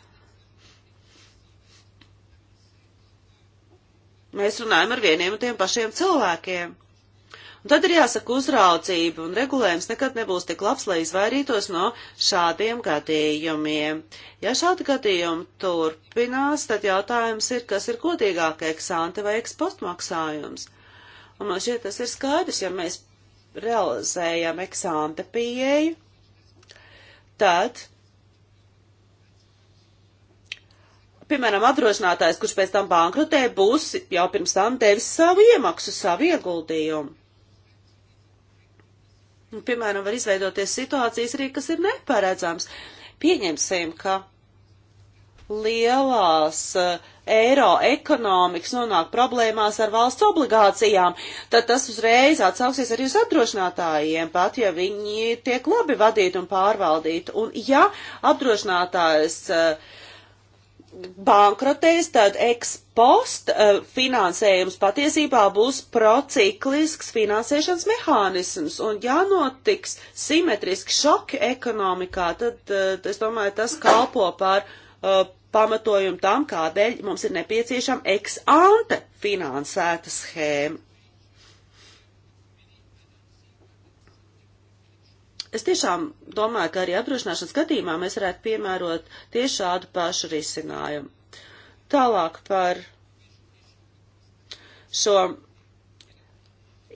Mēs runājam ar vieniem un tiem pašiem cilvēkiem. Un tad ir jāsaka uzraudzība un regulējums nekad nebūs tik labs, lai izvairītos no šādiem gadījumiem. Ja šādi gadījumi turpinās, tad jautājums ir, kas ir godīgāk - eksante vai ekspostmaksājums. Un man šķiet, tas ir skaidrs, ja mēs realizējam eksante pieeju, tad piemēram, apdrošinātājs, kurš pēc tam bankrotē, būs jau pirms tam devis savu iemaksu, savu ieguldījumu. Un, nu, piemēram, var izveidoties situācijas arī, kas ir neparedzams. Pieņemsim, ka lielās uh, eiro ekonomikas nonāk problēmās ar valsts obligācijām, tad tas uzreiz atsauksies arī uz apdrošinātājiem, pat ja viņi tiek labi vadīti un pārvaldīti. Un ja apdrošinātājs uh, bankrotēs, tad ekspost uh, eh, finansējums patiesībā būs prociklisks finansēšanas mehānisms. Un ja notiks simetriski šoki ekonomikā, tad uh, es domāju, tas kalpo par uh, pamatojumu tam, kādēļ mums ir nepieciešama ex ante finansēta schēma. Es tiešām domāju, ka arī apdrošināšanas gadījumā mēs varētu piemērot tieši šādu pašu risinājumu. Tālāk par šo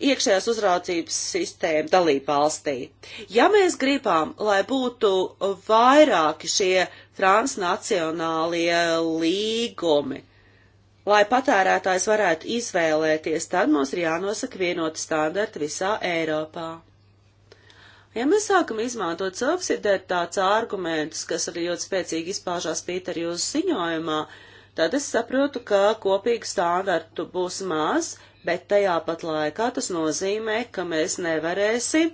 iekšējās uzraudzības sistēmu dalību valstī. Ja mēs gribam, lai būtu vairāki šie transnacionālie līgumi, lai patērētājs varētu izvēlēties, tad mums ir jānosaka vienoti standarti visā Eiropā. Ja mēs sākam izmantot subsidiaritātes argumentus, kas arī ļoti spēcīgi izpaužās Pīter jūsu ziņojumā, tad es saprotu, ka kopīgu standartu būs maz, bet tajā pat laikā tas nozīmē, ka mēs nevarēsim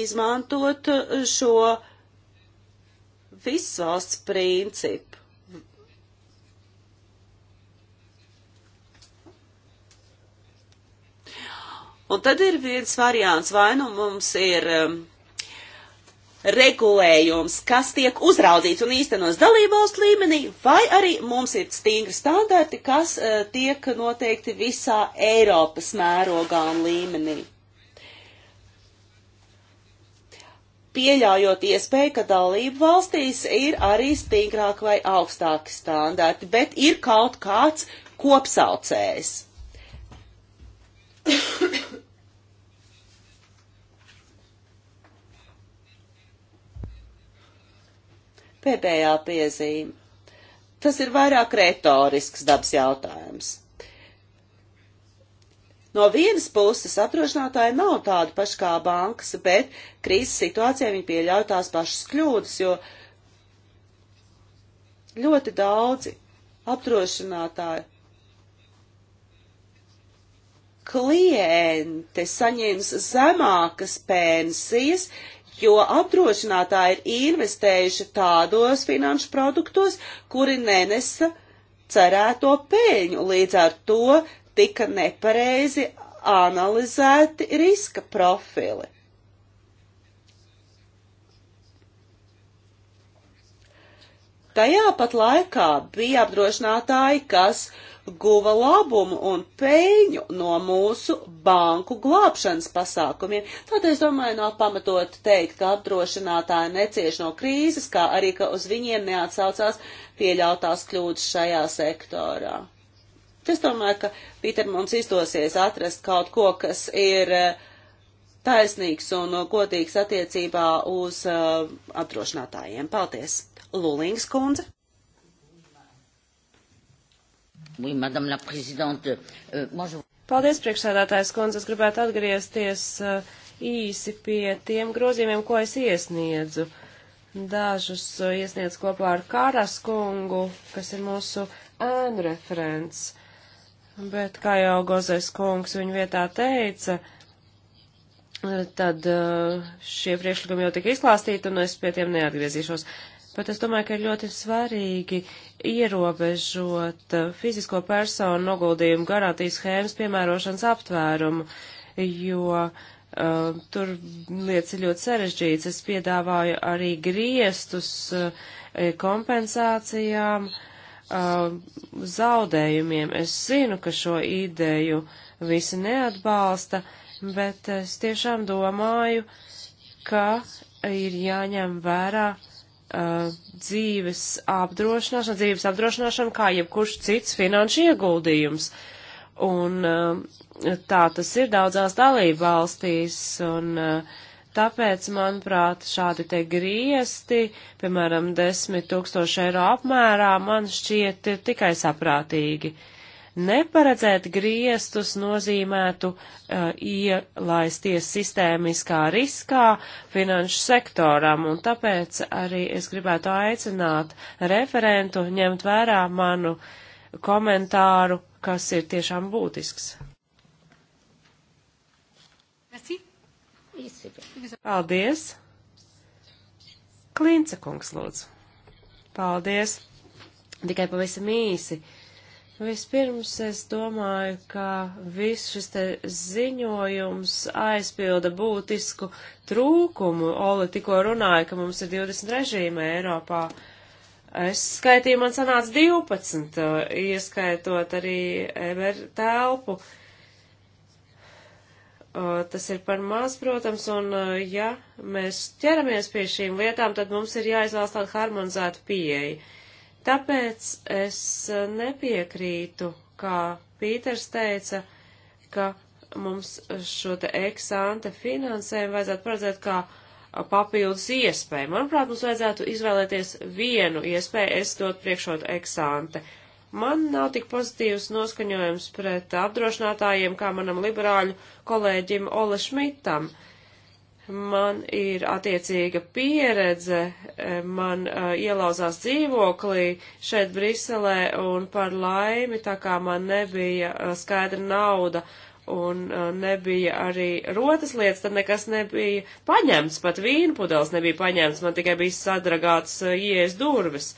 izmantot šo visvalsts principu. Un tad ir viens variants, vai nu mums ir um, regulējums, kas tiek uzraudzīts un īstenos dalībvalstu līmenī, vai arī mums ir stingri standarti, kas uh, tiek noteikti visā Eiropas mērogā un līmenī. Pieļaujot iespēju, ka dalību valstīs ir arī stingrāk vai augstāki standarti, bet ir kaut kāds kopsaucējs. Pēdējā piezīme. Tas ir vairāk retorisks dabas jautājums. No vienas puses apdrošinātāji nav tādi paši kā bankas, bet krīzes situācijā viņi pieļauj tās pašas kļūdas, jo ļoti daudzi apdrošinātāji klienti saņems zemākas pensijas, jo apdrošinātāji ir investējuši tādos finanšu produktos, kuri nenesa cerēto peļņu. Līdz ar to tika nepareizi analizēti riska profili. Tajā pat laikā bija apdrošinātāji, kas uh, guva labumu un peļņu no mūsu banku glābšanas pasākumiem. Tātad es domāju, nav pamatot teikt, ka apdrošinātāji necieš no krīzes, kā arī, ka uz viņiem neatsaucās pieļautās kļūdas šajā sektorā. Es domāju, ka Pīter mums izdosies atrast kaut ko, kas ir eh, taisnīgs un godīgs attiecībā uz uh, apdrošinātājiem. Paldies! Lulīngas kundze! Oui, madame la présidente, euh, moi je... Paldies, priekšsēdētājs kundze. Es gribētu atgriezties uh, īsi pie tiem grozījumiem, ko es iesniedzu. Dažus uh, iesniedzu kopā ar Kāras kungu, kas ir mūsu ēnu referents. Bet, kā jau Gozais kungs viņu vietā teica, uh, tad uh, šie priekšlikumi jau tika izklāstīti, un es pie tiem neatgriezīšos bet es domāju, ka ir ļoti svarīgi ierobežot uh, fizisko personu noguldījumu garantijas schēmas piemērošanas aptvērumu, jo uh, tur lietas ir ļoti sarežģītas. Es piedāvāju arī griestus uh, kompensācijām, uh, zaudējumiem. Es zinu, ka šo ideju visi neatbalsta, bet es tiešām domāju, ka ir jāņem vērā uh, uh, dzīves apdrošināšana, dzīves apdrošināšana kā jebkurš cits finanšu ieguldījums. Un uh, tā tas ir daudzās dalību valstīs, un uh, tāpēc, manuprāt, šādi te griesti, piemēram, 10 tūkstoši eiro apmērā, man šķiet tikai saprātīgi. Uh, Neparedzēt griestus nozīmētu uh, ielaisties sistēmiskā riskā finanšu sektoram, un tāpēc arī es gribētu aicināt referentu ņemt vērā manu komentāru, kas ir tiešām būtisks. Paldies! Klince kungs lūdzu. Paldies! Tikai pavisam īsi. Uh, Vispirms es domāju, ka viss šis te ziņojums aizpilda būtisku trūkumu. Ola tikko runāja, ka mums ir 20 režīma Eiropā. Es skaitīju, man sanāca 12, ieskaitot arī EBR telpu. Tas ir par maz, protams, un ja mēs ķeramies pie šīm lietām, tad mums ir jāizvēlas tāda harmonizēta pieeja Tāpēc es eh, nepiekrītu, kā Pīters teica, ka mums šo te eksante finansējumu vajadzētu paredzēt kā eh, papildus iespēju. Manuprāt, mums vajadzētu izvēlēties vienu iespēju, es dot priekšrotu eksante. Man nav tik pozitīvs noskaņojums pret apdrošinātājiem, kā manam liberāļu kolēģim Ole Šmitam. Uh, man ir attiecīga pieredze, man uh, ielauzās dzīvoklī šeit Briselē un par laimi, tā kā man nebija uh, skaidra nauda un uh, nebija arī rotas lietas, tad nekas nebija paņemts, pat vīnpudeles nebija paņemts, man tikai bija sadragāts uh, ieejas durvis.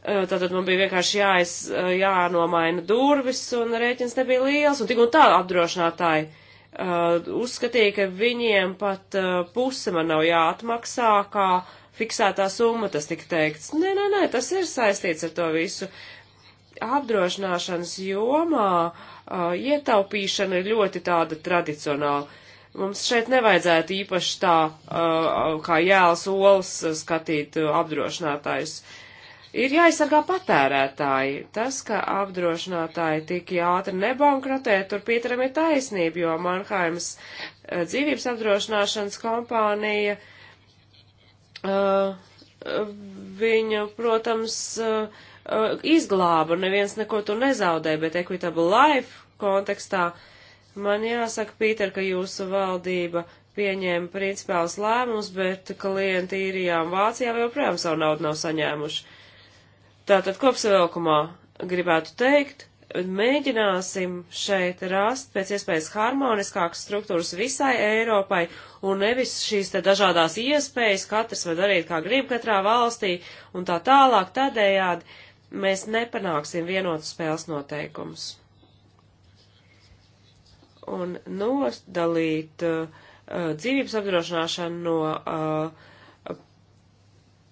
Uh, tātad man bija vienkārši jāiz, uh, jānomaina durvis, un rēķins nebija liels, un tik un tā apdrošinātāji uh, uzskatīja, ka viņiem pat uh, puse man nav jāatmaksā, kā fiksētā summa, tas tika teikts. Nē, nē, nē, tas ir saistīts ar to visu. Apdrošināšanas jomā uh, ietaupīšana ir ļoti tāda tradicionāla. Mums šeit nevajadzētu īpaši tā, uh, uh kā jēlas olas uh, skatīt uh, apdrošinātājus. Uh, Ir jāaizsargā patērētāji. Tas, ka apdrošinātāji tik ātri nebankrotē, tur Pīteram ir taisnība, jo Manhaimas eh, dzīvības apdrošināšanas kompānija, eh, viņu, protams, eh, izglāba, neviens neko tur nezaudēja, bet Equitable Life kontekstā man jāsaka, Pīter, ka jūsu valdība pieņēma principāls lēmums, bet klienti īrijā un Vācijā joprojām savu naudu nav saņēmuši. Tātad kopsavilkumā gribētu teikt, mēģināsim šeit rast pēc iespējas harmoniskākas struktūras visai Eiropai un nevis šīs te dažādās iespējas, katrs var darīt kā grib katrā valstī un tā tālāk, tādējādi mēs nepanāksim vienotus spēles noteikumus. Un nodalīt uh, uh dzīvības apdrošināšanu no uh,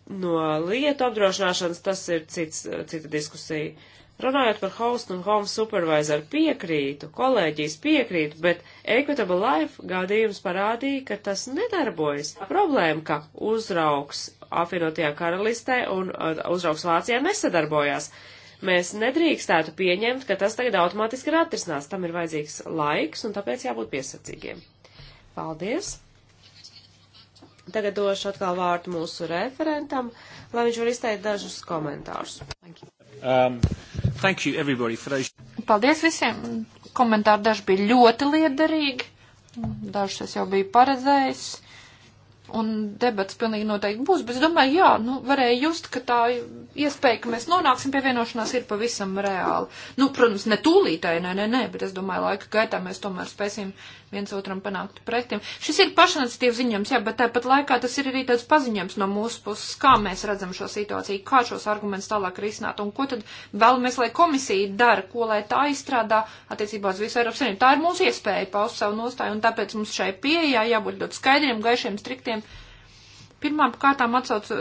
no lietu apdrošināšanas, tas ir cits, cita diskusija. Runājot par host un home supervisoru piekrītu, kolēģijas piekrītu, bet Equitable Life gadījums parādīja, ka tas nedarbojas. Problēma, ka uzraugs apvienotajā karalistē un uh, uzraugs Vācijā nesadarbojās. Mēs nedrīkstētu pieņemt, ka tas tagad automātiski ir atrisinās. Tam ir vajadzīgs laiks un tāpēc jābūt piesacīgiem. Paldies! Tagad došu atkal vārdu mūsu referentam, lai viņš var izteikt dažus komentārus. Thank you. Um, thank you those... Paldies visiem! Komentāri daži bija ļoti liederīgi, dažus es jau biju paredzējis. Un debats pilnīgi noteikti būs, bet es domāju, jā, nu, varēja just, ka tā iespēja, ka mēs nonāksim pie vienošanās, ir pavisam reāli. Nu, protams, ne tūlītēji, nē, nē, nē, bet es domāju, laika gaitā mēs tomēr spēsim viens otram panākt pretim. Šis ir pašanacitīvs ziņojums, jā, bet tāpat laikā tas ir arī tāds paziņojums no mūsu puses, kā mēs redzam šo situāciju, kā šos argumentus tālāk risināt un ko tad vēlamies, lai komisija dara, ko lai tā izstrādā attiecībā uz visu Eiropas Savienību. Tā ir mūsu iespēja paust savu nostāju, un tāpēc mums šai pieejā jābūt ļoti skaidriem, gaišiem, striktiem Pirmām kārtām atsaucu,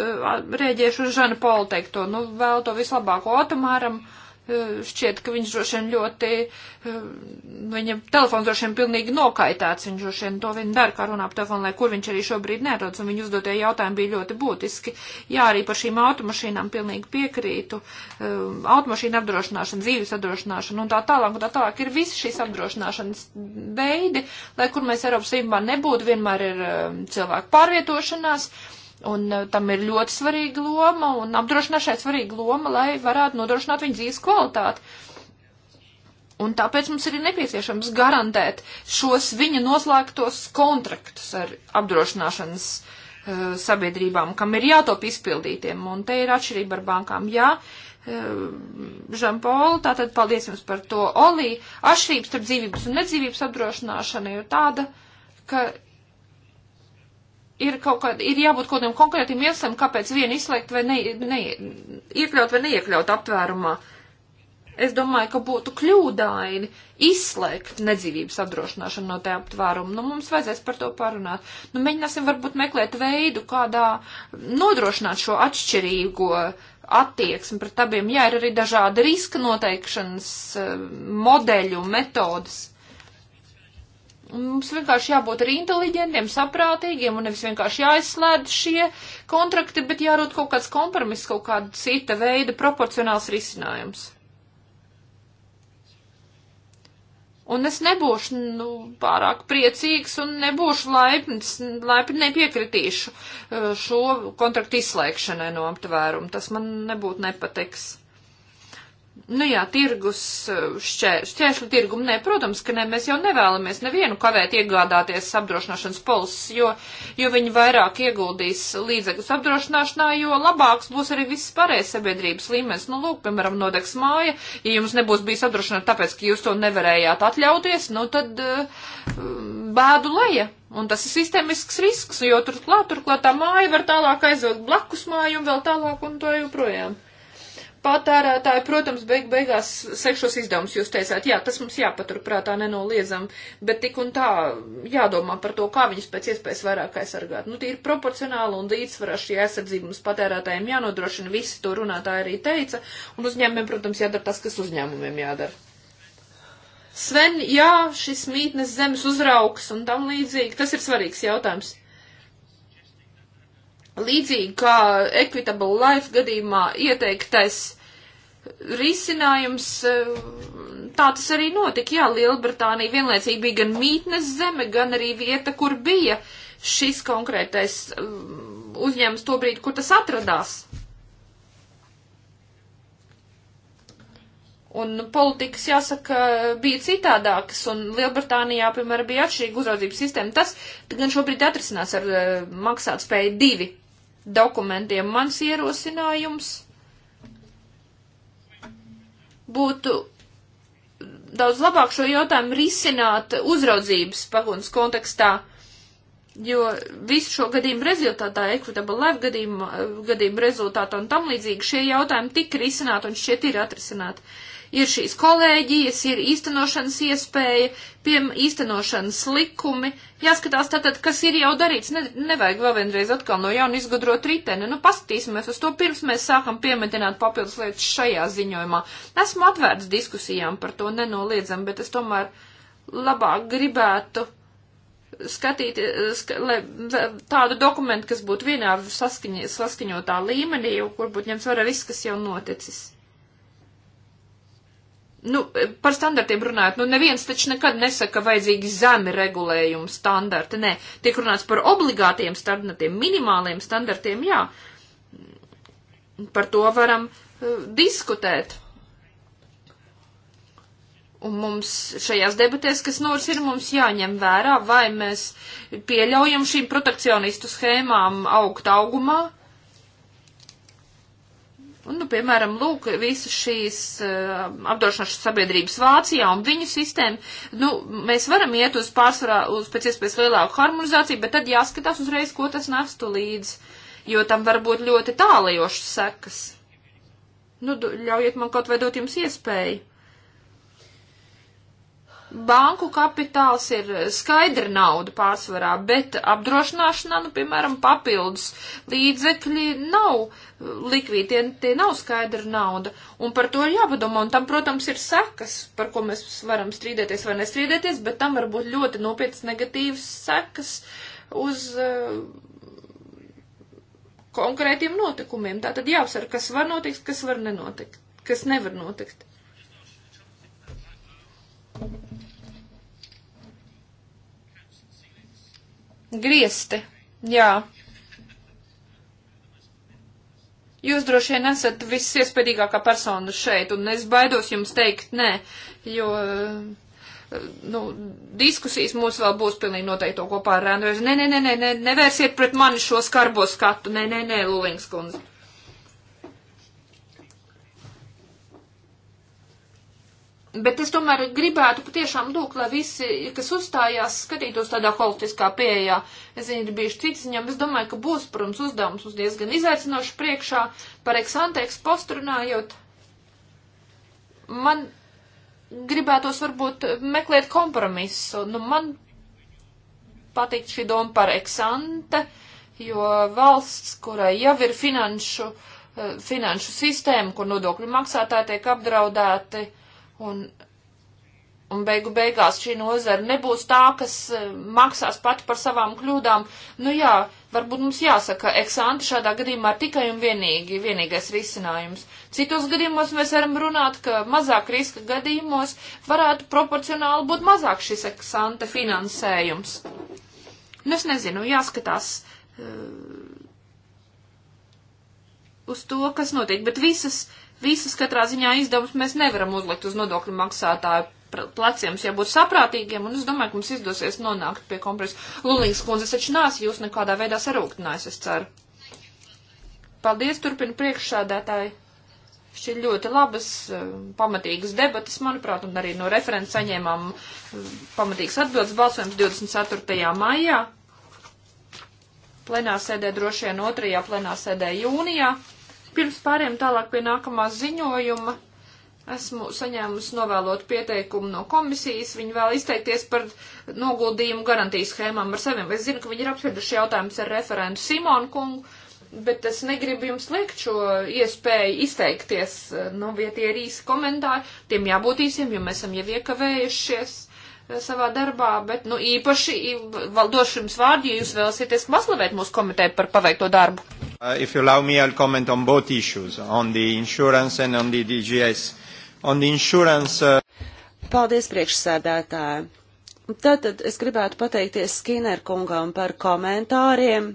rēģiešu uz Žana Pola teikto, nu vēl to vislabāko automāram. Uh, Eh, šķiet, ka viņš droši vien ļoti, eh, viņa telefons droši vien pilnīgi nokaitāts, viņš droši vien to vien dara, kā runā pa telefonu, lai kur viņš arī šobrīd nerodas, un viņa uzdotie jautājumi bija ļoti būtiski. Jā, arī par šīm automašīnām pilnīgi piekrītu, eh, automašīna apdrošināšana, dzīves apdrošināšana un tā tālāk, un tā tālāk ir visi šīs apdrošināšanas veidi, lai kur mēs Eiropas Savienībā nebūtu, vienmēr ir cilvēku pārvietošanās, Un eh, tam ir ļoti svarīga loma un apdrošināšai svarīga loma, lai varētu nodrošināt viņu dzīves kvalitāti. Un tāpēc mums ir nepieciešams garantēt šos viņa noslēgtos kontraktus ar apdrošināšanas uh, sabiedrībām, kam ir jātop izpildītiem, un te ir atšķirība ar bankām. Jā, uh, eh, Žanpola, tātad paldies jums par to. Olī, atšķirības starp dzīvības un nedzīvības apdrošināšana ir tāda, ka ir kaut kāda, ir jābūt kaut kādam konkrētam ieslam, kāpēc vienu izslēgt vai ne, ne, iekļaut vai neiekļaut aptvērumā. Es domāju, ka būtu kļūdaini izslēgt nedzīvības apdrošināšanu no te aptvērumu. Nu, mums vajadzēs par to parunāt. Nu, mēģināsim varbūt meklēt veidu, kādā nodrošināt šo atšķirīgo attieksmi pret abiem. Jā, ir arī dažādi riska noteikšanas eh, modeļu, metodas. Mums vienkārši jābūt arī inteliģentiem, saprātīgiem un nevis vienkārši jāizslēdz šie kontrakti, bet jārūt kaut kāds kompromiss, kaut kāda cita veida proporcionāls risinājums. Un es nebūšu nu, pārāk priecīgs un nebūšu laipns, laipni nepiekritīšu eh, šo kontraktu izslēgšanai no aptvērumu. Tas man nebūtu nepatiks. Nu jā, tirgus eh, šķēr, šķēršļu tirgumu, nē, protams, ka nē, mēs jau nevēlamies nevienu kavēt iegādāties apdrošināšanas polises, jo, jo viņi vairāk ieguldīs līdzekļus apdrošināšanā, jo labāks būs arī viss pārējais sabiedrības līmenis. Nu, lūk, piemēram, nodegs māja, ja jums nebūs bijis apdrošināta tāpēc, ka jūs to nevarējāt atļauties, nu tad uh, bēdu leja. Un tas ir sistēmisks risks, jo turklāt, turklāt tā māja var tālāk aizvilkt blakus māju un vēl tālāk un to joprojām patērētāji, protams, beig beigās sekšos izdevumus jūs teicāt, jā, tas mums jāpaturprātā nenoliedzam, bet tik un tā jādomā par to, kā viņus pēc iespējas vairāk aizsargāt. Nu, tīri proporcionāli un līdzsvarā šī aizsardzība mums patērētājiem jānodrošina, visi to runātāji arī teica, un uzņēmumiem, protams, jādara tas, kas uzņēmumiem jādara. Sven, jā, šis mītnes zemes uzrauks un tam līdzīgi, tas ir svarīgs jautājums. Līdzīgi kā Equitable Life gadījumā ieteiktais risinājums, eh, tā tas arī notika. Jā, Lielbritānija vienlaicīgi bija gan mītnes zeme, gan arī vieta, kur bija šis konkrētais eh, uzņēmums to brīdi, kur tas atradās. Un politikas, jāsaka, bija citādākas, un Lielbritānijā, piemēram, bija atšķirīga uzraudzības sistēma. Tas gan šobrīd atrisinās ar eh, maksātspēju divi dokumentiem. Mans ierosinājums būtu daudz labāk šo jautājumu risināt uzraudzības pahunas kontekstā, jo visu šo gadījumu rezultātā, Equitable Life gadījumu, gadījumu rezultātā un tam līdzīgi šie jautājumi tika risināti un šķiet ir atrisināti ir šīs kolēģijas, ir īstenošanas iespēja, piem īstenošanas likumi. Jāskatās tātad, kas ir jau darīts, ne, nevajag vēl vienreiz atkal no jauna izgudrot riteni. Nu, paskatīsimies uz to, pirms mēs sākam piemetināt papildus lietas šajā ziņojumā. Esmu atvērts diskusijām par to nenoliedzam, bet es tomēr labāk gribētu skatīt sk lai, tādu dokumentu, kas būtu vienā saskaņ, saskaņotā līmenī, kur būtu ņemts vērā viss, kas jau noticis. Nu, par standartiem runājot, nu neviens taču nekad nesaka, ka vajadzīgi zemi regulējumu standarti, nē, tiek runāts par obligātiem standartiem, minimāliem standartiem, jā, par to varam uh, diskutēt. Un mums šajās debatēs, kas nors ir, mums jāņem vērā, vai mēs pieļaujam šīm protekcionistu schēmām augt augumā, Un, nu, piemēram, lūk, visas šīs uh, apdrošināšanas sabiedrības Vācijā un viņu sistēma, nu, mēs varam iet uz pārsvarā, uz pēc iespējas lielāku harmonizāciju, bet tad jāskatās uzreiz, ko tas nestu līdz, jo tam var būt ļoti tālajošas sekas. Nu, ļaujiet man kaut vai dot jums iespēju banku kapitāls ir skaidra nauda pārsvarā, bet apdrošināšanā, nu, piemēram, papildus līdzekļi nav likvīdi, tie, tie nav skaidra nauda. Un par to ir jāpadomā, un tam, protams, ir sekas, par ko mēs varam strīdēties vai nestrīdēties, bet tam var būt ļoti nopietnas negatīvas sekas uz uh, konkrētiem notikumiem. Tātad jāuzsver, kas var notikt, kas var nenotikt, kas nevar notikt. Griezti, jā. Jūs droši vien esat viss iespējīgākā persona šeit, un es baidos jums teikt nē, jo eh, nu, diskusijas mums vēl būs pilnīgi noteikti to kopā ar Rēnu. Nē, nē, nē, nē, nevērsiet pret mani šo skarbo skatu. Nē, nē, nē, Lulings kundze. Bet es tomēr gribētu patiešām lūgt, lai visi, kas uzstājās, skatītos tādā holistiskā pieejā. Es zinu, ir bijuši citi ziņām. Es domāju, ka būs, protams, uzdevums uz diezgan izaicinoši priekšā. Par eksantēks postrunājot, man gribētos varbūt meklēt kompromisu. Nu, man patīk šī doma par eksante, jo valsts, kurai jau ir finanšu, eh, finanšu sistēma, kur nodokļu maksātāji tiek apdraudēti, uh, Un, un beigu beigās šī nozara nebūs tā, kas eh, maksās pati par savām kļūdām. Nu jā, varbūt mums jāsaka, eksānti šādā gadījumā ir tikai un vienīgi, vienīgais risinājums. Citos gadījumos mēs varam runāt, ka mazāk riska gadījumos varētu proporcionāli būt mazāk šis eksānta finansējums. Nu, es nezinu, jāskatās. Uh, uz to, kas notiek, bet visas uh, visus katrā ziņā izdevumus mēs nevaram uzlikt uz nodokļu maksātāju pleciem, ja būtu saprātīgiem, un es domāju, ka mums izdosies nonākt pie kompromisa. Lulīgas kundze, es taču nāc, jūs nekādā veidā sarūktinājis, es ceru. Paldies, turpina priekšsādētāji. Šī ir ļoti labas, eh, pamatīgas debatas, manuprāt, un arī no referents saņēmām eh, pamatīgas atbildes balsojums 24. maijā. Plenā sēdē droši vien otrajā plenā sēdē jūnijā. Pirms pāriem tālāk pie nākamā ziņojuma. Esmu saņēmusi novēlot pieteikumu no komisijas. Viņi vēl izteikties par noguldījumu garantijas schēmām ar saviem. Es zinu, ka viņi ir apsprieduši jautājumus ar referentu Simonu kungu, bet es negribu jums liekt šo iespēju izteikties. Nu, ja tie ir īsi komentāri, tiem jābūt īsiem, jo mēs esam jau iekavējušies savā darbā, bet, nu, īpaši došu jums vārdu, ja jūs vēlasieties maslavēt mūsu komiteju par paveikto darbu. Uh, if you allow me, I'll comment on both issues, on the insurance and on the DGS. On the insurance... Uh... Paldies, priekšsēdētāji. Tātad es gribētu pateikties Skinner kungam par komentāriem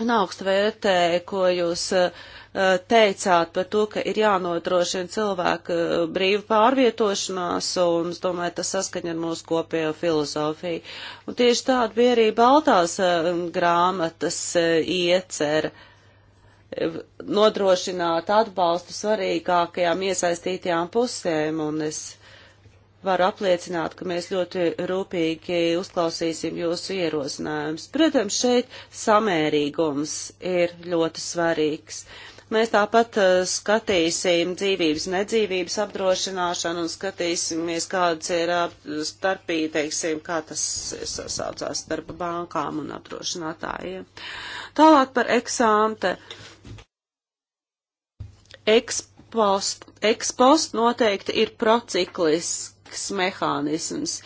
un augstu vērtēju, ko jūs uh, teicāt par to, ka ir jānodrošina cilvēka eh, brīva pārvietošanās, un es domāju, tas saskaņa ar mūsu kopējo filozofiju. Un tieši tāda bija arī baltās eh, grāmatas eh, iecer nodrošināt atbalstu svarīgākajām iesaistītajām pusēm, un es varu apliecināt, ka mēs ļoti rūpīgi uzklausīsim jūsu ierosinājumus. Protams, šeit samērīgums ir ļoti svarīgs. Uh, Mēs tāpat eh, skatīsim dzīvības nedzīvības apdrošināšanu un skatīsimies, kādas ir eh, starpī, teiksim, kā tas sasaucās starp bankām un apdrošinātājiem. Tālāk par eksāmte. Ekspost, ekspost noteikti ir procikliski risks mehānisms.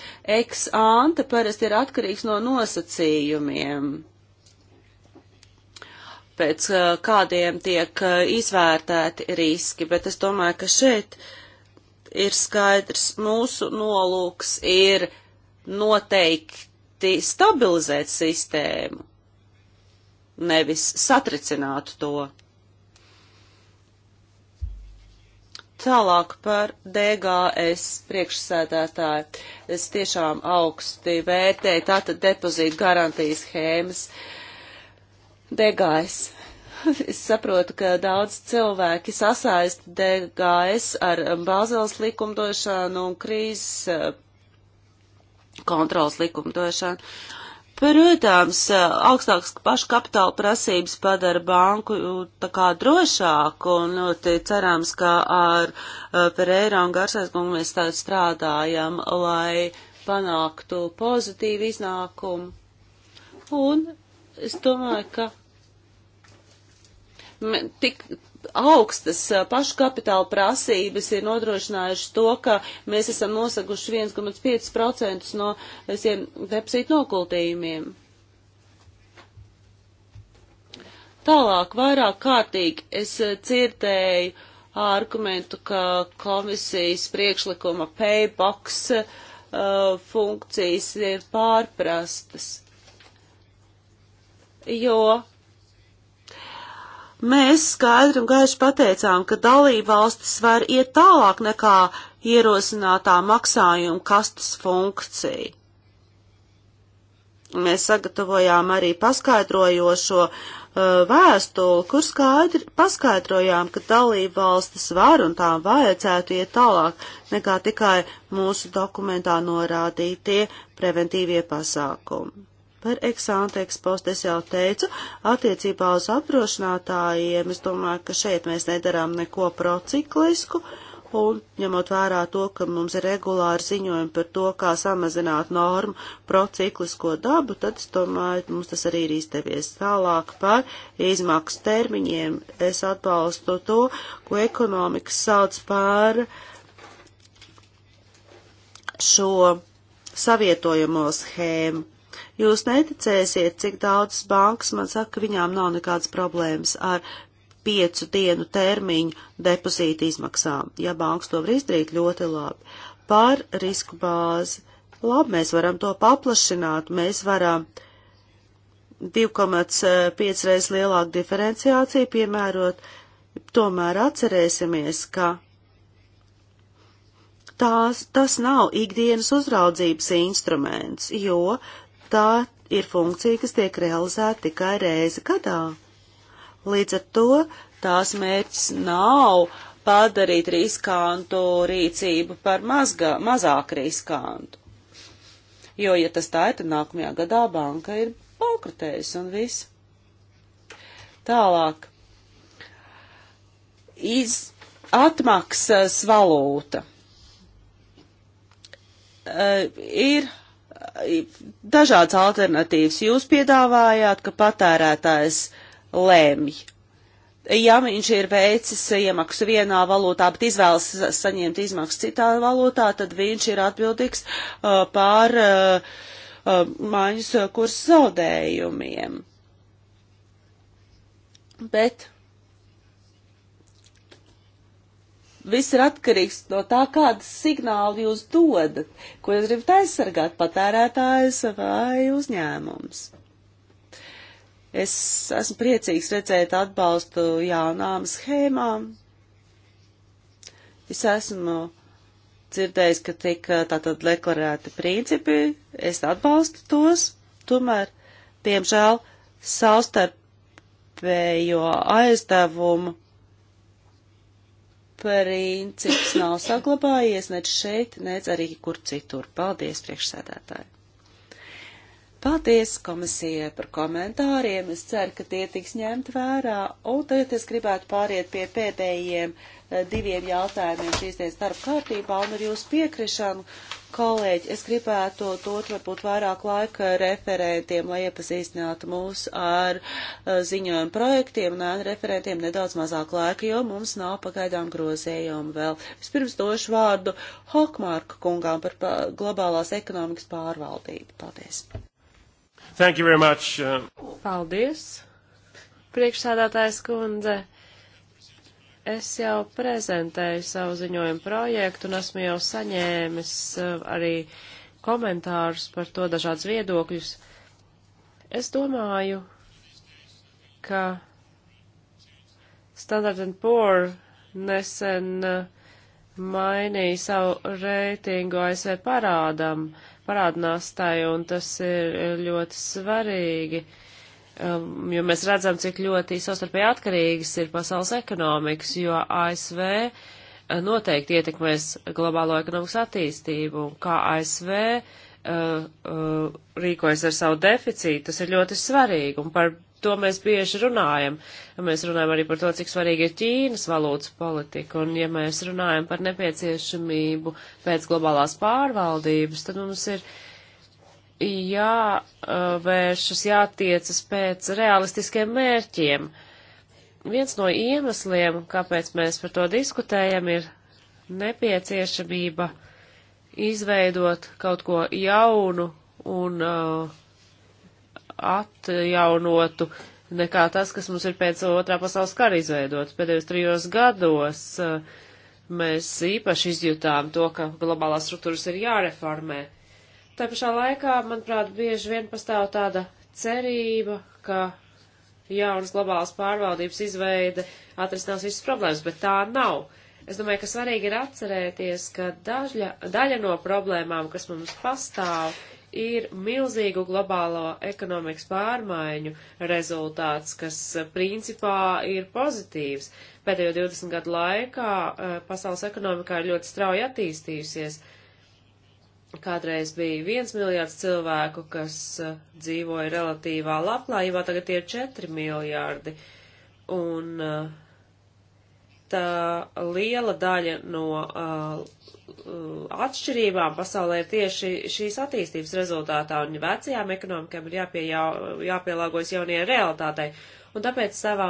Ex ante parasti ir atkarīgs no nosacījumiem pēc eh, kādiem tiek eh, izvērtēti riski, bet es domāju, ka šeit ir skaidrs, mūsu nolūks ir noteikti stabilizēt sistēmu, nevis satricināt to. Tālāk par DGS priekšsēdētāju. Es tiešām augsti vērtēju tātad depozītu garantijas schēmas. Uh, Degājs. Es saprotu, ka daudz cilvēki sasaist DGS ar um, Bāzeles likumdošanu un krīzes uh, kontrols likumdošanu. Protams, uh, augstāks paškapitāla prasības padara banku uh, tā kā drošāku, un te cerams, ka ar Pereira un Garsaiskungu mēs tādu strādājam, lai panāktu pozitīvu iznākumu. Un Es domāju, ka tik augstas paškapitāla prasības ir nodrošinājušas to, ka mēs esam nosaguši 1,5% no visiem depozītu nokultījumiem. Tālāk vairāk kārtīgi es dzirdēju argumentu, ka komisijas priekšlikuma paybox uh, funkcijas ir pārprastas jo mēs skaidri un gaiši pateicām, ka dalība valstis var iet tālāk nekā ierosinātā maksājuma kastes funkcija. Mēs sagatavojām arī paskaidrojošo uh, vēstuli, kur skaidri paskaidrojām, ka dalība valstis var un tām vajadzētu iet tālāk nekā tikai mūsu dokumentā norādītie preventīvie pasākumi. Par eksāntu ekspostu es jau teicu, attiecībā uz apdrošinātājiem es domāju, ka šeit mēs nedarām neko prociklisku. Un ņemot vērā to, ka mums ir regulāri ziņojumi par to, kā samazināt normu prociklisko dabu, tad es domāju, mums tas arī ir izdevies. Tālāk par izmaksu termiņiem es atbalstu to, ko ekonomikas sauc par šo savietojumu schēmu. Jūs neticēsiet, cik daudzas bankas man saka, ka viņām nav nekādas problēmas ar piecu dienu termiņu depozīta izmaksām. Ja banks to var izdarīt, ļoti labi. Par risku bāzi. Labi, mēs varam to paplašināt, mēs varam 2,5 eh, reizes lielāku diferenciāciju piemērot, tomēr atcerēsimies, ka tās, tas nav ikdienas uzraudzības instruments, jo tā ir funkcija, kas tiek realizēta tikai reizi gadā. Līdz ar to tās mērķis nav padarīt riskantu rīcību par mazga, mazāk riskantu. Jo, ja tas tā ir, tad nākamajā gadā banka ir bankrotējusi un viss. Tālāk. Iz atmaksas valūta. Uh, ir dažādas alternatīvas. Jūs piedāvājāt, ka patērētājs lēmj. Ja viņš ir veicis iemaksu vienā valūtā, bet izvēlas saņemt izmaksu citā valūtā, tad viņš ir atbildīgs uh, pār uh, uh, mājas uh, kursu zaudējumiem. Bet viss ir atkarīgs no tā, kādas signāli jūs dodat, ko jūs gribat aizsargāt patērētājs vai uzņēmums. Es esmu priecīgs redzēt atbalstu jaunām schēmām. Es esmu dzirdējis, ka tika uh, tātad deklarēti principi, es atbalstu tos, tomēr, diemžēl, savstarpējo aizdevumu princips nav saglabājies nec šeit, nec arī kur citur. Paldies, priekšsēdētāji! Paldies komisijai par komentāriem. Es ceru, ka tie tiks ņemt vērā. Un tagad es gribētu pāriet pie pēdējiem eh, diviem jautājumiem šīs dienas darba kārtībā. Un ar jūsu piekrišanu, kolēģi, es gribētu dot varbūt vairāk laika referentiem, lai iepazīstinātu mūs ar eh, ziņojumu projektiem un ar referentiem nedaudz mazāk laika, jo mums nav pagaidām grozējumu vēl. Vispirms došu vārdu Hokmārka kungām par globālās ekonomikas pārvaldību. Paldies! Thank you very much. Uh, Paldies, priekšsādātājs kundze. Es jau prezentēju savu ziņojumu projektu un esmu jau saņēmis uh, arī komentārus par to dažādas viedokļus. Es domāju, ka Standard and Poor nesen uh, mainīja savu reitingu ASV parādam. Uh, parādnāstai, un tas ir ļoti svarīgi, um, jo mēs redzam, cik ļoti sastarpēji atkarīgas ir pasaules ekonomikas, jo ASV uh, noteikti ietekmēs globālo ekonomikas attīstību, un kā ASV uh, uh, rīkojas ar savu deficītu, tas ir ļoti svarīgi, un par to mēs bieži runājam. Mēs runājam arī par to, cik svarīga ir Ķīnas valūtas politika, un ja mēs runājam par nepieciešamību pēc globālās pārvaldības, tad mums ir jāvēršas, jātiecas pēc realistiskiem mērķiem. Viens no iemesliem, kāpēc mēs par to diskutējam, ir nepieciešamība izveidot kaut ko jaunu un uh, atjaunotu nekā tas, kas mums ir pēc otrā pasaules kara izveidots. Pēdējos trijos gados eh, mēs īpaši izjutām to, ka globālās struktūras ir jāreformē. Tā pašā laikā, manuprāt, bieži vien pastāv tāda cerība, ka jaunas globālas pārvaldības izveide atrisinās visas problēmas, bet tā nav. Es domāju, ka svarīgi ir atcerēties, ka dažļa, daļa no problēmām, kas mums pastāv, ir milzīgu globālo ekonomikas pārmaiņu rezultāts, kas eh, principā ir pozitīvs. Pēdējo 20 gadu laikā eh, pasaules ekonomikā ir ļoti strauji attīstījusies. Kādreiz bija viens miljārds cilvēku, kas eh, dzīvoja relatīvā labklājībā, tagad ir četri miljārdi. Un uh, uh, liela daļa no uh, atšķirībām pasaulē ir tieši šīs attīstības rezultātā, un vecajām ekonomikām ir jāpie, jā, jāpielāgojas jaunie realitātei. Un tāpēc savā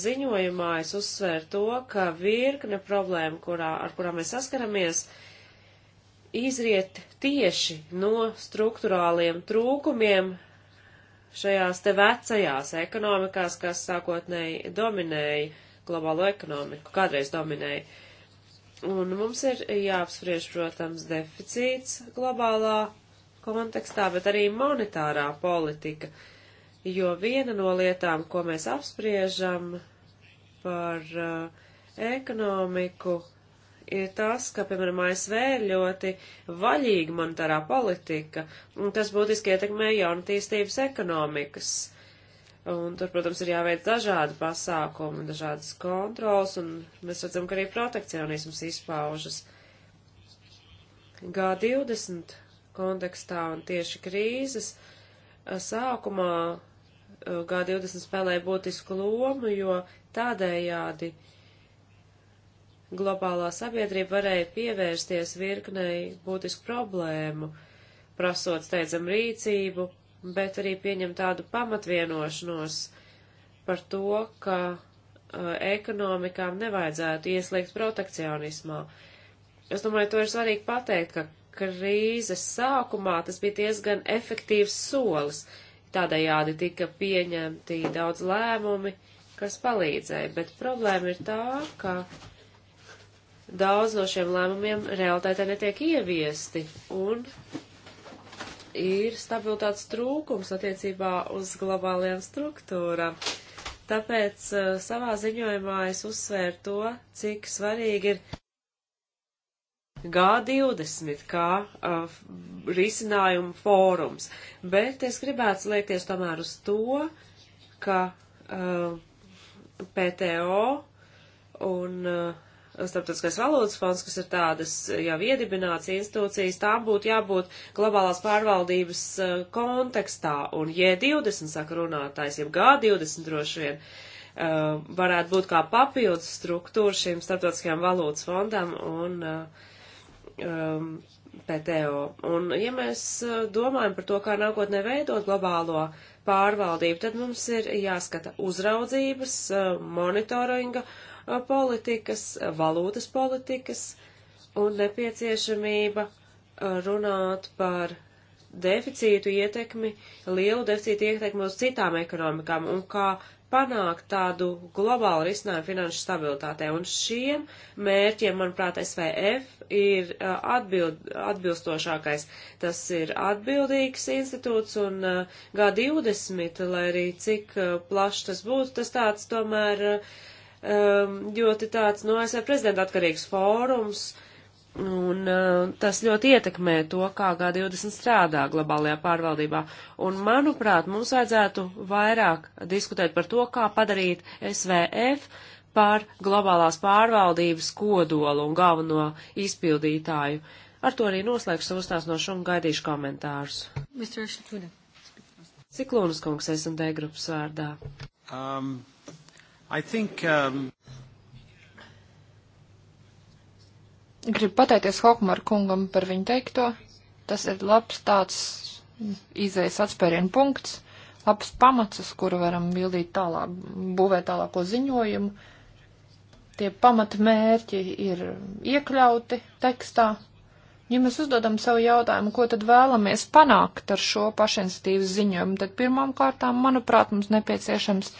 ziņojumā es uzsveru to, ka virkne problēma, kurā, ar kurām mēs saskaramies, izriet tieši no struktūrāliem trūkumiem šajās te vecajās ekonomikās, kas sākotnēji dominēja globālo ekonomiku, kādreiz dominēja. Un mums ir jāapspriež, protams, deficīts globālā kontekstā, bet arī monetārā politika, jo viena no lietām, ko mēs apspriežam par uh, ekonomiku, ir tas, ka, piemēram, ASV ir ļoti vaļīga monetārā politika, un tas būtiski ietekmē jaunatīstības ekonomikas. Uh, Un tur, protams, ir jāveic dažādi pasākumi, dažādas kontrols, un mēs redzam, ka arī protekcionisms izpaužas. G20 kontekstā un tieši krīzes sākumā G20 spēlēja būtisku lomu, jo tādējādi globālā sabiedrība varēja pievērsties virknei būtisku problēmu, prasot steidzam rīcību, bet arī pieņem tādu pamatvienošanos par to, ka uh, ekonomikām nevajadzētu ieslēgt protekcionismā. Es domāju, to ir svarīgi pateikt, ka krīzes sākumā tas bija diezgan efektīvs solis. Tādējādi tika pieņemti daudz lēmumi, kas palīdzēja, bet problēma ir tā, ka daudz no šiem lēmumiem realitātē netiek ieviesti, un ir stabilitātes trūkums attiecībā uz globālajām struktūrām. Tāpēc uh, savā ziņojumā es uzsvēru to, cik svarīgi ir G20 kā uh, eh, risinājuma fórums, bet es gribētu sliekties tomēr uz to, ka uh, eh, PTO un uh, Starptautiskais valūtas fonds, kas ir tādas jau iedibināts institūcijas, tām būtu jābūt globālās pārvaldības e, kontekstā. Un J20 saka runātājs, jeb G20 droši vien, e, varētu būt kā papildus struktūra šīm starptautiskajām valūtas fondam un e, um, PTO. Un ja mēs domājam par to, kā nākotnē veidot globālo pārvaldību, tad mums ir jāskata uzraudzības, monitoringa politikas, valūtas politikas un nepieciešamība runāt par deficītu ietekmi, lielu deficītu ietekmi uz citām ekonomikām un kā panākt tādu globālu risinājumu finanšu stabilitātē. Un šiem mērķiem, manuprāt, SVF ir atbild, atbilstošākais. Tas ir atbildīgs institūts un G20, lai arī cik plašs tas būtu, tas tāds tomēr uh, Um, ļoti tāds no ASV prezidenta atkarīgs fórums, un uh, tas ļoti ietekmē to, kā G20 strādā globālajā pārvaldībā. Un, manuprāt, mums vajadzētu vairāk diskutēt par to, kā padarīt SVF par globālās pārvaldības kodolu un galveno izpildītāju. Ar to arī noslēgšu savu uzstāšanos un gaidīšu komentārus. Ciklūnas kungs, SND grupas vārdā. Um, I think, um... Gribu pateikties Hokmar kungam par viņu teikto. Tas ir labs tāds izējas atspērienu punkts, labs pamats, uz kuru varam bildīt tālāk, būvēt tālāko ziņojumu. Tie pamatmērķi ir iekļauti tekstā. Ja mēs uzdodam sev jautājumu, ko tad vēlamies panākt ar šo pašinstitīvas ziņojumu, tad pirmām kārtām, manuprāt, mums nepieciešams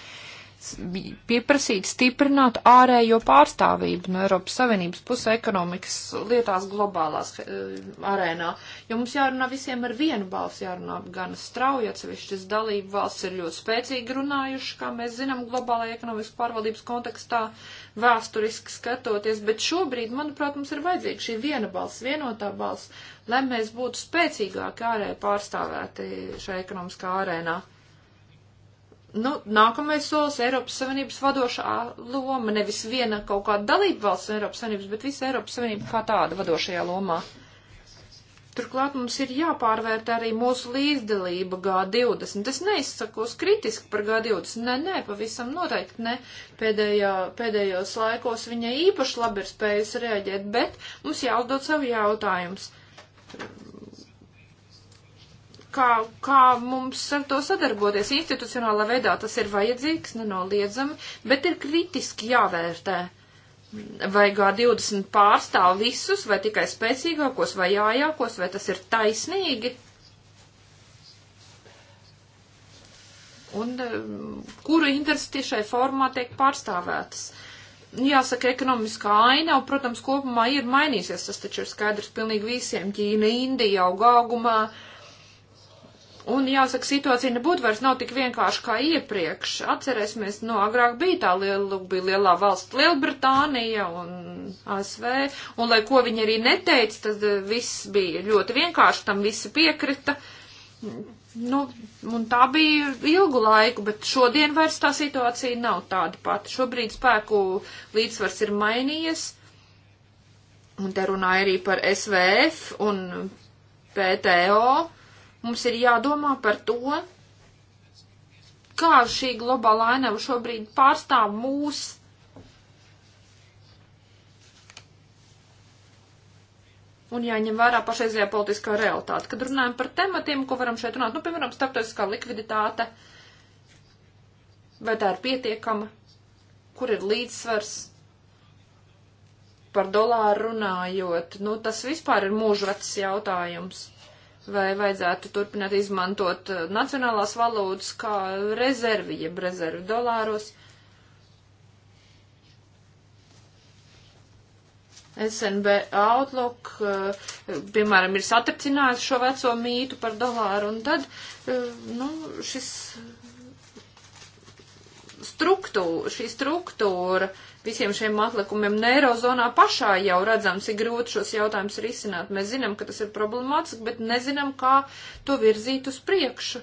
pieprasīt stiprināt ārējo pārstāvību no Eiropas Savienības puse ekonomikas lietās globālās eh, arēnā, jo mums jārunā visiem ar vienu balsi, jārunā gan strauji, atsevišķas dalību valsts ir ļoti spēcīgi runājuši, kā mēs zinām, globālajā ekonomikas pārvaldības kontekstā vēsturiski skatoties, bet šobrīd, manuprāt, mums ir vajadzīga šī viena balss, vienotā balss, lai mēs būtu spēcīgāki ārēji pārstāvēti šajā ekonomiskā arēnā nu, nākamais solis - Eiropas Savienības vadošā loma, nevis viena kaut kāda dalība valsts Eiropas Savienības, bet visa Eiropas Savienība kā tāda vadošajā lomā. Turklāt mums ir jāpārvērt arī mūsu līdzdalība G20. Es neizsakos kritiski par G20, nē, nē, pavisam noteikti ne. Pēdējā, pēdējos laikos viņai īpaši labi ir spējusi rēģēt, bet mums jāuzdod savu jautājumus kā, kā mums ar to sadarboties. Institucionālā veidā tas ir vajadzīgs, nenoliedzami, bet ir kritiski jāvērtē. Vai G20 pārstāv visus, vai tikai spēcīgākos, vai jājākos, vai tas ir taisnīgi? Un eh, kuru interesi tiešai formā tiek pārstāvētas? jāsaka, ekonomiskā aina, un, protams, kopumā ir mainīsies, tas taču ir skaidrs pilnīgi visiem. Ķīna, Indija aug augumā, Un jāsaka, situācija nebūtu vairs nav tik vienkārši kā iepriekš. Atcerēsimies, no agrāk bija tā liela, bija lielā valsts Lielbritānija un ASV, un lai ko viņi arī neteica, tad eh, viss bija ļoti vienkārši, tam visi piekrita. Nu, un tā bija ilgu laiku, bet šodien vairs tā situācija nav tāda pati. Šobrīd spēku līdzsvars ir mainījies, un te runāja arī par SVF un PTO Mums ir jādomā par to, kā šī globāla ainava šobrīd pārstāv mūs. Un jāņem vērā pašreizējā politiskā realitāte. Kad runājam par tematiem, ko varam šeit runāt, nu, piemēram, starptautiskā likviditāte, vai tā ir pietiekama, kur ir līdzsvars, par dolāru runājot, nu, tas vispār ir mūžvecs jautājums vai vajadzētu turpināt izmantot eh, nacionālās valūtas kā rezervi, jeb rezervi dolāros. SNB Outlook, eh, piemēram, ir satricinājis šo veco mītu par dolāru, un tad, eh, nu, šis struktūra, šī struktūra visiem šiem atlikumiem neirozonā pašā jau redzam, cik grūti šos jautājumus risināt. Mēs zinām, ka tas ir problemātiski, bet nezinām, kā to virzīt uz priekšu.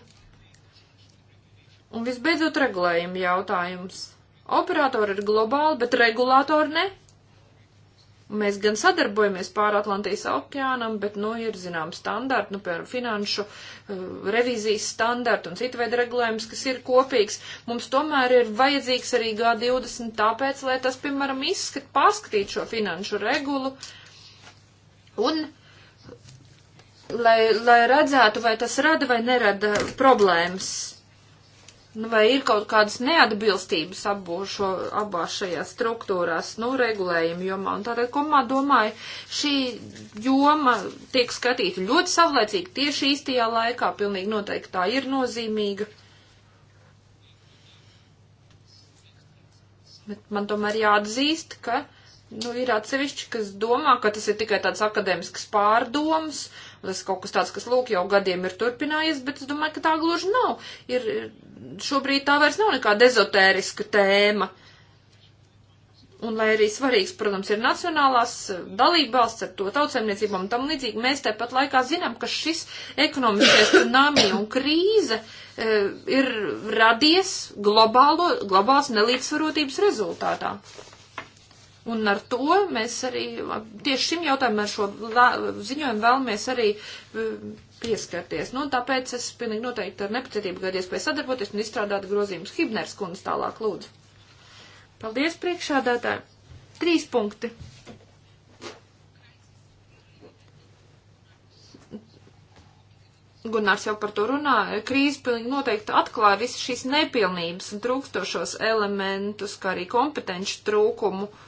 Un visbeidzot regulējuma jautājums. Operatori ir globāli, bet regulātori ne. Mēs gan sadarbojamies pāri Atlantijas okeānam, bet, nu, ir, zinām, standarti, nu, piemēram, finanšu uh, revīzijas standarti un citu veidu regulējums, kas ir kopīgs. Mums tomēr ir vajadzīgs arī G20 tāpēc, lai tas, piemēram, izskat, pārskatīt šo finanšu regulu un, lai, lai redzētu, vai tas rada vai nerada problēmas Nu, vai ir kaut kādas neatbilstības šo, abās šajās struktūrās, nu, regulējuma jomā? Un tādēļ, komā domāju, šī joma tiek skatīta ļoti savlaicīgi tieši īstajā laikā, pilnīgi noteikti tā ir nozīmīga. Bet man tomēr jāatzīst, ka, nu, ir atsevišķi, kas domā, ka tas ir tikai tāds akadēmisks pārdoms, uh, Un tas kaut kas tāds, kas lūk jau gadiem ir turpinājies, bet es domāju, ka tā gluži nav. Ir, šobrīd tā vairs nav nekāda ezotēriska tēma. Un, lai arī svarīgs, protams, ir nacionālās dalībvalsts ar to tautsēmniecībām un tam līdzīgi, mēs tāpat laikā zinām, ka šis ekonomiskais tsunami un krīze e, ir radies globālo, globāls nelīdzsvarotības rezultātā. Un ar to mēs arī tieši šim jautājumam ar šo ziņojumu vēlamies arī pieskarties. Nu, tāpēc es pilnīgi noteikti ar nepacietību gadu iespēju sadarboties un izstrādāt grozījumus. Hibners kundze tālāk lūdzu. Paldies priekšādātāji. Trīs punkti. Gunārs jau par to runāja. Krīze pilnīgi noteikti atklāja visas šīs nepilnības un trūkstošos elementus, kā arī kompetenci trūkumu. Uh,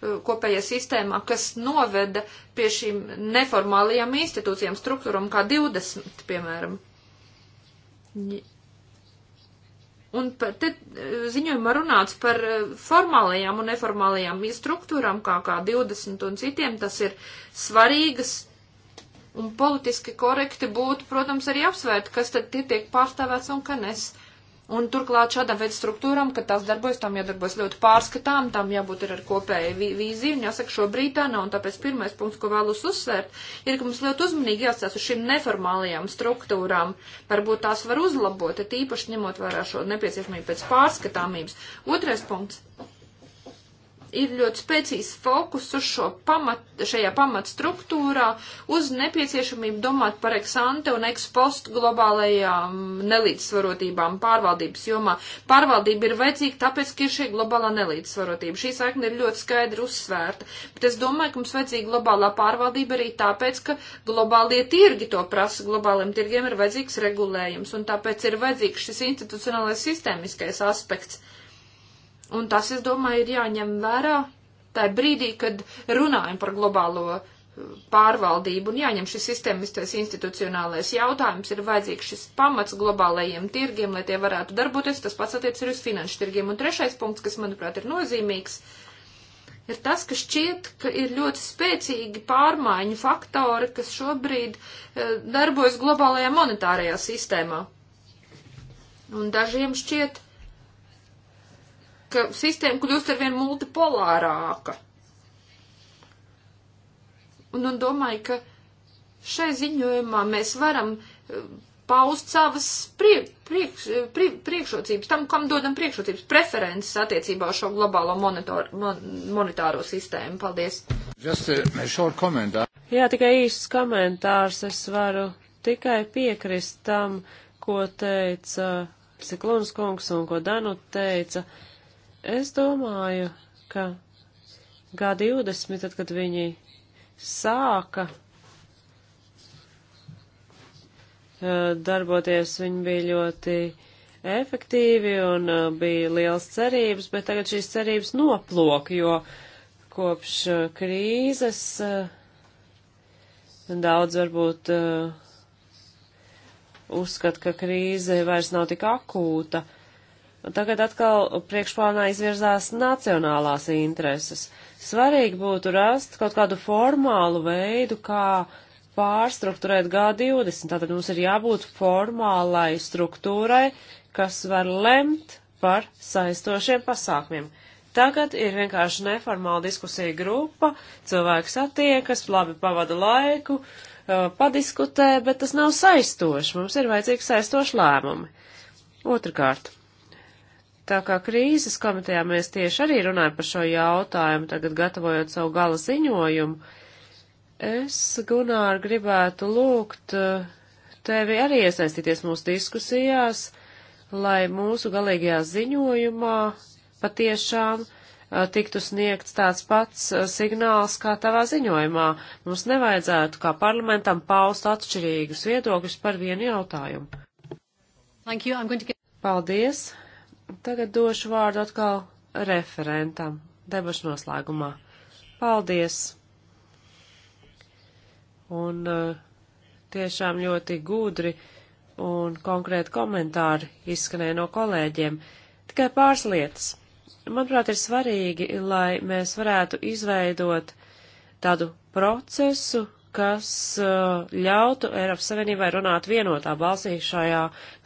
kopējā sistēmā, kas noveda pie šīm neformālajām institūcijām, struktūram kā 20, piemēram. Un te eh, ziņojumā runāts par eh, formālajām un neformālajām struktūrām, kā, kā 20 un citiem, tas ir svarīgas un politiski korekti būtu, protams, arī apsvērt, kas tad tie tiek pārstāvēts un ka nes. Uh, Un turklāt šādam veidu struktūram, kad tās darbojas, tam jādarbojas ļoti pārskatām, tam jābūt ir ar kopēju vīziju, un jāsaka, šobrīd tā nav, un tāpēc pirmais punkts, ko vēlos uzsvērt, ir, ka mums ļoti uzmanīgi jāstās uz šīm neformālajām struktūrām, varbūt tās var uzlabot, tīpaši ņemot vērā šo nepieciešamību pēc pārskatāmības. Otrais punkts ir ļoti spēcīgs fokus uz šo pamat, šajā pamatstruktūrā, uz nepieciešamību domāt par eksante un ekspostu globālajām nelīdzsvarotībām pārvaldības jomā. Pārvaldība ir vajadzīga tāpēc, ka ir šī globālā nelīdzsvarotība. Šī saikne ir ļoti skaidri uzsvērta, bet es domāju, ka mums vajadzīga globālā pārvaldība arī tāpēc, ka globālie tirgi to prasa, globāliem tirgiem ir vajadzīgs regulējums, un tāpēc ir vajadzīgs šis institucionālais sistēmiskais aspekts. Un tas, es domāju, ir jāņem vērā tajā brīdī, kad runājam par globālo uh, pārvaldību un jāņem šis sistēmistais institucionālais jautājums, ir vajadzīgs šis pamats globālajiem tirgiem, lai tie varētu darboties, tas pats attiec arī uz finanšu tirgiem. Un trešais punkts, kas, manuprāt, ir nozīmīgs, ir tas, ka šķiet, ka ir ļoti spēcīgi pārmaiņu faktori, kas šobrīd uh, darbojas globālajā monetārajā sistēmā. Un dažiem šķiet, ka sistēma kļūst arvien multipolārāka. Un, un domāju, ka šai ziņojumā mēs varam eh, paust savas prie, priekš, eh, prie, priekšrocības, tam, kam dodam priekšrocības, preferences attiecībā uz šo globālo monitor, mon, monetāro sistēmu. Paldies. Just a short comment. Uh. Jā, tikai īsts komentārs. Es varu tikai piekrist tam, ko teica eh, Siklunas kungs un ko Danu teica. Uh, Es domāju, ka G20, tad, kad viņi sāka eh, darboties, viņi bija ļoti efektīvi un eh, bija liels cerības, bet tagad šīs cerības noplok, jo kopš eh, krīzes daudz varbūt uzskata, ka krīze vairs nav tik akūta tagad atkal priekšplānā izvirzās nacionālās intereses. Svarīgi būtu rast kaut kādu formālu veidu, kā pārstruktūrēt G20. Tātad mums ir jābūt formālai struktūrai, kas var lemt par saistošiem pasākumiem. Tagad ir vienkārši neformāla diskusija grupa, cilvēki satiekas, labi pavada laiku, uh, padiskutē, bet tas nav saistoši. Mums ir vajadzīgi saistoši lēmumi. Otrakārt, Tā kā krīzes komitejā mēs tieši arī runājam par šo jautājumu, tagad gatavojot savu gala ziņojumu, es, Gunār, gribētu lūgt eh, tevi arī iesaistīties mūsu diskusijās, lai mūsu galīgajā ziņojumā patiešām eh, tiktu sniegts tāds pats eh, signāls kā tavā ziņojumā. Mums nevajadzētu kā parlamentam paust atšķirīgus viedokļus par vienu jautājumu. Paldies! Tagad došu vārdu atkal referentam debašu noslēgumā. Paldies! Un uh, tiešām ļoti gudri un konkrēti komentāri izskanēja no kolēģiem. Tikai pāris lietas. Manuprāt, ir svarīgi, lai mēs varētu izveidot tādu procesu, kas uh, ļautu Eiropas Savienībai runāt vienotā balsī šajā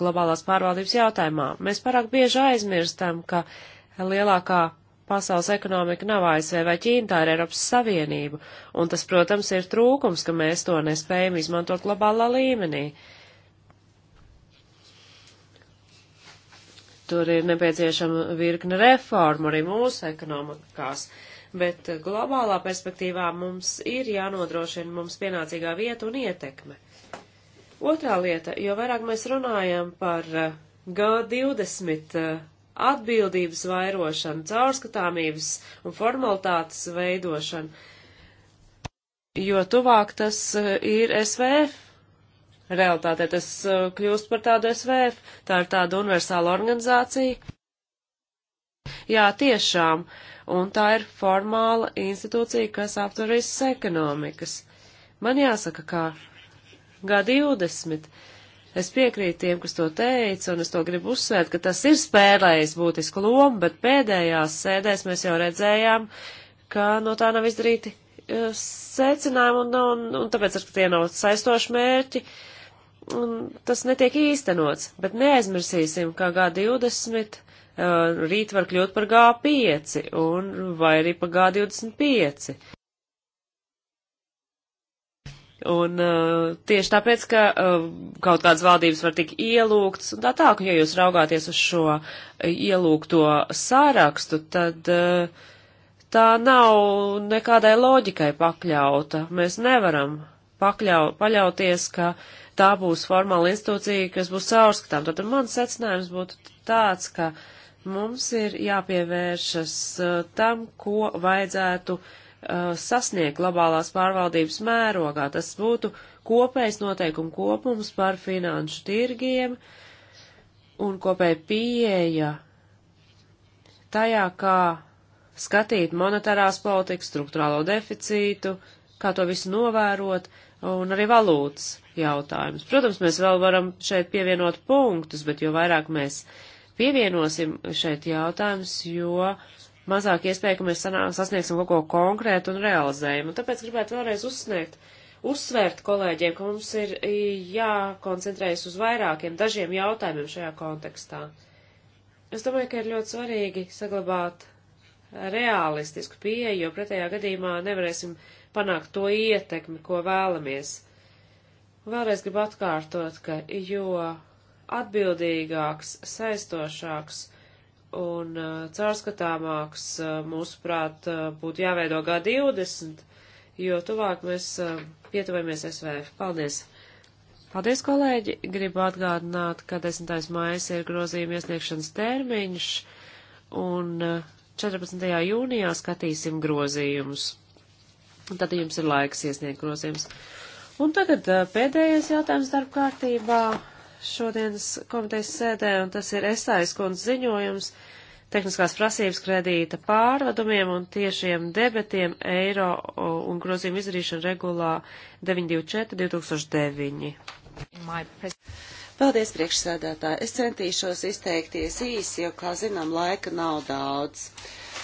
globālās pārvaldības jautājumā. Mēs parāk bieži aizmirstam, ka lielākā pasaules ekonomika nav ASV vai Ķīna, tā ir Eiropas Savienība, un tas, protams, ir trūkums, ka mēs to nespējam izmantot globālā līmenī. Tur ir nepieciešama virkne reformu arī mūsu ekonomikās. Uh, bet eh, globālā perspektīvā mums ir jānodrošina mums pienācīgā vieta un ietekme. Otrā lieta, jo vairāk mēs runājam par eh, G20 eh, atbildības vairošanu, caurskatāmības un formalitātes veidošanu, jo tuvāk tas ir SVF realitātē tas uh, kļūst par tādu SVF, tā ir tāda universāla organizācija, Jā, tiešām, un tā ir formāla institūcija, kas aptver visas ekonomikas. Man jāsaka, kā G20. Es piekrītu tiem, kas to teica, un es to gribu uzsvērt, ka tas ir spēlējis būtisku lomu, bet pēdējās sēdēs mēs jau redzējām, ka no tā nav izdarīti e, secinājumi, un, un, un tāpēc, ka tie nav saistoši mērķi, un tas netiek īstenots. Bet neaizmirsīsim, ka G20 Eh, rīt var kļūt par G5 un vai arī par G25. Un uh, tieši tāpēc, ka uh, kaut kādas valdības var tik ielūgts un tā tālāk, un ja jūs raugāties uz šo ielūgto sārakstu, tad uh, tā nav nekādai loģikai pakļauta. Mēs nevaram pakļau, paļauties, ka tā būs formāla institūcija, kas būs caurskatām. Tad mans secinājums būtu tāds, ka uh, Mums ir jāpievēršas uh, tam, ko vajadzētu uh, sasniegt globālās pārvaldības mērogā. Tas būtu kopējs noteikumu kopums par finanšu tirgiem un kopēja pieeja tajā, kā skatīt monetārās politikas, struktūrālo deficītu, kā to visu novērot, un arī valūtas jautājums. Protams, mēs vēl varam šeit pievienot punktus, bet jo vairāk mēs uh, pievienosim šeit jautājums, jo mazāk iespēja, ka mēs sasniegsim kaut ko konkrētu un realizējumu. Tāpēc gribētu vēlreiz uzsniegt, uzsvērt kolēģiem, ka mums ir jākoncentrējas uz vairākiem dažiem jautājumiem šajā kontekstā. Es domāju, ka ir ļoti svarīgi saglabāt realistisku pieeju, jo pretējā gadījumā nevarēsim panākt to ietekmi, ko vēlamies. Vēlreiz gribu atkārtot, ka jo atbildīgāks, saistošāks un uh, caurskatāmāks, uh, mūsuprāt, uh, būtu jāveido G20, jo tuvāk mēs uh, pietuvamies SVF. Paldies! Paldies, kolēģi! Gribu atgādināt, ka 10. maijas ir grozījuma iesniegšanas termiņš un uh, 14. jūnijā skatīsim grozījumus. Un tad jums ir laiks iesniegt grozījums. Un tagad uh, pēdējais jautājums darba kārtībā šodienas komitejas sēdē, un tas ir Estājas kundz ziņojums tehniskās prasības kredīta pārvadumiem un tiešiem debetiem eiro un grozījumu izdarīšana regulā 924-2009. Paldies, priekšsēdētāji. Es centīšos izteikties īsi, jo, kā zinām, laika nav daudz.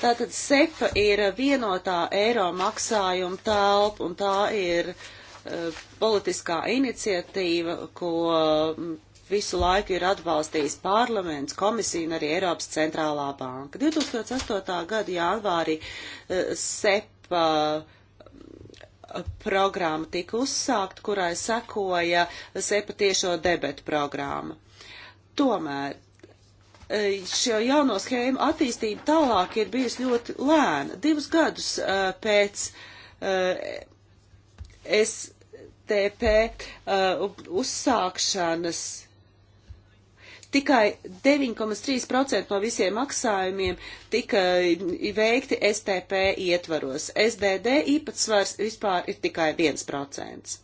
Tātad SEPA ir vienotā eiro maksājuma telpa, un tā ir uh, politiskā iniciatīva, ko visu laiku ir atbalstījis parlaments, komisija un arī Eiropas centrālā banka. 2008. gada janvārī eh, SEPA eh, programma tika uzsākt, kurai sekoja SEPA tiešo debetu programma. Tomēr eh, šo jauno schēmu attīstība tālāk ir bijusi ļoti lēna. Divus gadus uh, pēc uh, STP uh, uzsākšanas Tikai 9,3% no visiem maksājumiem tika veikti STP ietvaros. SDD īpatsvars vispār ir tikai 1%.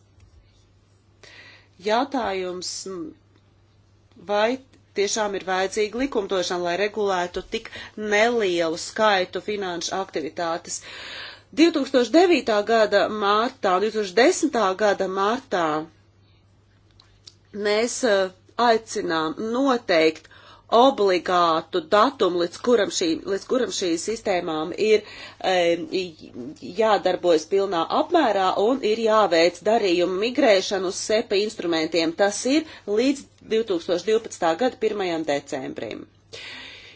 Jautājums, vai tiešām ir vajadzīga likumdošana, lai regulētu tik nelielu skaitu finanšu aktivitātes. 2009. gada martā, 2010. gada martā mēs uh, aicinām noteikt obligātu datumu, līdz kuram, šī, līdz kuram šī sistēmām ir e, jādarbojas pilnā apmērā un ir jāveic darījumu migrēšanu uz SEPA instrumentiem. Tas ir līdz 2012. gada 1. decembrim.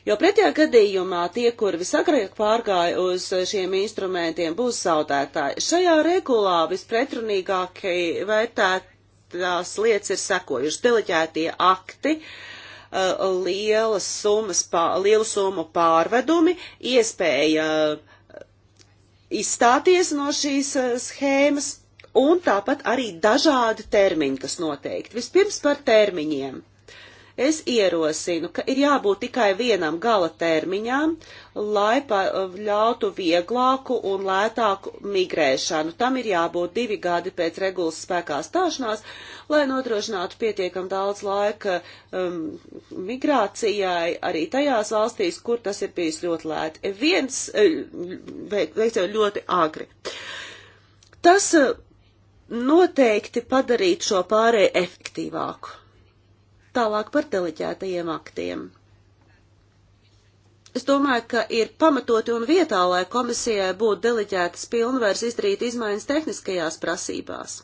Jo pretējā gadījumā tie, kuri visagrāk pārgāja uz šiem instrumentiem, būs zaudētāji. Šajā regulā vispretrunīgākie vērtēt tās lietas ir sekojušas. Deleģētie akti, uh, lielas summas, lielu summu pārvedumi, iespēja uh, izstāties no šīs uh, schēmas un tāpat arī dažādi termiņi, kas noteikti. Vispirms par termiņiem. Es ierosinu, ka ir jābūt tikai vienam gala termiņam, lai pa, ļautu vieglāku un lētāku migrēšanu. Tam ir jābūt divi gadi pēc regulas spēkā stāšanās, lai nodrošinātu pietiekam daudz laika um, migrācijai arī tajās valstīs, kur tas ir bijis ļoti lēti. Viens veikts veik jau ļoti agri. Tas eh, noteikti padarīt šo pārēju efektīvāku. Tālāk par deleģētajiem aktiem. Es domāju, ka ir pamatoti un vietā, lai komisijai būtu deleģētas pilnvērs izdarīt izmaiņas tehniskajās prasībās.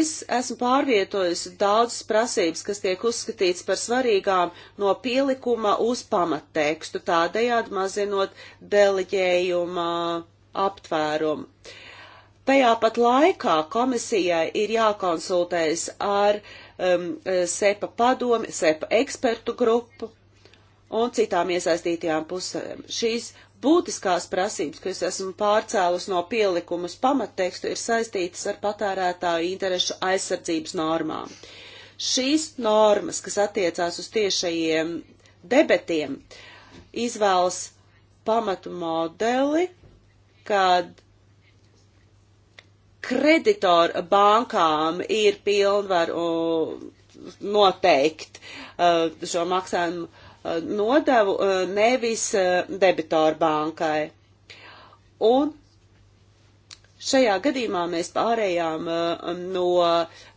Es esmu pārvietojusi daudzas prasības, kas tiek uzskatīts par svarīgām no pielikuma uz pamattekstu, tādējādi mazinot deleģējuma aptvērumu. Uh, Tajā pat laikā komisijai ir jākonsultējas ar um, SEPA padomi, SEPA ekspertu grupu un citām iesaistītajām pusēm. Šīs būtiskās prasības, kas esmu pārcēlus no pielikumus pamattekstu, ir saistītas ar patērētāju interešu aizsardzības normām. Šīs normas, kas attiecās uz tiešajiem debetiem, izvēlas pamatu modeli, kad kreditoru bankām ir pilnvaru noteikt uh, šo maksājumu uh, nodevu uh, nevis debitoru bankai. Un Šajā gadījumā mēs pārējām no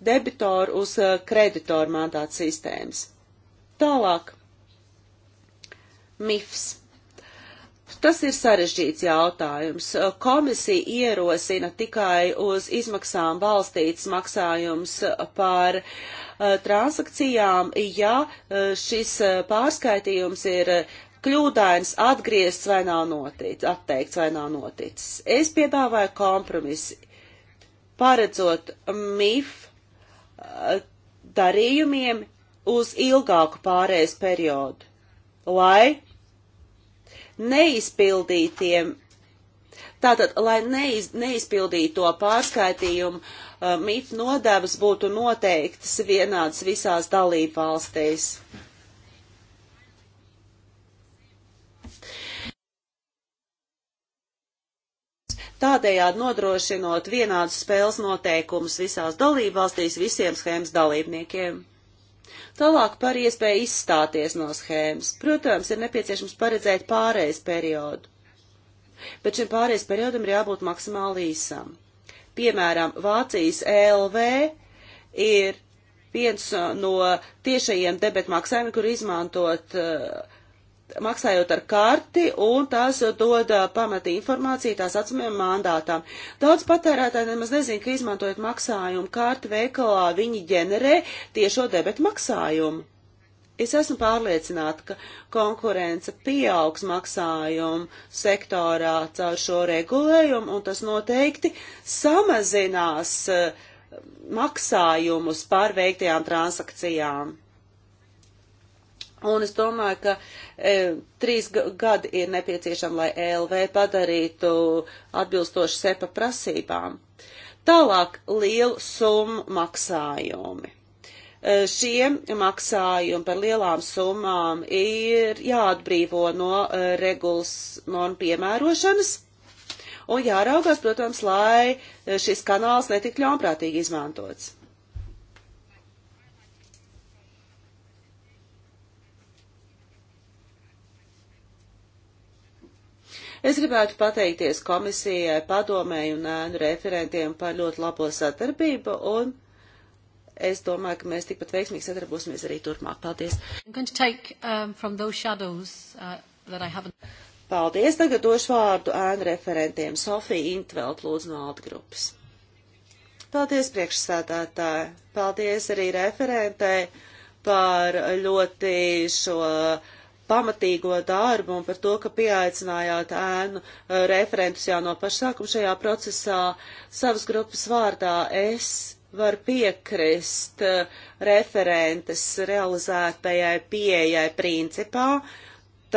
debitoru uz kreditoru mandātu sistēmas. Tālāk. MIFS. Tas ir sarežģīts jautājums. Komisija ierosina tikai uz izmaksām balstīts maksājums par transakcijām, ja šis pārskaitījums ir kļūdains, atgriezts vai nav noticis, atteikts vai nav noticis. Es piedāvāju kompromisi, paredzot MIF darījumiem uz ilgāku pārējais periodu, lai neizpildītiem Tātad, lai neiz, neizpildītu to pārskaitījumu, uh, MIF nodevas būtu noteiktas vienādas visās dalībvalstīs. Tādējādi nodrošinot vienādus spēles noteikumus visās dalībvalstīs visiem schēmas dalībniekiem. Tālāk par iespēju izstāties no schēmas. Protams, ir nepieciešams paredzēt pārējais periodu, bet šim pārējais periodam ir jābūt maksimāli īsam. Piemēram, Vācijas ELV ir viens no tiešajiem debet maksājumiem, kur izmantot uh, maksājot ar karti, un tās dod pamati informāciju tās atsimiem mandātām. Daudz patērētāji nemaz nezin, ka izmantojot maksājumu karti veikalā, viņi ģenerē tiešo debetu maksājumu. Es esmu pārliecināta, ka konkurence pieaugs maksājumu sektorā caur šo regulējumu, un tas noteikti samazinās maksājumus par veiktajām transakcijām. Un es domāju, ka e, trīs gadi ir nepieciešami, lai ELV padarītu atbilstoši sepa prasībām. Tālāk lielu summu maksājumi. E, šie maksājumi par lielām summām ir jāatbrīvo no e, regulas normu piemērošanas un jāraugās, protams, lai e, šis kanāls netik ļaunprātīgi izmantots. Es gribētu pateikties komisijai, padomēju un ēnu referentiem par ļoti labo sadarbību un es domāju, ka mēs tikpat veiksmīgi sadarbosimies arī turpmāk. Paldies! Take, um, shadows, uh, Paldies! Tagad došu vārdu ēnu referentiem. Sofija Intvelt, lūdzu, no Alta grupas. Paldies priekšsēdētāji! Paldies arī referentei par ļoti šo uh, pamatīgo darbu un par to, ka pieaicinājāt ēnu eh, referentus jau no pašsākuma šajā procesā. Savas grupas vārdā es varu piekrist eh, referentes realizētajai pieejai principā,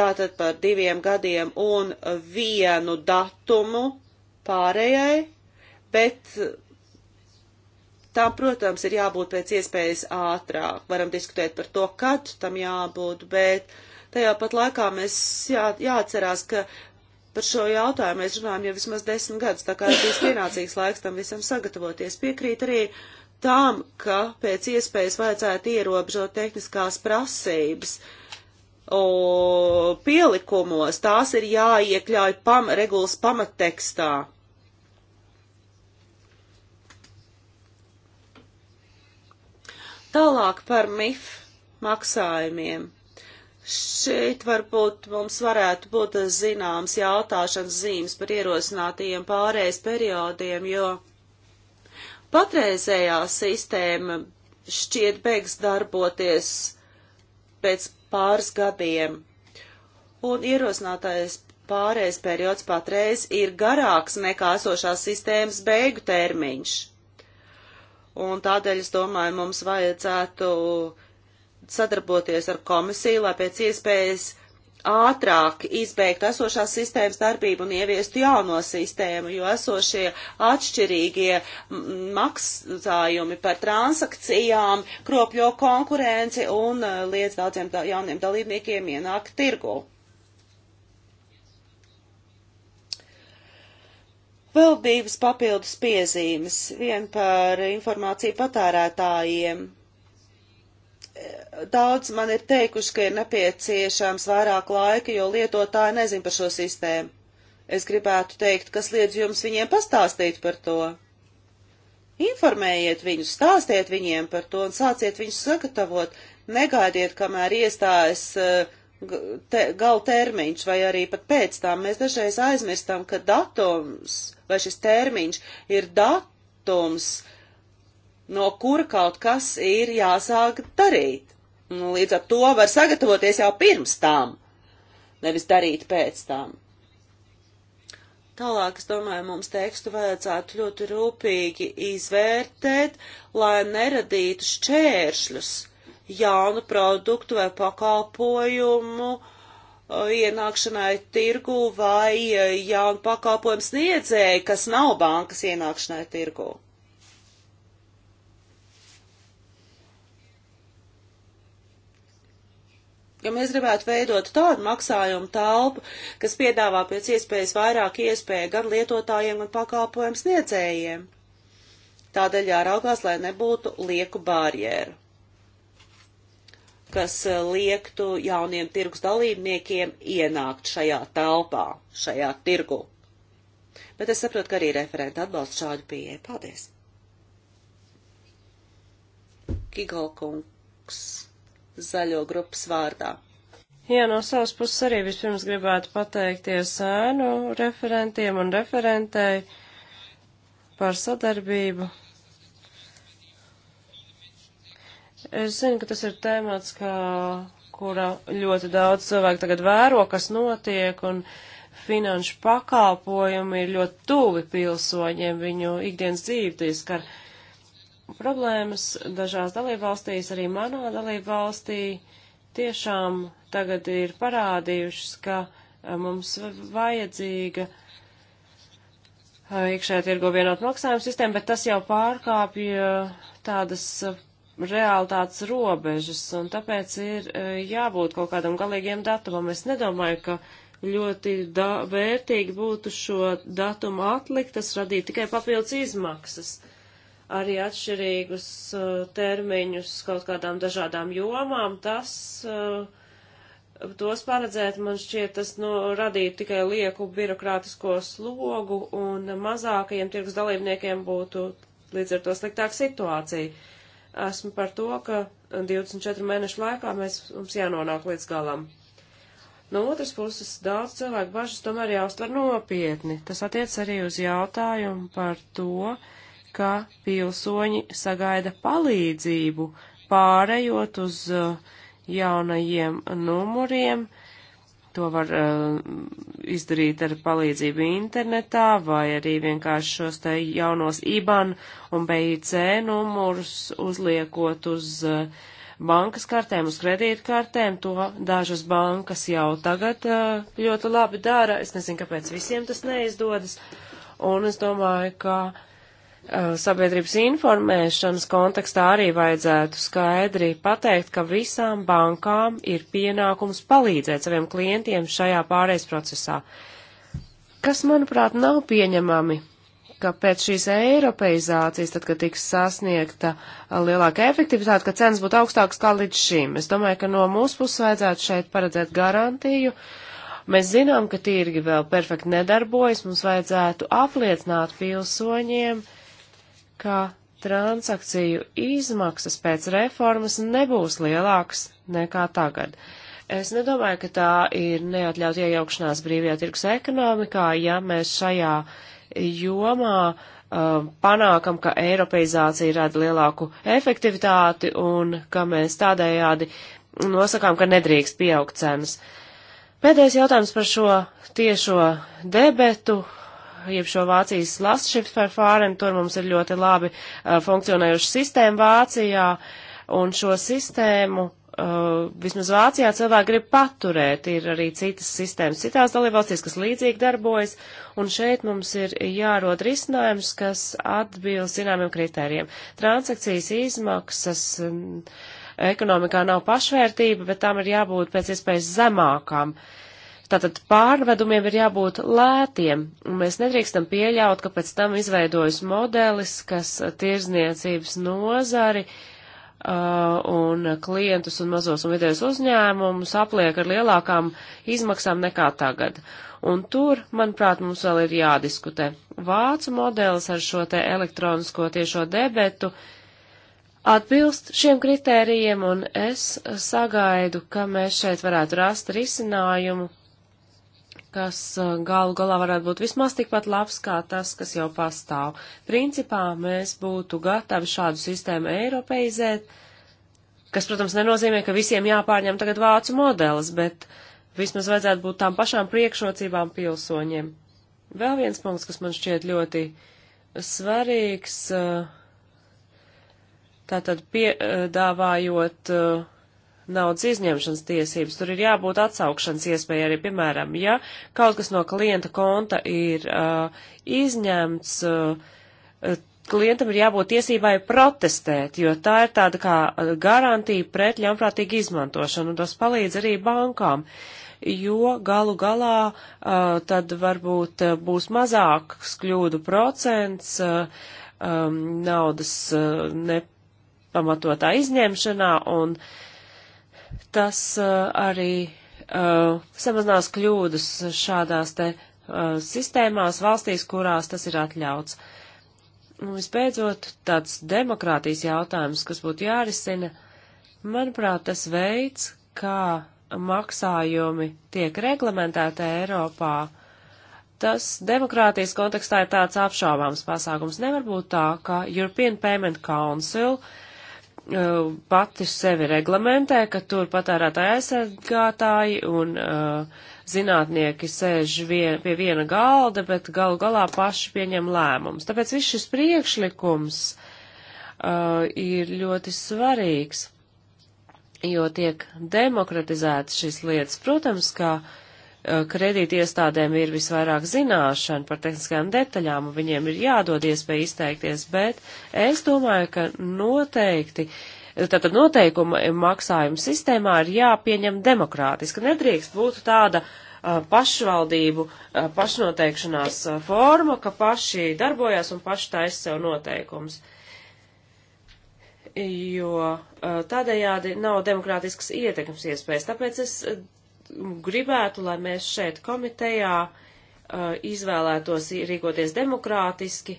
tātad par diviem gadiem un vienu datumu pārējai, bet eh, Tām, protams, ir jābūt pēc iespējas ātrāk. Varam diskutēt par to, kad tam jābūt, bet Tajā pat laikā mēs jā, jāatcerās, ka par šo jautājumu mēs runājam jau vismaz desmit gadus, tā kā ir bijis pienācīgs laiks tam visam sagatavoties. Piekrīt arī tām, ka pēc iespējas vajadzētu ierobežot tehniskās prasības. O, pielikumos tās ir jāiekļauj pam, regulas pamattekstā. Tālāk par MIF maksājumiem. Šeit varbūt mums varētu būt zināms jautāšanas zīmes par ierosinātajiem pārējais periodiem, jo patreizējā sistēma šķiet beigs darboties pēc pāris gadiem, un ierosinātais pārējais periods patreiz ir garāks nekā esošās sistēmas beigu termiņš. Un tādēļ, es domāju, mums vajadzētu uh, sadarboties ar komisiju, lai pēc iespējas ātrāk izbeigt esošās sistēmas darbību un ieviestu jauno sistēmu, jo esošie atšķirīgie maksājumi par transakcijām kropļo konkurenci un eh, liec daudziem da jauniem dalībniekiem ienāk tirgu. Vēl divas papildus piezīmes, vien par informāciju patērētājiem daudz man ir teikuši, ka ir nepieciešams vairāk laika, jo lietotāji nezin par šo sistēmu. Es gribētu teikt, kas liedz jums viņiem pastāstīt par to. Informējiet viņus, stāstiet viņiem par to un sāciet viņus sagatavot. Negaidiet, kamēr iestājas uh, te, gal termiņš vai arī pat pēc tam. Mēs dažreiz aizmirstam, ka datums vai šis termiņš ir datums, uh, datums, no kura kaut kas ir jāsāk darīt. Līdz ar to var sagatavoties jau pirms tām, nevis darīt pēc tām. Tālāk, es domāju, mums tekstu vajadzētu ļoti rūpīgi izvērtēt, lai neradītu šķēršļus jaunu produktu vai pakalpojumu uh, ienākšanai tirgu vai uh, jaunu pakalpojumu sniedzēju, kas nav bankas ienākšanai tirgu. Ja mēs gribētu veidot tādu maksājumu telpu, kas piedāvā pēc iespējas vairāk iespēju gan lietotājiem, gan pakalpojumu sniedzējiem. Tādēļ jāraugās, lai nebūtu lieku barjeru kas eh, liektu jauniem tirgus dalībniekiem ienākt šajā telpā, šajā tirgu. Bet es saprotu, ka arī referenta atbalsta šādu pieeju. Paldies! Kigalkungs zaļo grupas vārdā. Jā, no savas puses arī vispirms gribētu pateikties ēnu referentiem un referentei par sadarbību. Es zinu, ka tas ir temats, kā, kura ļoti daudz cilvēku tagad vēro, kas notiek, un finanšu pakalpojumi ir ļoti tuvi pilsoņiem viņu ikdienas dzīvtīs, ka problēmas dažās dalībvalstīs, arī manā dalībvalstī, tiešām tagad ir parādījušas, ka mums vajadzīga iekšējā tirgo vienot maksājumu sistēmu, bet tas jau pārkāpja tādas realitātes robežas, un tāpēc ir jābūt kaut kādam galīgiem datumam. Es nedomāju, ka ļoti vērtīgi būtu šo datumu atlikt, tas radītu tikai papildus izmaksas. Uh, arī atšķirīgus uh, termiņus kaut kādām dažādām jomām, tas, uh, tos paredzēt, man šķiet, tas nu, radītu tikai lieku birokrātisko slogu un mazākajiem tirgus dalībniekiem būtu līdz ar to sliktāka situācija. Esmu par to, ka 24 mēnešu laikā mēs, mums jānonāk līdz galam. No otras puses, daudz cilvēku bažas tomēr jāuztver nopietni. Tas attiec arī uz jautājumu par to, uh, ka pilsoņi sagaida palīdzību, pārējot uz uh, jaunajiem numuriem. To var uh, izdarīt ar palīdzību internetā vai arī vienkārši šos te jaunos IBAN un BIC numurus uzliekot uz uh, bankas kartēm, uz kredītkartēm. To dažas bankas jau tagad ļoti labi dara. Es nezinu, kāpēc visiem tas neizdodas. Un es domāju, ka uh, Eh, sabiedrības informēšanas kontekstā arī vajadzētu skaidri pateikt, ka visām bankām ir pienākums palīdzēt saviem klientiem šajā pārējais procesā. Kas, manuprāt, nav pieņemami, ka pēc šīs eiropeizācijas, tad, kad tiks sasniegta eh, lielāka efektivitāte, ka cenas būtu augstākas kā līdz šim. Es domāju, ka no mūsu puses vajadzētu šeit paredzēt garantiju, uh, Mēs zinām, ka tirgi vēl perfekti nedarbojas, mums vajadzētu apliecināt pilsoņiem, ka transakciju izmaksas pēc reformas nebūs lielākas nekā tagad. Es nedomāju, ka tā ir neatļaut iejaukšanās brīvajā tirgus ekonomikā, ja mēs šajā jomā uh, panākam, ka eiropeizācija rada lielāku efektivitāti un ka mēs tādējādi nosakām, ka nedrīkst pieaugt cenas. Pēdējais jautājums par šo tiešo debetu. Uh, jeb šo Vācijas last ships par fārem, tur mums ir ļoti labi uh, funkcionējuši sistēma Vācijā, un šo sistēmu Uh, vismaz Vācijā cilvēki grib paturēt, ir arī citas sistēmas citās dalībvalstīs, kas līdzīgi darbojas, un šeit mums ir jārod risinājums, kas atbilst zināmiem kritērijiem. Transakcijas izmaksas ekonomikā nav pašvērtība, bet tām ir jābūt pēc iespējas zemākām. Uh, Tātad pārvedumiem ir jābūt lētiem, un mēs nedrīkstam pieļaut, ka pēc tam izveidojas modelis, kas tirzniecības nozari uh, un klientus un mazos un vidējos uzņēmumus apliek ar lielākām izmaksām nekā tagad. Un tur, manuprāt, mums vēl ir jādiskutē. Vācu modelis ar šo te elektronisko tiešo debetu atbilst šiem kritērijiem, un es sagaidu, ka mēs šeit varētu rast risinājumu, kas eh, galu galā varētu būt vismaz tikpat labs kā tas, kas jau pastāv. Principā mēs būtu gatavi šādu sistēmu eiropeizēt, kas, protams, nenozīmē, ka visiem jāpārņem tagad vācu modelis, bet vismaz vajadzētu būt tām pašām priekšrocībām pilsoņiem. Vēl viens punkts, kas man šķiet ļoti svarīgs, eh, tātad piedāvājot uh, naudas izņemšanas tiesības. Tur ir jābūt atsaukšanas iespēja arī, piemēram, ja kaut kas no klienta konta ir uh, izņemts, uh, klientam ir jābūt tiesībai protestēt, jo tā ir tāda kā uh, garantija pret ļaunprātīgu izmantošanu, un tas palīdz arī bankām. Jo galu galā uh, tad varbūt uh, būs mazāks kļūdu procents uh, um, naudas uh, nepamatotā izņemšanā, un uh, Tas uh, arī uh, samazinās kļūdas šādās te uh, sistēmās, valstīs, kurās tas ir atļauts. Un visbeidzot, tāds demokrātijas jautājums, kas būtu jārisina, manuprāt, tas veids, kā maksājumi tiek reglamentēti Eiropā, uh, Tas demokrātijas kontekstā ir tāds apšaubāms pasākums. Nevar būt tā, ka European Payment Council uh, pati sevi reglamentē, ka tur patērētāji aizsargātāji un uh, zinātnieki sēž vien, pie viena galda, bet galu galā paši pieņem lēmumus. Tāpēc viss šis priekšlikums uh, ir ļoti svarīgs, jo tiek demokratizētas šīs lietas. Protams, kā uh, Eh, kredīti iestādēm ir visvairāk zināšana par tehniskajām detaļām, un viņiem ir jādod iespēja izteikties, bet es domāju, ka noteikti. Eh, tātad noteikuma maksājuma sistēmā ir jāpieņem demokrātiski. Nedrīkst būt tāda uh, pašvaldību uh, pašnoteikšanās uh, forma, ka paši darbojas un paši taisa sev noteikumus jo tādējādi nav demokrātiskas ietekmes iespējas. Tāpēc es gribētu, lai mēs šeit komitejā uh, izvēlētos rīkoties demokrātiski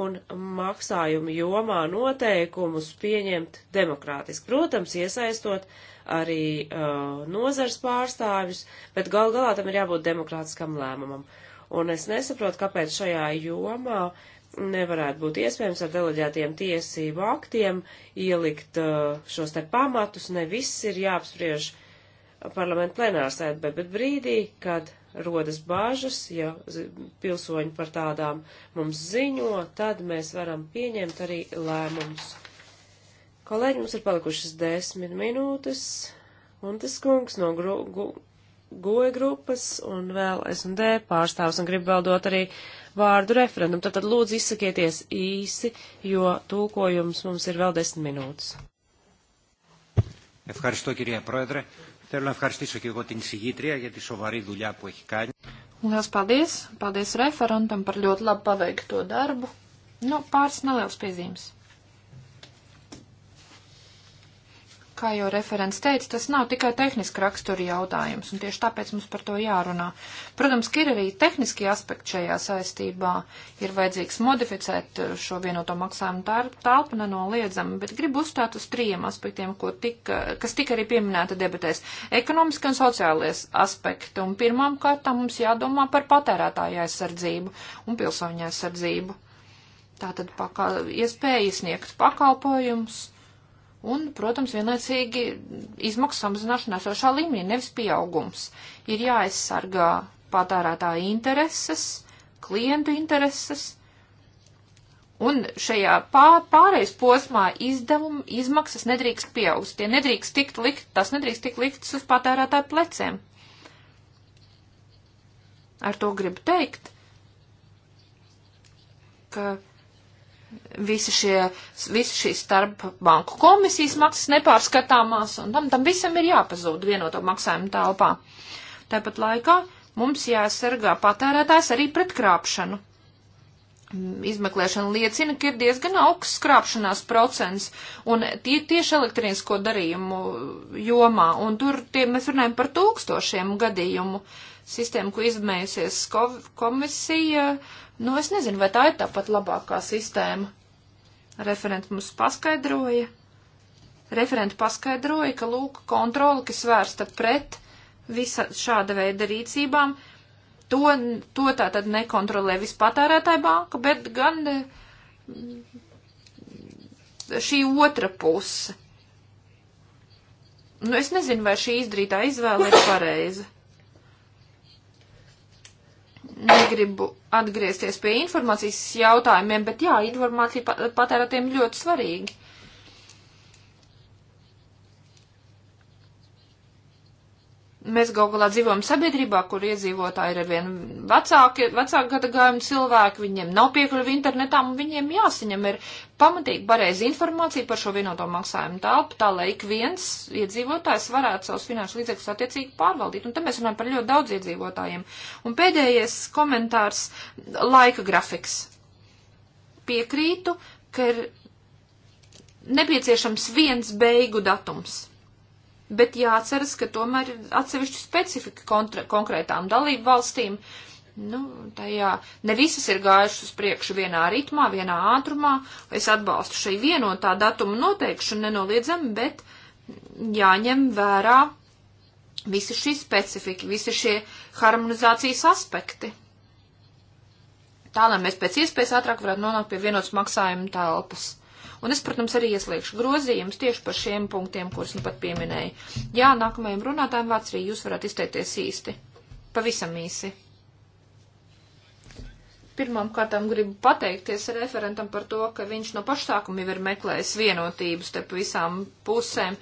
un maksājumu jomā noteikumus pieņemt demokrātiski. Protams, iesaistot arī uh, nozars pārstāvjus, bet gal galā tam ir jābūt demokrātiskam lēmumam. Un es nesaprotu, kāpēc šajā jomā nevarētu būt iespējams ar deleģētiem tiesību aktiem ielikt uh, šos te pamatus, ne viss ir jāapspriež parlamentu plenārsēdē, bet brīdī, kad rodas bāžas, ja pilsoņi par tādām mums ziņo, tad mēs varam pieņemt arī lēmumus. Kolēģi, mums ir palikušas desmit minūtes, un tas kungs no gru, gu, goja grupas un vēl S&D pārstāvs, un gribu vēl dot arī vārdu referendumu. Tad, tad lūdzu izsakieties īsi, jo tūkojums mums ir vēl desmit minūtes. Ευχαριστώ κυρία Πρόεδρε. Θέλω να ευχαριστήσω και εγώ την εισηγήτρια για τη σοβαρή δουλειά που έχει κάνει. Lielas paldies! Paldies referentam par ļoti labi paveikto darbu. Nu, pāris nelielas piezīmes. Kā jau referents teica, tas nav tikai tehniski raksturi jautājums, un tieši tāpēc mums par to jārunā. Protams, ka ir arī tehniski aspekti šajā saistībā. Ir vajadzīgs modificēt uh, šo vienoto maksājumu telpu nenoliedzami, bet gribu uzstāt uz trījiem aspektiem, tika, uh, kas tika arī pieminēta debatēs - ekonomiski un sociālies aspekti. Un pirmām kārtām mums jādomā par patērētāju aizsardzību un pilsoņu aizsardzību. Tātad pakal, iespēja sniegt pakalpojumus Un, protams, vienlaicīgi izmaksu samazināšana esošā līmenī, nevis pieaugums. Ir jāaizsargā patērētāja intereses, klientu intereses, Un šajā pārejas posmā izdevuma izmaksas nedrīkst pieaugst. Tie nedrīkst tikt likt, tas nedrīkst tikt liktas uz patērētāju pleciem. Ar to gribu teikt, ka visi šie, visi šīs starpbanku komisijas maksas nepārskatāmās, un tam, tam visam ir jāpazūd vienoto maksājumu telpā. Tāpat laikā mums jāsargā patērētājs arī pret krāpšanu. Izmeklēšana liecina, ka ir diezgan augsts krāpšanās procents, un tie tieši elektronisko darījumu jomā, un tur tie, mēs runājam par tūkstošiem gadījumu sistēmu, ko izmējusies komisija, Nu, es nezinu, vai tā ir tāpat labākā sistēma. Referenti mums paskaidroja. Referenti paskaidroja, ka lūk, kontroli, kas vērsta pret visa šāda veida rīcībām, to, to tā tad nekontrolē vispatērētāja banka, bet gan mm, šī otra puse. Nu, es nezinu, vai šī izdarītā izvēle ir pareiza negribu atgriezties pie informācijas jautājumiem, bet jā, informācija patērētiem ļoti svarīgi. mēs galu galā dzīvojam sabiedrībā, kur iedzīvotāji ir arvien vecāki, vecāki gadagājumi cilvēki, viņiem nav piekļuvi internetām un viņiem jāsaņem ir pamatīgi pareizi informācija par šo vienoto maksājumu telpu, tā lai ik viens iedzīvotājs varētu savus finanšu līdzekļus attiecīgi pārvaldīt. Un te mēs runājam par ļoti daudz iedzīvotājiem. Un pēdējais komentārs - laika grafiks. Piekrītu, ka ir nepieciešams viens beigu datums bet jāatceras, ka tomēr ir atsevišķa specifika kontra, konkrētām dalību valstīm. Nu, tajā ne visas ir gājušas uz priekšu vienā ritmā, vienā ātrumā. Es atbalstu šai vienotā datuma noteikšanu nenoliedzami, bet jāņem vērā visi šī specifika, visi šie harmonizācijas aspekti. Tā, lai mēs pēc iespējas ātrāk varētu nonākt pie vienotas maksājuma telpas. Un es, protams, arī ieslēgšu grozījumus tieši par šiem punktiem, kurus nu pat pieminēju. Jā, nākamajam runātājiem vārds arī jūs varat izteikties īsti. Pavisam īsi. Pirmām kārtām gribu pateikties referentam par to, ka viņš no pašsākuma jau ir meklējis vienotības te visām pusēm.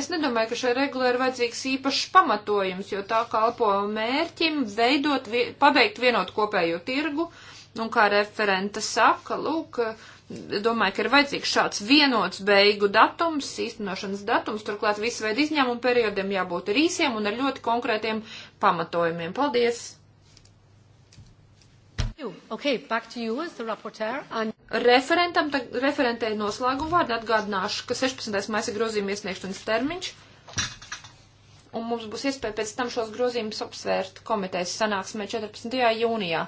Es nedomāju, ka šai regulai ir vajadzīgs īpašs pamatojums, jo tā kalpo mērķim veidot, pabeigt vienotu kopējo tirgu. Un kā referenta saka, lūk, domāju, ka ir vajadzīgs šāds vienots beigu datums, īstenošanas datums, turklāt visu veidu izņēmumu periodiem jābūt ir īsiem un ar ļoti konkrētiem pamatojumiem. Paldies! Okay, back to you as the rapporteur. And... Referentam, referentei noslēgumu vārdu atgādināšu, ka 16. maisa grozījuma iesniegšanas termiņš un mums būs iespēja pēc tam šos grozījumus apsvērt komitejas sanāksmē 14. jūnijā.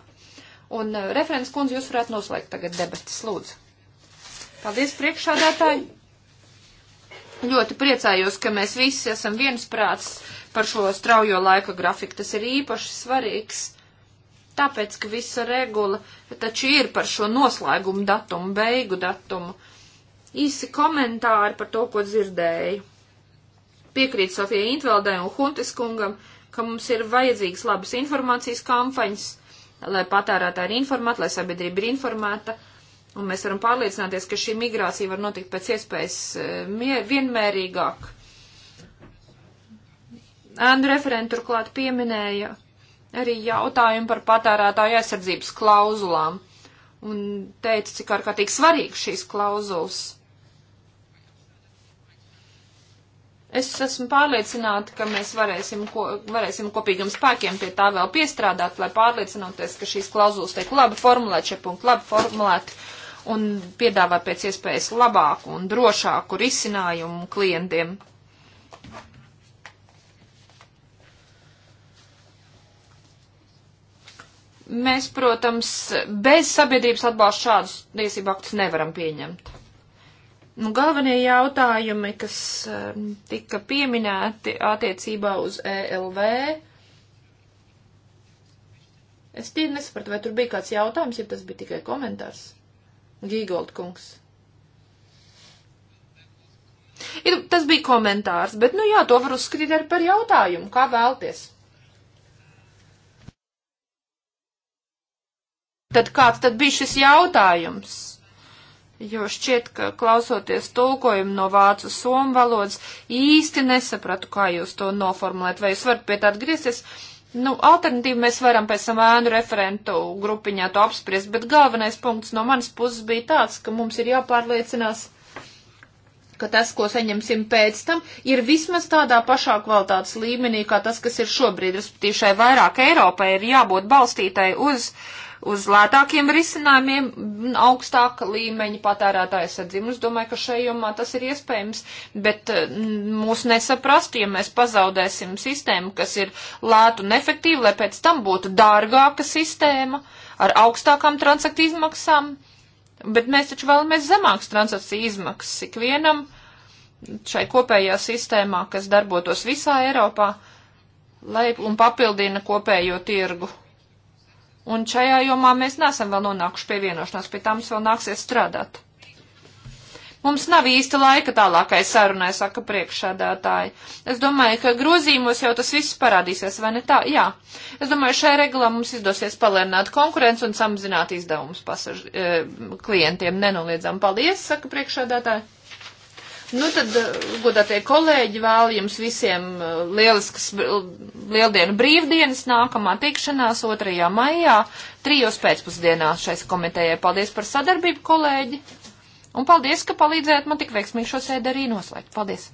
Un uh, referents kundze, jūs varētu noslēgt tagad debatas, lūdzu. Paldies, priekšādātāji! Ļoti priecājos, ka mēs visi esam viensprāts par šo straujo laika grafiku. Tas ir īpaši svarīgs, tāpēc, ka visa regula taču ir par šo noslēgumu datumu, beigu datumu. Īsi komentāri par to, ko dzirdēju. Piekrīt Sofijai Intveldai un Huntis kungam, ka mums ir vajadzīgas labas informācijas kampaņas, lai patērētāji ir informēti, lai sabiedrība ir informēta. Uh, Un mēs varam pārliecināties, ka šī migrācija var notikt pēc iespējas eh, vienmērīgāk. Ēnu referenti turklāt pieminēja arī jautājumu par patērētāju aizsardzības klauzulām un teica, cik ārkārtīgi svarīgi šīs klauzulas. Es esmu pārliecināta, ka mēs varēsim, ko, varēsim kopīgiem spēkiem pie tā vēl piestrādāt, lai pārliecinoties, ka šīs klauzulas tiek labi formulēt, šie punkti labi formulēti un piedāvāt pēc iespējas labāku un drošāku risinājumu klientiem. Mēs, protams, bez sabiedrības atbalsta šādus tiesību aktus nevaram pieņemt. Nu, galvenie jautājumi, kas um, tika pieminēti attiecībā uz ELV, es tie nesapratu, vai tur bija kāds jautājums, ja tas bija tikai komentārs. Gīgold kungs. Ir, tas bija komentārs, bet, nu jā, to var uzskatīt arī par jautājumu, kā vēlties. Tad kāds tad bija šis jautājums? Jo šķiet, ka klausoties tulkojumu no vācu somu valodas, īsti nesapratu, kā jūs to noformulēt, vai jūs varat pie tā atgriezties. Uh, Nu, alternatīvi mēs varam pēc tam ēnu referentu grupiņā to apspriest, bet galvenais punkts no manas puses bija tāds, ka mums ir jāpārliecinās, ka tas, ko saņemsim pēc tam, ir vismaz tādā pašā kvalitātes līmenī, kā tas, kas ir šobrīd, respektīvi šai vairāk Eiropai ir jābūt balstītai uz uh, uz lētākiem risinājumiem, augstāka līmeņa patērētāja sadzīme. Es domāju, ka šajā jomā tas ir iespējams, bet eh, mūs nesaprast, ja mēs pazaudēsim sistēmu, kas ir lēta un efektīva, lai pēc tam būtu dārgāka sistēma ar augstākām transakciju izmaksām. Bet mēs taču vēlamies zemākas transakciju izmaksas ikvienam šai kopējā sistēmā, kas darbotos visā Eiropā, lai un papildina kopējo tirgu. Un šajā jomā mēs nesam vēl nonākuši pie vienošanās, pie tā mums vēl nāksies strādāt. Mums nav īsta laika tālākai sarunai, saka priekšādātāji. Es domāju, ka grozīmos jau tas viss parādīsies, vai ne tā? Jā. Es domāju, šai regulā mums izdosies palēnināt konkurenci un samazināt izdevumus pasaž... Eh, klientiem. Nenoliedzam, paldies, saka priekšādātāji. Nu tad, eh, godātie kolēģi, vēl jums visiem eh, lieliskas lieldienu brīvdienas nākamā tikšanās 2. maijā, 3. pēcpusdienā šais komitējai. Paldies par sadarbību, kolēģi! Un paldies, ka palīdzējāt man tik veiksmīgi šo sēdi arī noslēgt. Paldies!